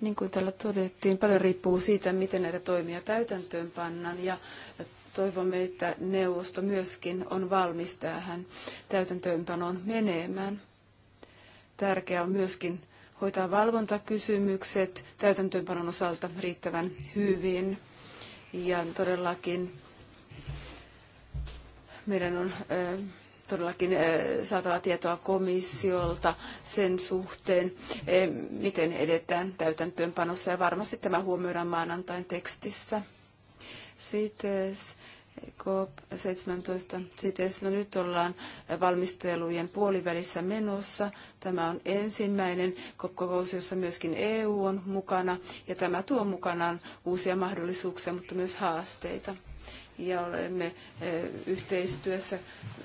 niin kuin täällä todettiin, paljon riippuu siitä, miten näitä toimia täytäntöön pannaan ja toivomme, että neuvosto myöskin on valmis tähän täytäntöönpanoon menemään. Tärkeää on myöskin hoitaa valvontakysymykset täytäntöönpanon osalta riittävän hyvin. Ja todellakin meidän on todellakin saatava tietoa komissiolta sen suhteen, miten edetään täytäntöönpanossa ja varmasti tämä huomioidaan maanantain tekstissä. Sitten COP17 CITES. No nyt ollaan valmistelujen puolivälissä menossa. Tämä on ensimmäinen COP-kokous, jossa myöskin EU on mukana ja tämä tuo mukanaan uusia mahdollisuuksia, mutta myös haasteita ja olemme eh, yhteistyössä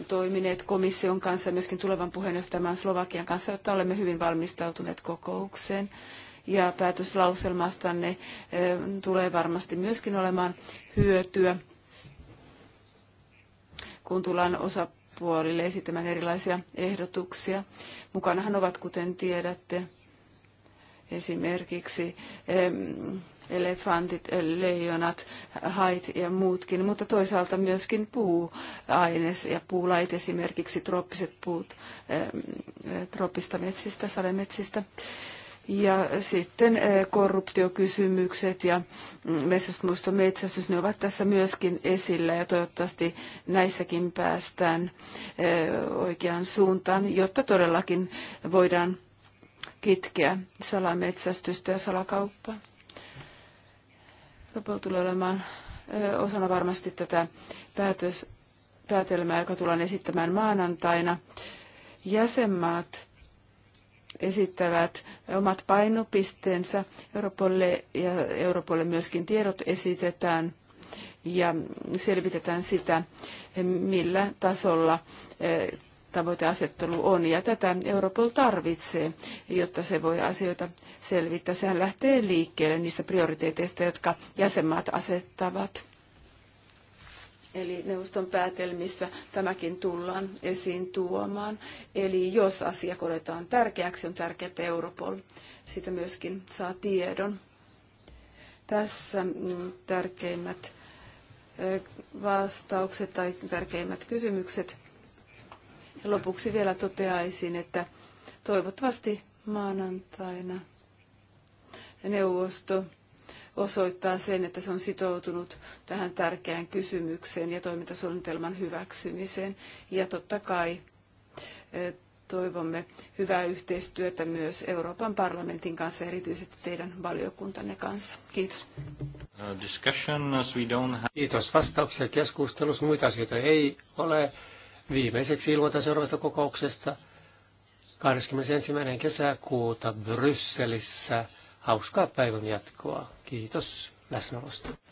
toimineet komission kanssa ja myöskin tulevan puheenjohtajan Slovakian kanssa, jotta olemme hyvin valmistautuneet kokoukseen. Ja päätöslauselmastanne eh, tulee varmasti myöskin olemaan hyötyä kun tullaan osapuolille esittämään erilaisia ehdotuksia. Mukanahan ovat, kuten tiedätte, esimerkiksi elefantit, leijonat, hait ja muutkin, mutta toisaalta myöskin puuaines ja puulait, esimerkiksi trooppiset puut trooppista metsistä, salemetsistä. metsistä ja sitten eh, korruptiokysymykset ja mm, metsästysmuiston metsästys, ne ovat tässä myöskin esillä ja toivottavasti näissäkin päästään eh, oikeaan suuntaan, jotta todellakin voidaan kitkeä salametsästystä ja salakauppaa. Lopulta tulee olemaan eh, osana varmasti tätä päätös, päätelmää, joka tullaan esittämään maanantaina. Jäsenmaat esittävät omat painopisteensä Europolle ja Europolle myöskin tiedot esitetään ja selvitetään sitä, millä tasolla eh, tavoiteasettelu on. Ja tätä Europol tarvitsee, jotta se voi asioita selvittää. Sehän lähtee liikkeelle niistä prioriteeteista, jotka jäsenmaat asettavat. Eli neuvoston päätelmissä tämäkin tullaan esiin tuomaan. Eli jos asia koetaan tärkeäksi, on tärkeää, että Europol siitä myöskin saa tiedon. Tässä mm, tärkeimmät vastaukset tai tärkeimmät kysymykset. Ja lopuksi vielä toteaisin, että toivottavasti maanantaina neuvosto osoittaa sen, että se on sitoutunut tähän tärkeään kysymykseen ja toimintasuunnitelman hyväksymiseen. Ja totta kai e, toivomme hyvää yhteistyötä myös Euroopan parlamentin kanssa, erityisesti teidän valiokuntanne kanssa. Kiitos. No, Kiitos. Vastauksia keskustelussa. Muita asioita ei ole. Viimeiseksi ilmoitan seuraavasta kokouksesta 21. kesäkuuta Brysselissä hauskaa päivän jatkoa. Kiitos läsnäolosta.